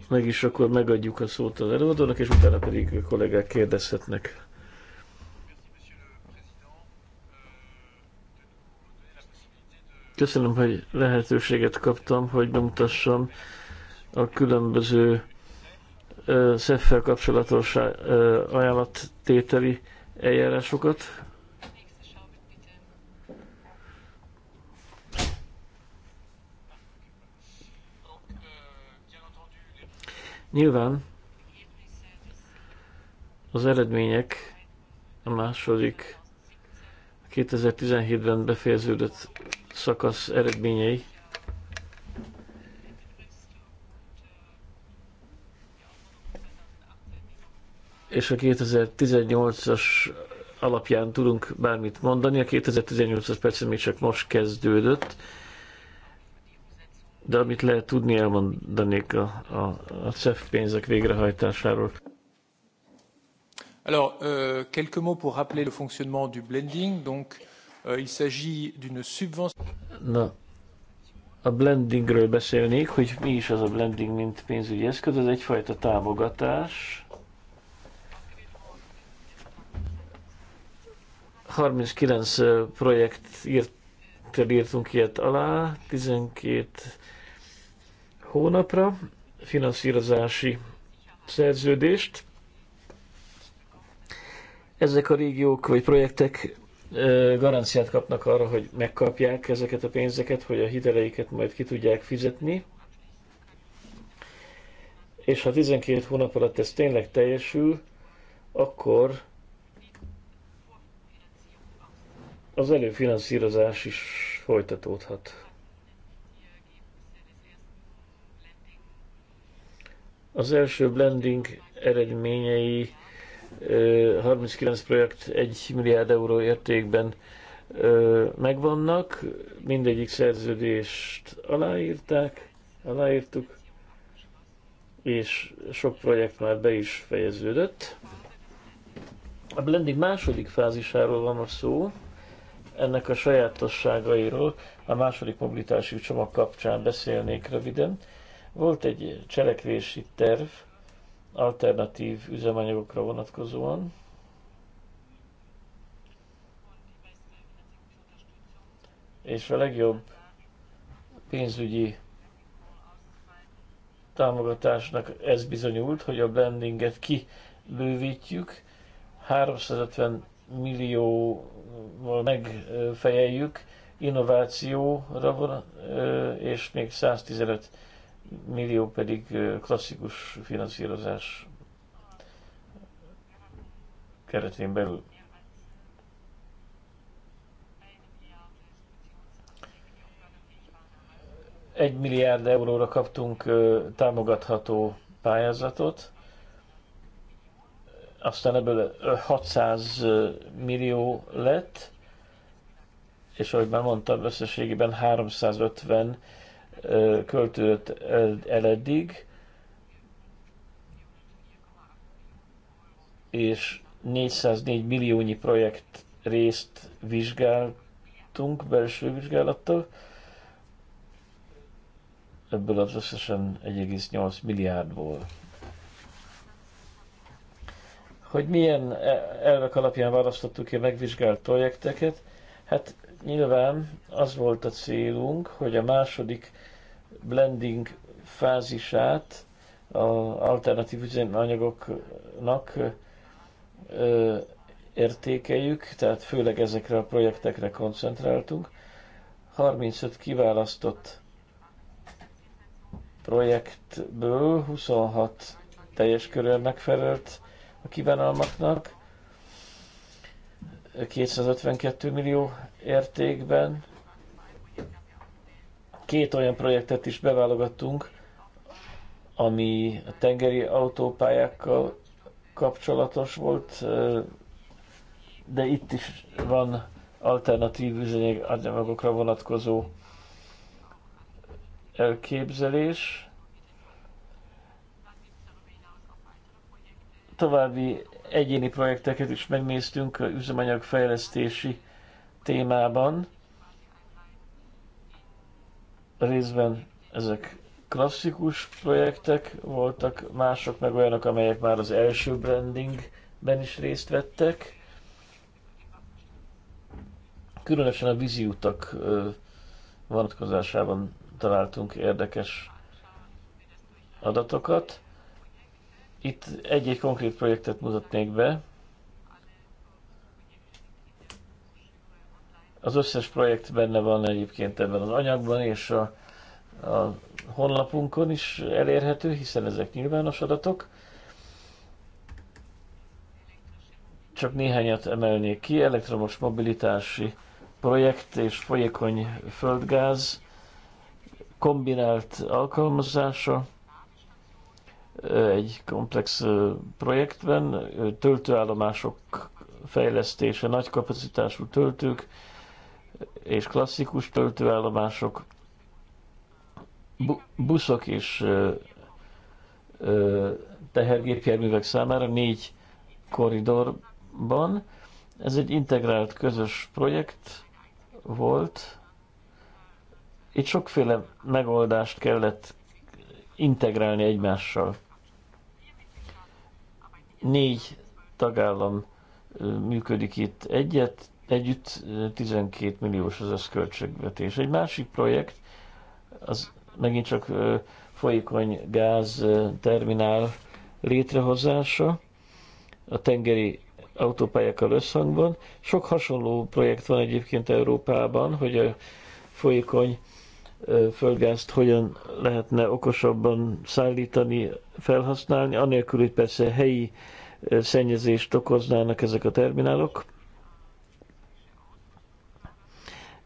Speaker 3: meg is akkor megadjuk a szót az előadónak, és utána pedig a kollégák kérdezhetnek. Köszönöm, hogy lehetőséget kaptam, hogy bemutassam a különböző szeffel kapcsolatos ajánlattételi eljárásokat. Nyilván az eredmények a második 2017-ben befejeződött szakasz eredményei és a 2018-as alapján tudunk bármit mondani. A 2018-as persze még csak most kezdődött, de amit lehet tudni, elmondanék a, a, a CEF pénzek végrehajtásáról.
Speaker 1: Alors, euh, quelques mots pour rappeler le fonctionnement du blending. Donc, euh, il s'agit d'une subvention.
Speaker 3: Na, a blendingről beszélnék, hogy mi is az a blending, mint pénzügyi eszköz. az egyfajta támogatás. 39 projekt írt, írtunk ilyet alá, 12 hónapra finanszírozási szerződést. Ezek a régiók vagy projektek garanciát kapnak arra, hogy megkapják ezeket a pénzeket, hogy a hiteleiket majd ki tudják fizetni. És ha 12 hónap alatt ez tényleg teljesül, akkor az előfinanszírozás is folytatódhat. Az első blending eredményei 39 projekt 1 milliárd euró értékben megvannak, mindegyik szerződést aláírták, aláírtuk, és sok projekt már be is fejeződött. A blending második fázisáról van a szó, ennek a sajátosságairól a második mobilitási csomag kapcsán beszélnék röviden. Volt egy cselekvési terv alternatív üzemanyagokra vonatkozóan, és a legjobb pénzügyi támogatásnak ez bizonyult, hogy a blendinget kibővítjük, 350 millióval megfejeljük, innovációra és még 115 millió pedig klasszikus finanszírozás keretén belül. Egy milliárd euróra kaptunk támogatható pályázatot, aztán ebből 600 millió lett, és ahogy már mondtam, összességében 350 költött el eddig, és 404 milliónyi projekt részt vizsgáltunk belső vizsgálattal, ebből az összesen 1,8 milliárdból. Hogy milyen e-, elvek alapján választottuk ki a megvizsgált projekteket, Hát nyilván az volt a célunk, hogy a második blending fázisát az alternatív üzemanyagoknak ö, értékeljük, tehát főleg ezekre a projektekre koncentráltunk. 35 kiválasztott projektből 26 teljes körül megfelelt a kívánalmaknak, 252 millió értékben. Két olyan projektet is beválogattunk, ami a tengeri autópályákkal kapcsolatos volt, de itt is van alternatív üzemanyagokra vonatkozó elképzelés. További egyéni projekteket is megnéztünk a üzemanyagfejlesztési témában. Részben ezek klasszikus projektek voltak, mások meg olyanok, amelyek már az első brandingben is részt vettek. Különösen a vízi utak vonatkozásában találtunk érdekes adatokat. Itt egy-egy konkrét projektet mutatnék be. Az összes projekt benne van egyébként ebben az anyagban, és a, a honlapunkon is elérhető, hiszen ezek nyilvános adatok. Csak néhányat emelnék ki, elektromos mobilitási projekt és folyékony földgáz kombinált alkalmazása, egy komplex projektben, töltőállomások fejlesztése, nagy kapacitású töltők és klasszikus töltőállomások, bu buszok és tehergépjárművek számára négy koridorban. Ez egy integrált közös projekt volt. Itt sokféle megoldást kellett integrálni egymással. Négy tagállam működik itt egyet, együtt 12 milliós az összköltségvetés. Egy másik projekt, az megint csak folyékony gáz terminál létrehozása a tengeri autópályákkal összhangban. Sok hasonló projekt van egyébként Európában, hogy a folyékony földgázt hogyan lehetne okosabban szállítani, felhasználni, anélkül, hogy persze helyi szennyezést okoznának ezek a terminálok.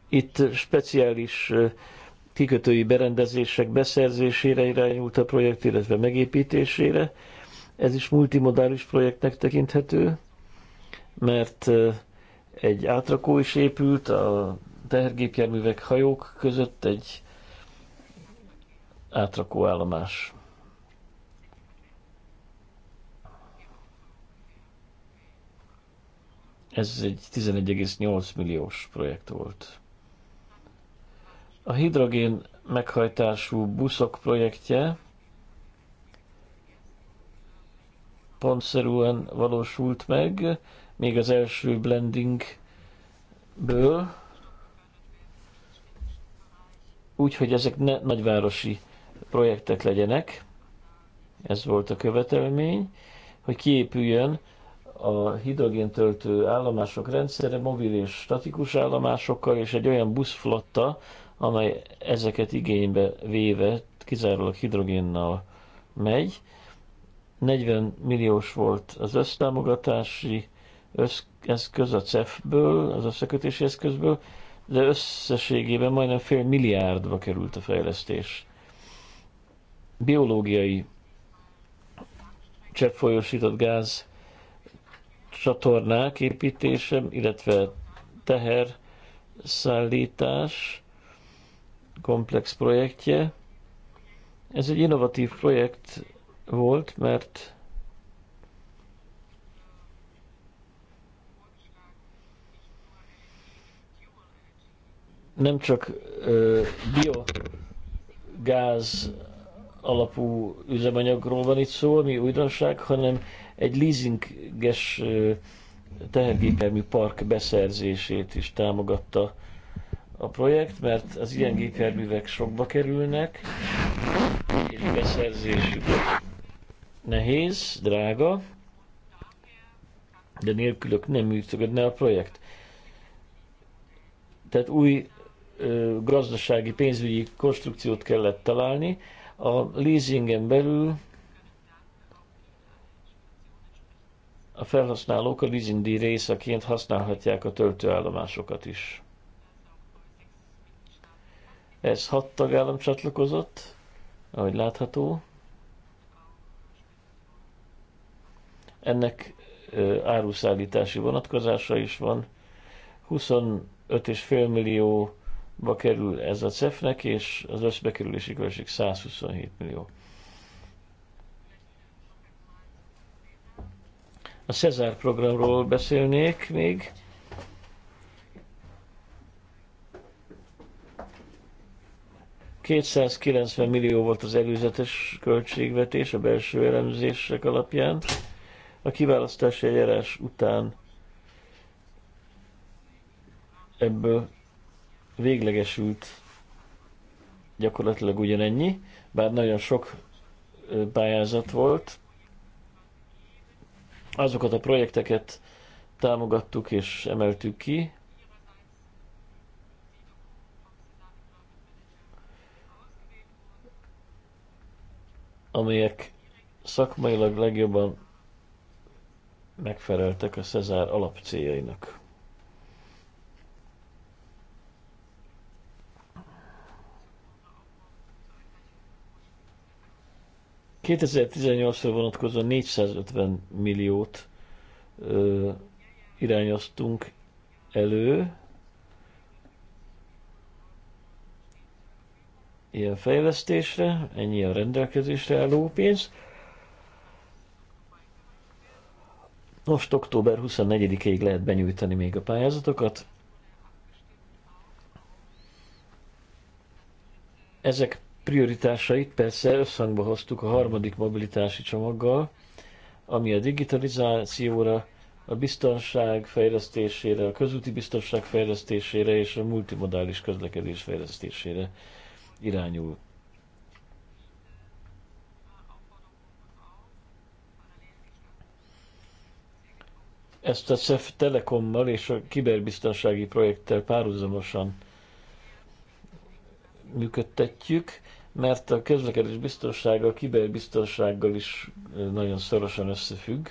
Speaker 3: Itt speciális kikötői berendezések beszerzésére irányult a projekt, illetve megépítésére. Ez is multimodális projektnek tekinthető, mert egy átrakó is épült a tehergépjárművek, hajók között egy állomás. Ez egy 11,8 milliós projekt volt. A hidrogén meghajtású buszok projektje pontszerűen valósult meg, még az első blendingből, úgyhogy ezek ne nagyvárosi projektek legyenek, ez volt a követelmény, hogy kiépüljön a hidrogéntöltő állomások rendszere mobil és statikus állomásokkal, és egy olyan buszflotta, amely ezeket igénybe véve kizárólag hidrogénnal megy. 40 milliós volt az össztámogatási eszköz a CEF-ből, az összekötési eszközből, de összességében majdnem fél milliárdba került a fejlesztés biológiai cseppfolyósított gáz csatornák építése, illetve teher szállítás komplex projektje. Ez egy innovatív projekt volt, mert nem csak ö, biogáz alapú üzemanyagról van itt szó, ami újdonság, hanem egy leasinges tehergépjármű park beszerzését is támogatta a projekt, mert az ilyen gépjárművek sokba kerülnek, és beszerzésük nehéz, drága, de nélkülök nem működne a projekt. Tehát új ö, gazdasági, pénzügyi konstrukciót kellett találni, a leasingen belül a felhasználók a leasingdíj részeként használhatják a töltőállomásokat is. Ez hat tagállam csatlakozott, ahogy látható. Ennek áruszállítási vonatkozása is van. 25,5 millió ba kerül ez a CEF-nek, és az összbekerülési költség 127 millió. A Cezár programról beszélnék még. ...290 millió volt az előzetes költségvetés a belső elemzések alapján. A kiválasztási eljárás után ebből véglegesült gyakorlatilag ugyanennyi, bár nagyon sok pályázat volt. Azokat a projekteket támogattuk és emeltük ki, amelyek szakmailag legjobban megfeleltek a Cezár alapcéljainak. 2018-ra vonatkozóan 450 milliót ö, irányoztunk elő ilyen fejlesztésre, ennyi a rendelkezésre álló pénz. Most október 24-ig lehet benyújtani még a pályázatokat. Ezek prioritásait persze összhangba hoztuk a harmadik mobilitási csomaggal, ami a digitalizációra, a biztonság fejlesztésére, a közúti biztonság fejlesztésére és a multimodális közlekedés fejlesztésére irányul. Ezt a CEF Telekommal és a kiberbiztonsági projekttel párhuzamosan működtetjük mert a közlekedés biztonsága a kiberbiztonsággal is nagyon szorosan összefügg,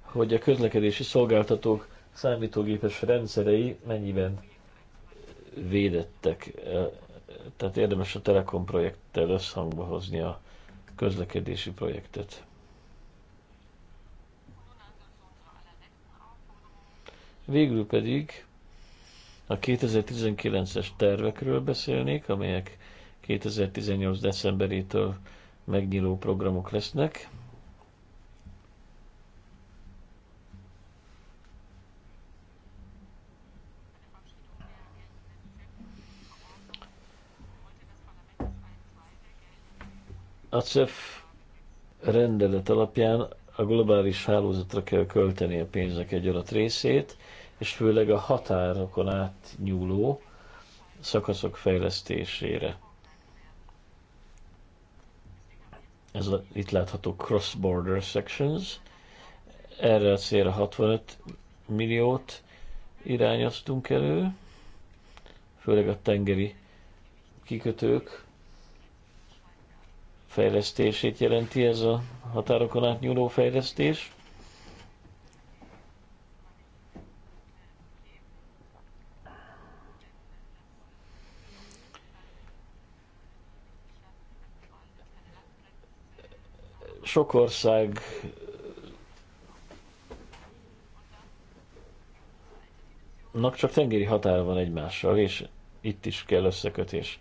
Speaker 3: hogy a közlekedési szolgáltatók számítógépes rendszerei mennyiben védettek. Tehát érdemes a Telekom projekttel összhangba hozni a közlekedési projektet. Végül pedig a 2019-es tervekről beszélnék, amelyek 2018. decemberétől megnyíló programok lesznek. A CEF rendelet alapján a globális hálózatra kell költeni a pénzek egy adott részét, és főleg a határokon átnyúló szakaszok fejlesztésére. Ez a, itt látható cross-border sections. Erre a célra 65 milliót irányoztunk elő, főleg a tengeri kikötők fejlesztését jelenti ez a határokon átnyúló fejlesztés. Sok ország ...nak csak tengeri határa van egymással, és itt is kell összekötés.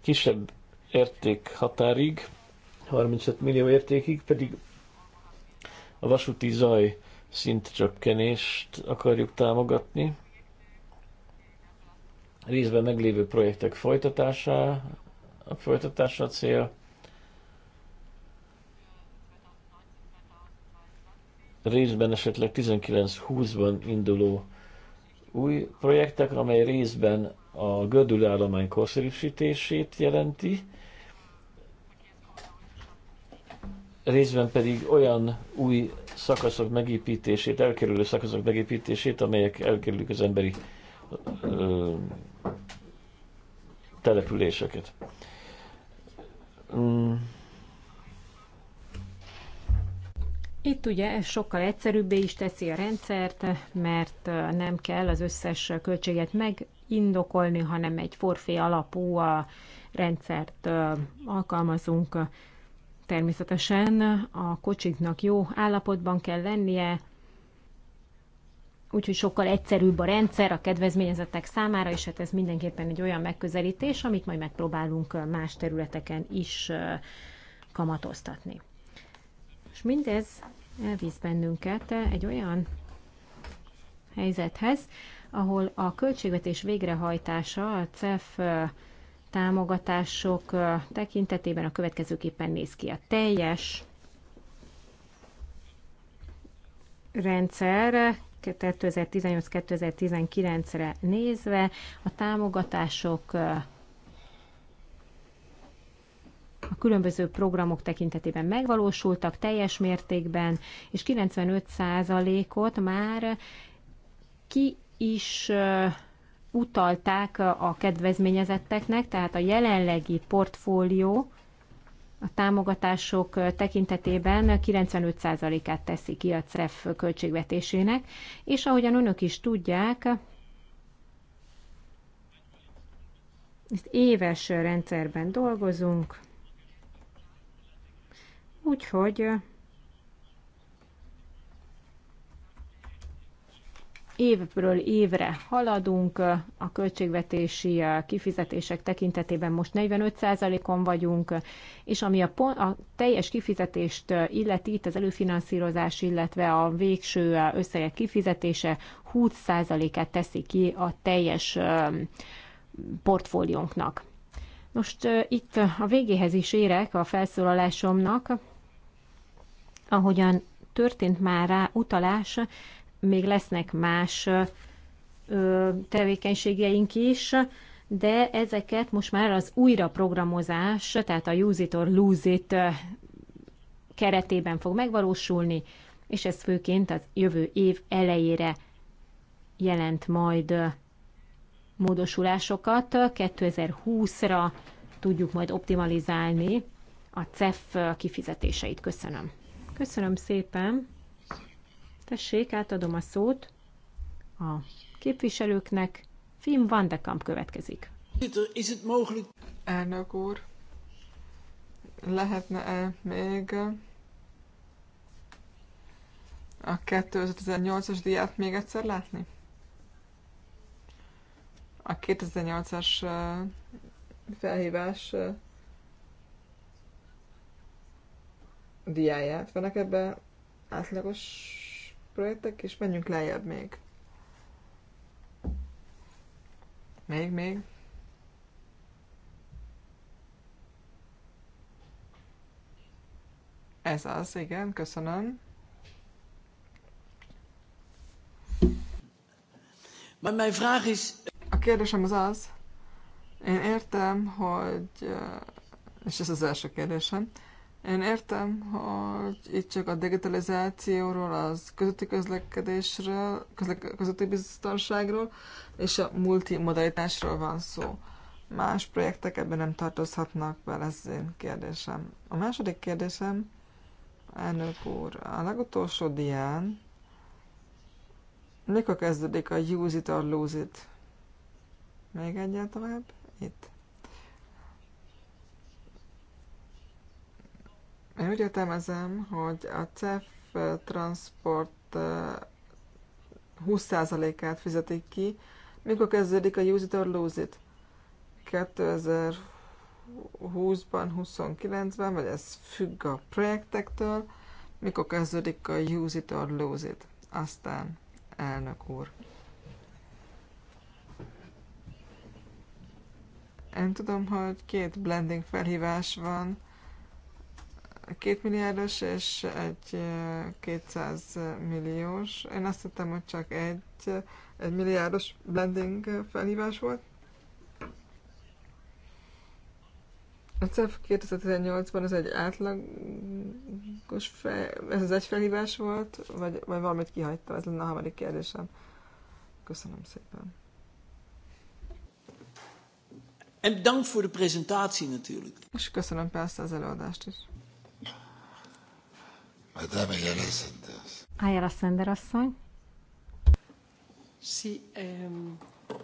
Speaker 3: Kisebb érték határig, 35 millió értékig pedig a vasúti zaj szint csökkenést akarjuk támogatni, részben meglévő projektek folytatása, a folytatása a cél, részben esetleg 19-20-ban induló új projektek, amely részben a gödülállomány korszerűsítését jelenti, részben pedig olyan új szakaszok megépítését, elkerülő szakaszok megépítését, amelyek elkerülik az emberi ö, településeket. Mm.
Speaker 2: Itt ugye ez sokkal egyszerűbbé is teszi a rendszert, mert nem kell az összes költséget megindokolni, hanem egy forfé alapú a rendszert alkalmazunk. Természetesen a kocsiknak jó állapotban kell lennie, úgyhogy sokkal egyszerűbb a rendszer a kedvezményezettek számára, és hát ez mindenképpen egy olyan megközelítés, amit majd megpróbálunk más területeken is kamatoztatni. És mindez elvisz bennünket egy olyan helyzethez, ahol a költségvetés végrehajtása a CEF támogatások tekintetében a következőképpen néz ki. A teljes rendszer 2018-2019-re nézve a támogatások a különböző programok tekintetében megvalósultak teljes mértékben, és 95%-ot már ki is utalták a kedvezményezetteknek, tehát a jelenlegi portfólió a támogatások tekintetében 95%-át teszi ki a CREF költségvetésének, és ahogyan önök is tudják, ezt éves rendszerben dolgozunk, Úgyhogy évről évre haladunk, a költségvetési kifizetések tekintetében most 45%-on vagyunk, és ami a, pont, a teljes kifizetést illeti, itt az előfinanszírozás, illetve a végső összegek kifizetése 20%-át teszi ki a teljes portfóliónknak. Most itt a végéhez is érek a felszólalásomnak, ahogyan történt már rá utalás, még lesznek más tevékenységeink is, de ezeket most már az újraprogramozás, tehát a use it or lose it keretében fog megvalósulni, és ez főként az jövő év elejére jelent majd módosulásokat. 2020-ra tudjuk majd optimalizálni a CEF kifizetéseit. Köszönöm. Köszönöm szépen. Tessék, átadom a szót a képviselőknek. Fim van de Kamp következik.
Speaker 4: Elnök úr, lehetne-e még a 2018-as diát még egyszer látni? A 2008-as felhívás diáját. Vannak ebbe átlagos projektek, és menjünk lejjebb még. Még, még. Ez az, igen, köszönöm. Maar mijn vraag is... A kérdésem az az, én értem, hogy, eh, és ez az első kérdésem, én értem, hogy itt csak a digitalizációról, az közötti közlekedésről, közle- közötti biztonságról és a multimodalitásról van szó. Más projektek ebben nem tartozhatnak bele, ez az én kérdésem. A második kérdésem, elnök úr, a legutolsó dián, mikor kezdődik a use it or lose it? Még egyet tovább? Itt. Én úgy értelmezem, hogy a CEF transport 20%-át eh, fizetik ki, mikor kezdődik a Use it or Lose it. 2020-ban, 29-ben, vagy ez függ a projektektől, mikor kezdődik a Use it or Lose it. Aztán elnök úr. Én tudom, hogy két blending felhívás van két milliárdos és egy 200 milliós. Én azt hittem, hogy csak egy, egy milliárdos blending felhívás volt. A CEF 2018-ban ez egy átlagos fel, ez az egy felhívás volt, vagy, vagy valamit kihagyta? Ez lenne a harmadik kérdésem. Köszönöm szépen.
Speaker 3: En dank voor de presentatie natuurlijk.
Speaker 4: És köszönöm persze az előadást is. Hát Madame Ayala Ayala asszony. Sí,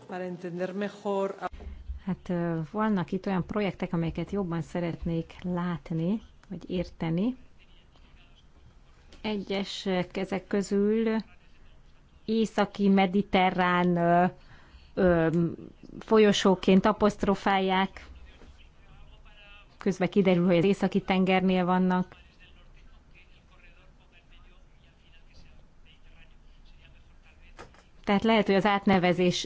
Speaker 4: para entender mejor...
Speaker 2: Hát vannak itt olyan projektek, amelyeket jobban szeretnék látni, vagy érteni.
Speaker 4: Egyes
Speaker 2: ezek közül északi mediterrán ö, ö, folyosóként apostrofálják, közben kiderül, hogy az északi tengernél vannak. Tehát lehet, hogy az átnevezés,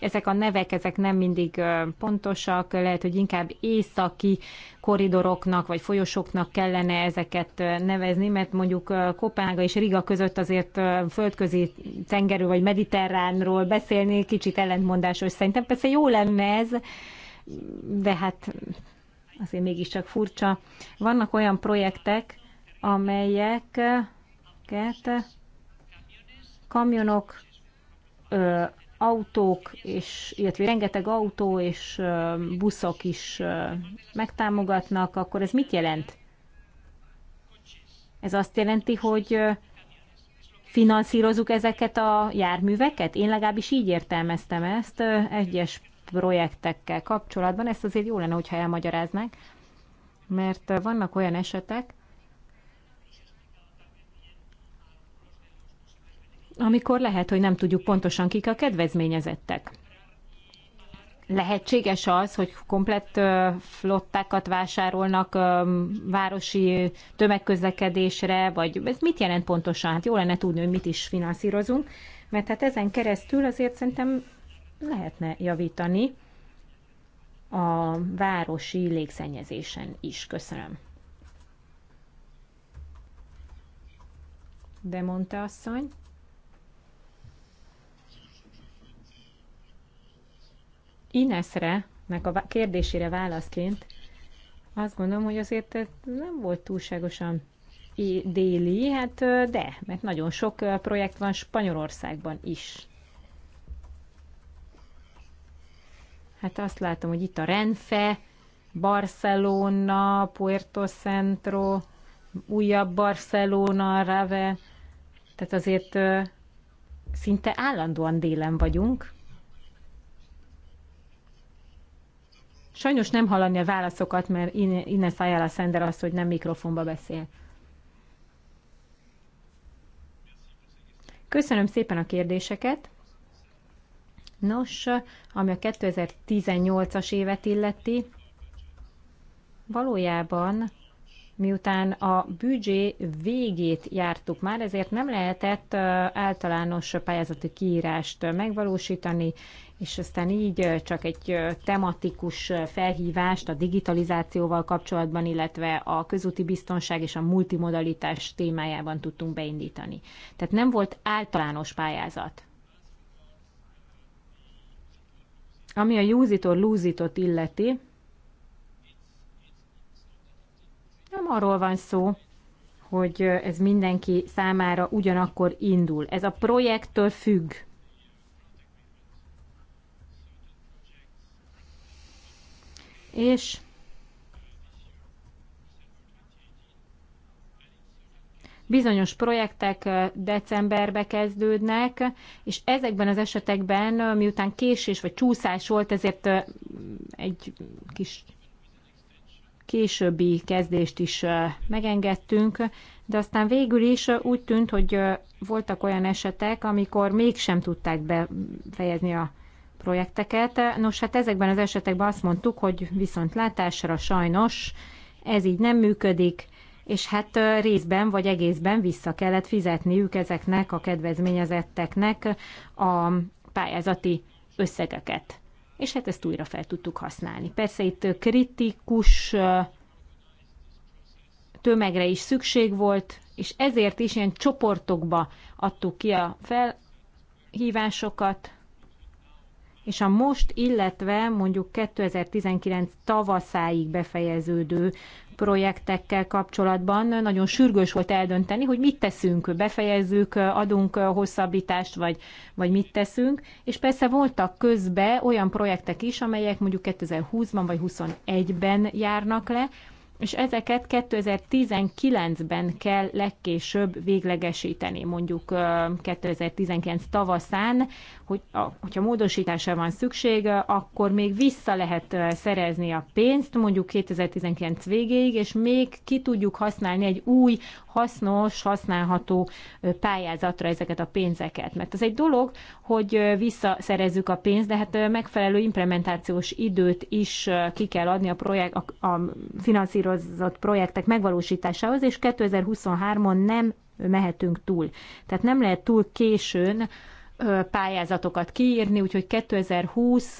Speaker 2: ezek a nevek, ezek nem mindig pontosak, lehet, hogy inkább északi koridoroknak vagy folyosoknak kellene ezeket nevezni, mert mondjuk Kopenhága és Riga között azért földközi tengerű vagy mediterránról beszélni kicsit ellentmondásos. Szerintem persze jó lenne ez, de hát azért mégiscsak furcsa. Vannak olyan projektek, amelyeket kamionok, autók, és, illetve rengeteg autó és buszok is megtámogatnak, akkor ez mit jelent? Ez azt jelenti, hogy finanszírozunk ezeket a járműveket? Én legalábbis így értelmeztem ezt egyes projektekkel kapcsolatban. Ezt azért jó lenne, hogyha elmagyaráznák, mert vannak olyan esetek, amikor lehet, hogy nem tudjuk pontosan kik a kedvezményezettek. Lehetséges az, hogy komplett flottákat vásárolnak városi tömegközlekedésre, vagy ez mit jelent pontosan? Hát jó lenne tudni, hogy mit is finanszírozunk, mert hát ezen keresztül azért szerintem lehetne javítani a városi légszennyezésen is. Köszönöm. De mondta asszony. Inesre, nek a kérdésére válaszként azt gondolom, hogy azért nem volt túlságosan déli, hát de, mert nagyon sok projekt van Spanyolországban is. Hát azt látom, hogy itt a Renfe, Barcelona, Puerto Centro, újabb Barcelona, Rave, tehát azért szinte állandóan délen vagyunk. Sajnos nem hallani a válaszokat, mert innen szájál a szender azt, hogy nem mikrofonba beszél. Köszönöm szépen a kérdéseket. Nos, ami a 2018-as évet illeti, valójában miután a büdzsé végét jártuk már, ezért nem lehetett általános pályázati kiírást megvalósítani, és aztán így csak egy tematikus felhívást a digitalizációval kapcsolatban, illetve a közúti biztonság és a multimodalitás témájában tudtunk beindítani. Tehát nem volt általános pályázat. Ami a use lúzitot illeti, Nem arról van szó, hogy ez mindenki számára ugyanakkor indul. Ez a projektől függ. És bizonyos projektek decemberbe kezdődnek, és ezekben az esetekben, miután késés vagy csúszás volt, ezért egy kis későbbi kezdést is megengedtünk, de aztán végül is úgy tűnt, hogy voltak olyan esetek, amikor mégsem tudták befejezni a projekteket. Nos, hát ezekben az esetekben azt mondtuk, hogy viszont látásra sajnos ez így nem működik, és hát részben vagy egészben vissza kellett fizetniük ezeknek a kedvezményezetteknek a pályázati összegeket és hát ezt újra fel tudtuk használni. Persze itt kritikus tömegre is szükség volt, és ezért is ilyen csoportokba adtuk ki a felhívásokat, és a most, illetve mondjuk 2019 tavaszáig befejeződő projektekkel kapcsolatban nagyon sürgős volt eldönteni, hogy mit teszünk, befejezzük, adunk hosszabbítást, vagy, vagy mit teszünk. És persze voltak közbe olyan projektek is, amelyek mondjuk 2020-ban vagy 2021-ben járnak le, és ezeket 2019-ben kell legkésőbb véglegesíteni, mondjuk 2019 tavaszán hogy a, hogyha módosításra van szükség, akkor még vissza lehet szerezni a pénzt, mondjuk 2019 végéig, és még ki tudjuk használni egy új, hasznos, használható pályázatra ezeket a pénzeket. Mert az egy dolog, hogy visszaszerezzük a pénzt, de hát megfelelő implementációs időt is ki kell adni a, projekt, a, a finanszírozott projektek megvalósításához, és 2023-on nem mehetünk túl. Tehát nem lehet túl későn pályázatokat kiírni, úgyhogy 2020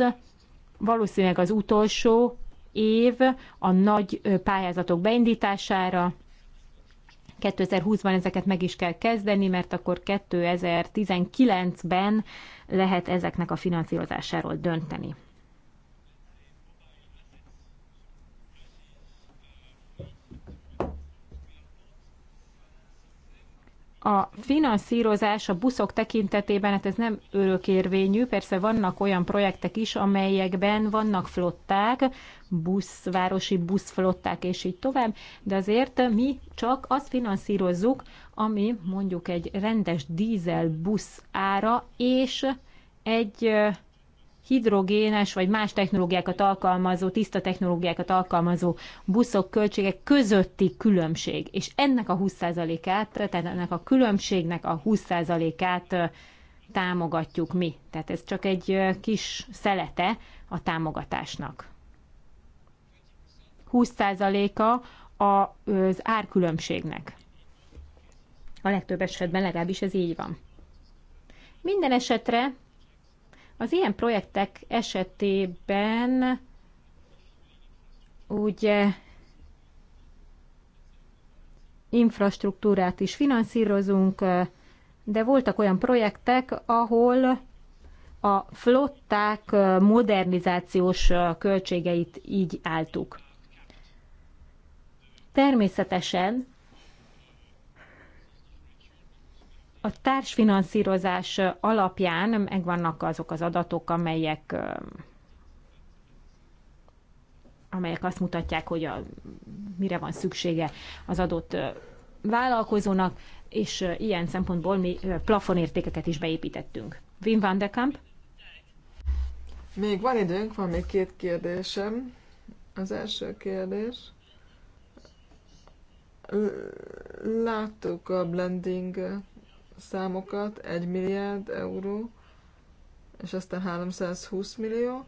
Speaker 2: valószínűleg az utolsó év a nagy pályázatok beindítására. 2020-ban ezeket meg is kell kezdeni, mert akkor 2019-ben lehet ezeknek a finanszírozásáról dönteni. a finanszírozás a buszok tekintetében, hát ez nem örökérvényű, persze vannak olyan projektek is, amelyekben vannak flották, busz, városi buszflották és így tovább, de azért mi csak azt finanszírozzuk, ami mondjuk egy rendes dízel busz ára és egy hidrogénes vagy más technológiákat alkalmazó, tiszta technológiákat alkalmazó buszok költségek közötti különbség. És ennek a 20%-át, tehát ennek a különbségnek a 20%-át támogatjuk mi. Tehát ez csak egy kis szelete a támogatásnak. 20%-a az árkülönbségnek. A legtöbb esetben legalábbis ez így van. Minden esetre az ilyen projektek esetében ugye infrastruktúrát is finanszírozunk, de voltak olyan projektek, ahol a flották modernizációs költségeit így álltuk. Természetesen a társfinanszírozás alapján megvannak azok az adatok, amelyek amelyek azt mutatják, hogy a, mire van szüksége az adott vállalkozónak, és ilyen szempontból mi plafonértékeket is beépítettünk. Wim van de Kamp?
Speaker 4: Még van időnk, van még két kérdésem. Az első kérdés. Láttuk a blending számokat, 1 milliárd euró, és aztán 320 millió.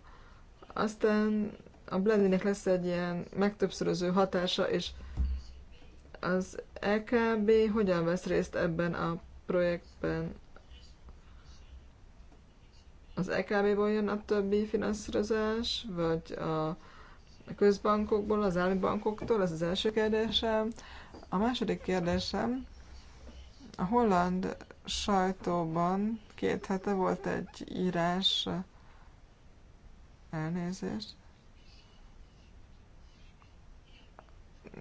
Speaker 4: Aztán a blendinek lesz egy ilyen megtöbbszöröző hatása, és az EKB hogyan vesz részt ebben a projektben? Az EKB-ból jön a többi finanszírozás, vagy a közbankokból, az állami bankoktól? Ez az első kérdésem. A második kérdésem, a holland sajtóban két hete volt egy írás elnézést.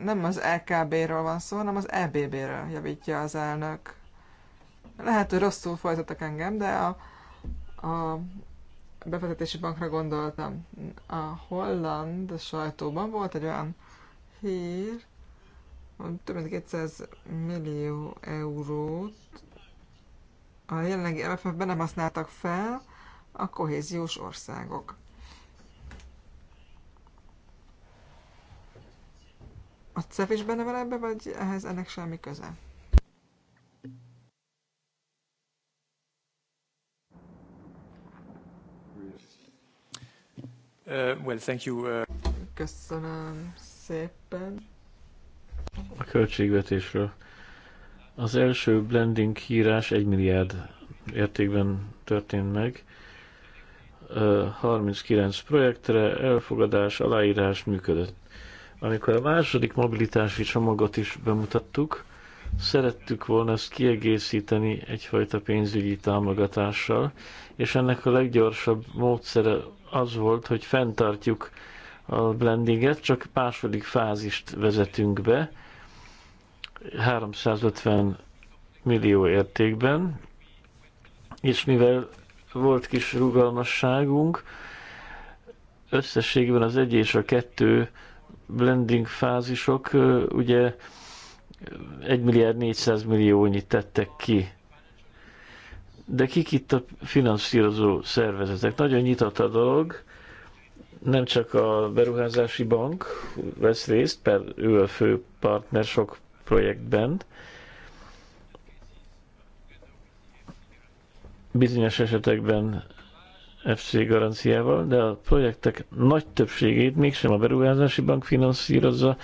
Speaker 4: Nem az LKB-ről e van szó, hanem az EBB-ről javítja az elnök. Lehet, hogy rosszul folytatok engem, de a, a befektetési bankra gondoltam. A holland sajtóban volt egy olyan hír, több mint 200 millió eurót a jelenlegi MFF-ben nem használtak fel a kohéziós országok. A CEF is benne van ebbe, vagy ehhez ennek semmi köze? Uh, well, thank you. Uh... Köszönöm szépen
Speaker 3: a költségvetésről. Az első blending hírás 1 milliárd értékben történt meg. 39 projektre elfogadás, aláírás működött. Amikor a második mobilitási csomagot is bemutattuk, szerettük volna ezt kiegészíteni egyfajta pénzügyi támogatással, és ennek a leggyorsabb módszere az volt, hogy fenntartjuk a blendinget, csak második fázist vezetünk be, 350 millió értékben, és mivel volt kis rugalmasságunk, összességében az egy és a kettő blending fázisok ugye 1 milliárd 400 milliónyit tettek ki. De kik itt a finanszírozó szervezetek? Nagyon nyitott a dolog, nem csak a beruházási bank vesz részt, per ő a fő partner sok projektben, bizonyos esetekben FC garanciával, de a projektek nagy többségét mégsem a beruházási bank finanszírozza,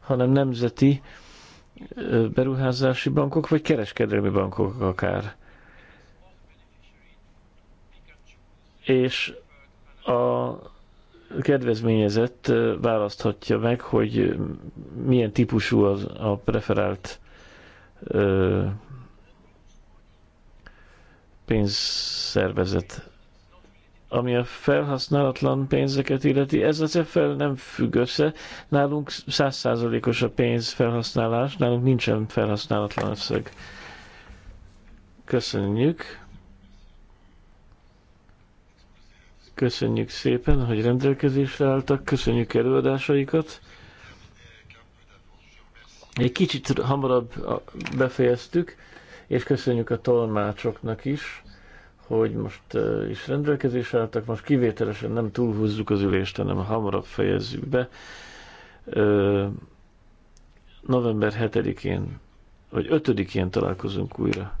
Speaker 3: hanem nemzeti beruházási bankok, vagy kereskedelmi bankok akár. És a kedvezményezett választhatja meg, hogy milyen típusú az a preferált ö, pénzszervezet. Ami a felhasználatlan pénzeket illeti, ez az fel nem függ össze. Nálunk százszázalékos a pénz felhasználás, nálunk nincsen felhasználatlan összeg. Köszönjük! Köszönjük szépen, hogy rendelkezésre álltak, köszönjük előadásaikat. Egy kicsit hamarabb befejeztük, és köszönjük a tolmácsoknak is, hogy most is rendelkezésre álltak. Most kivételesen nem túlhúzzuk az ülést, hanem hamarabb fejezzük be. November 7-én, vagy 5-én találkozunk újra.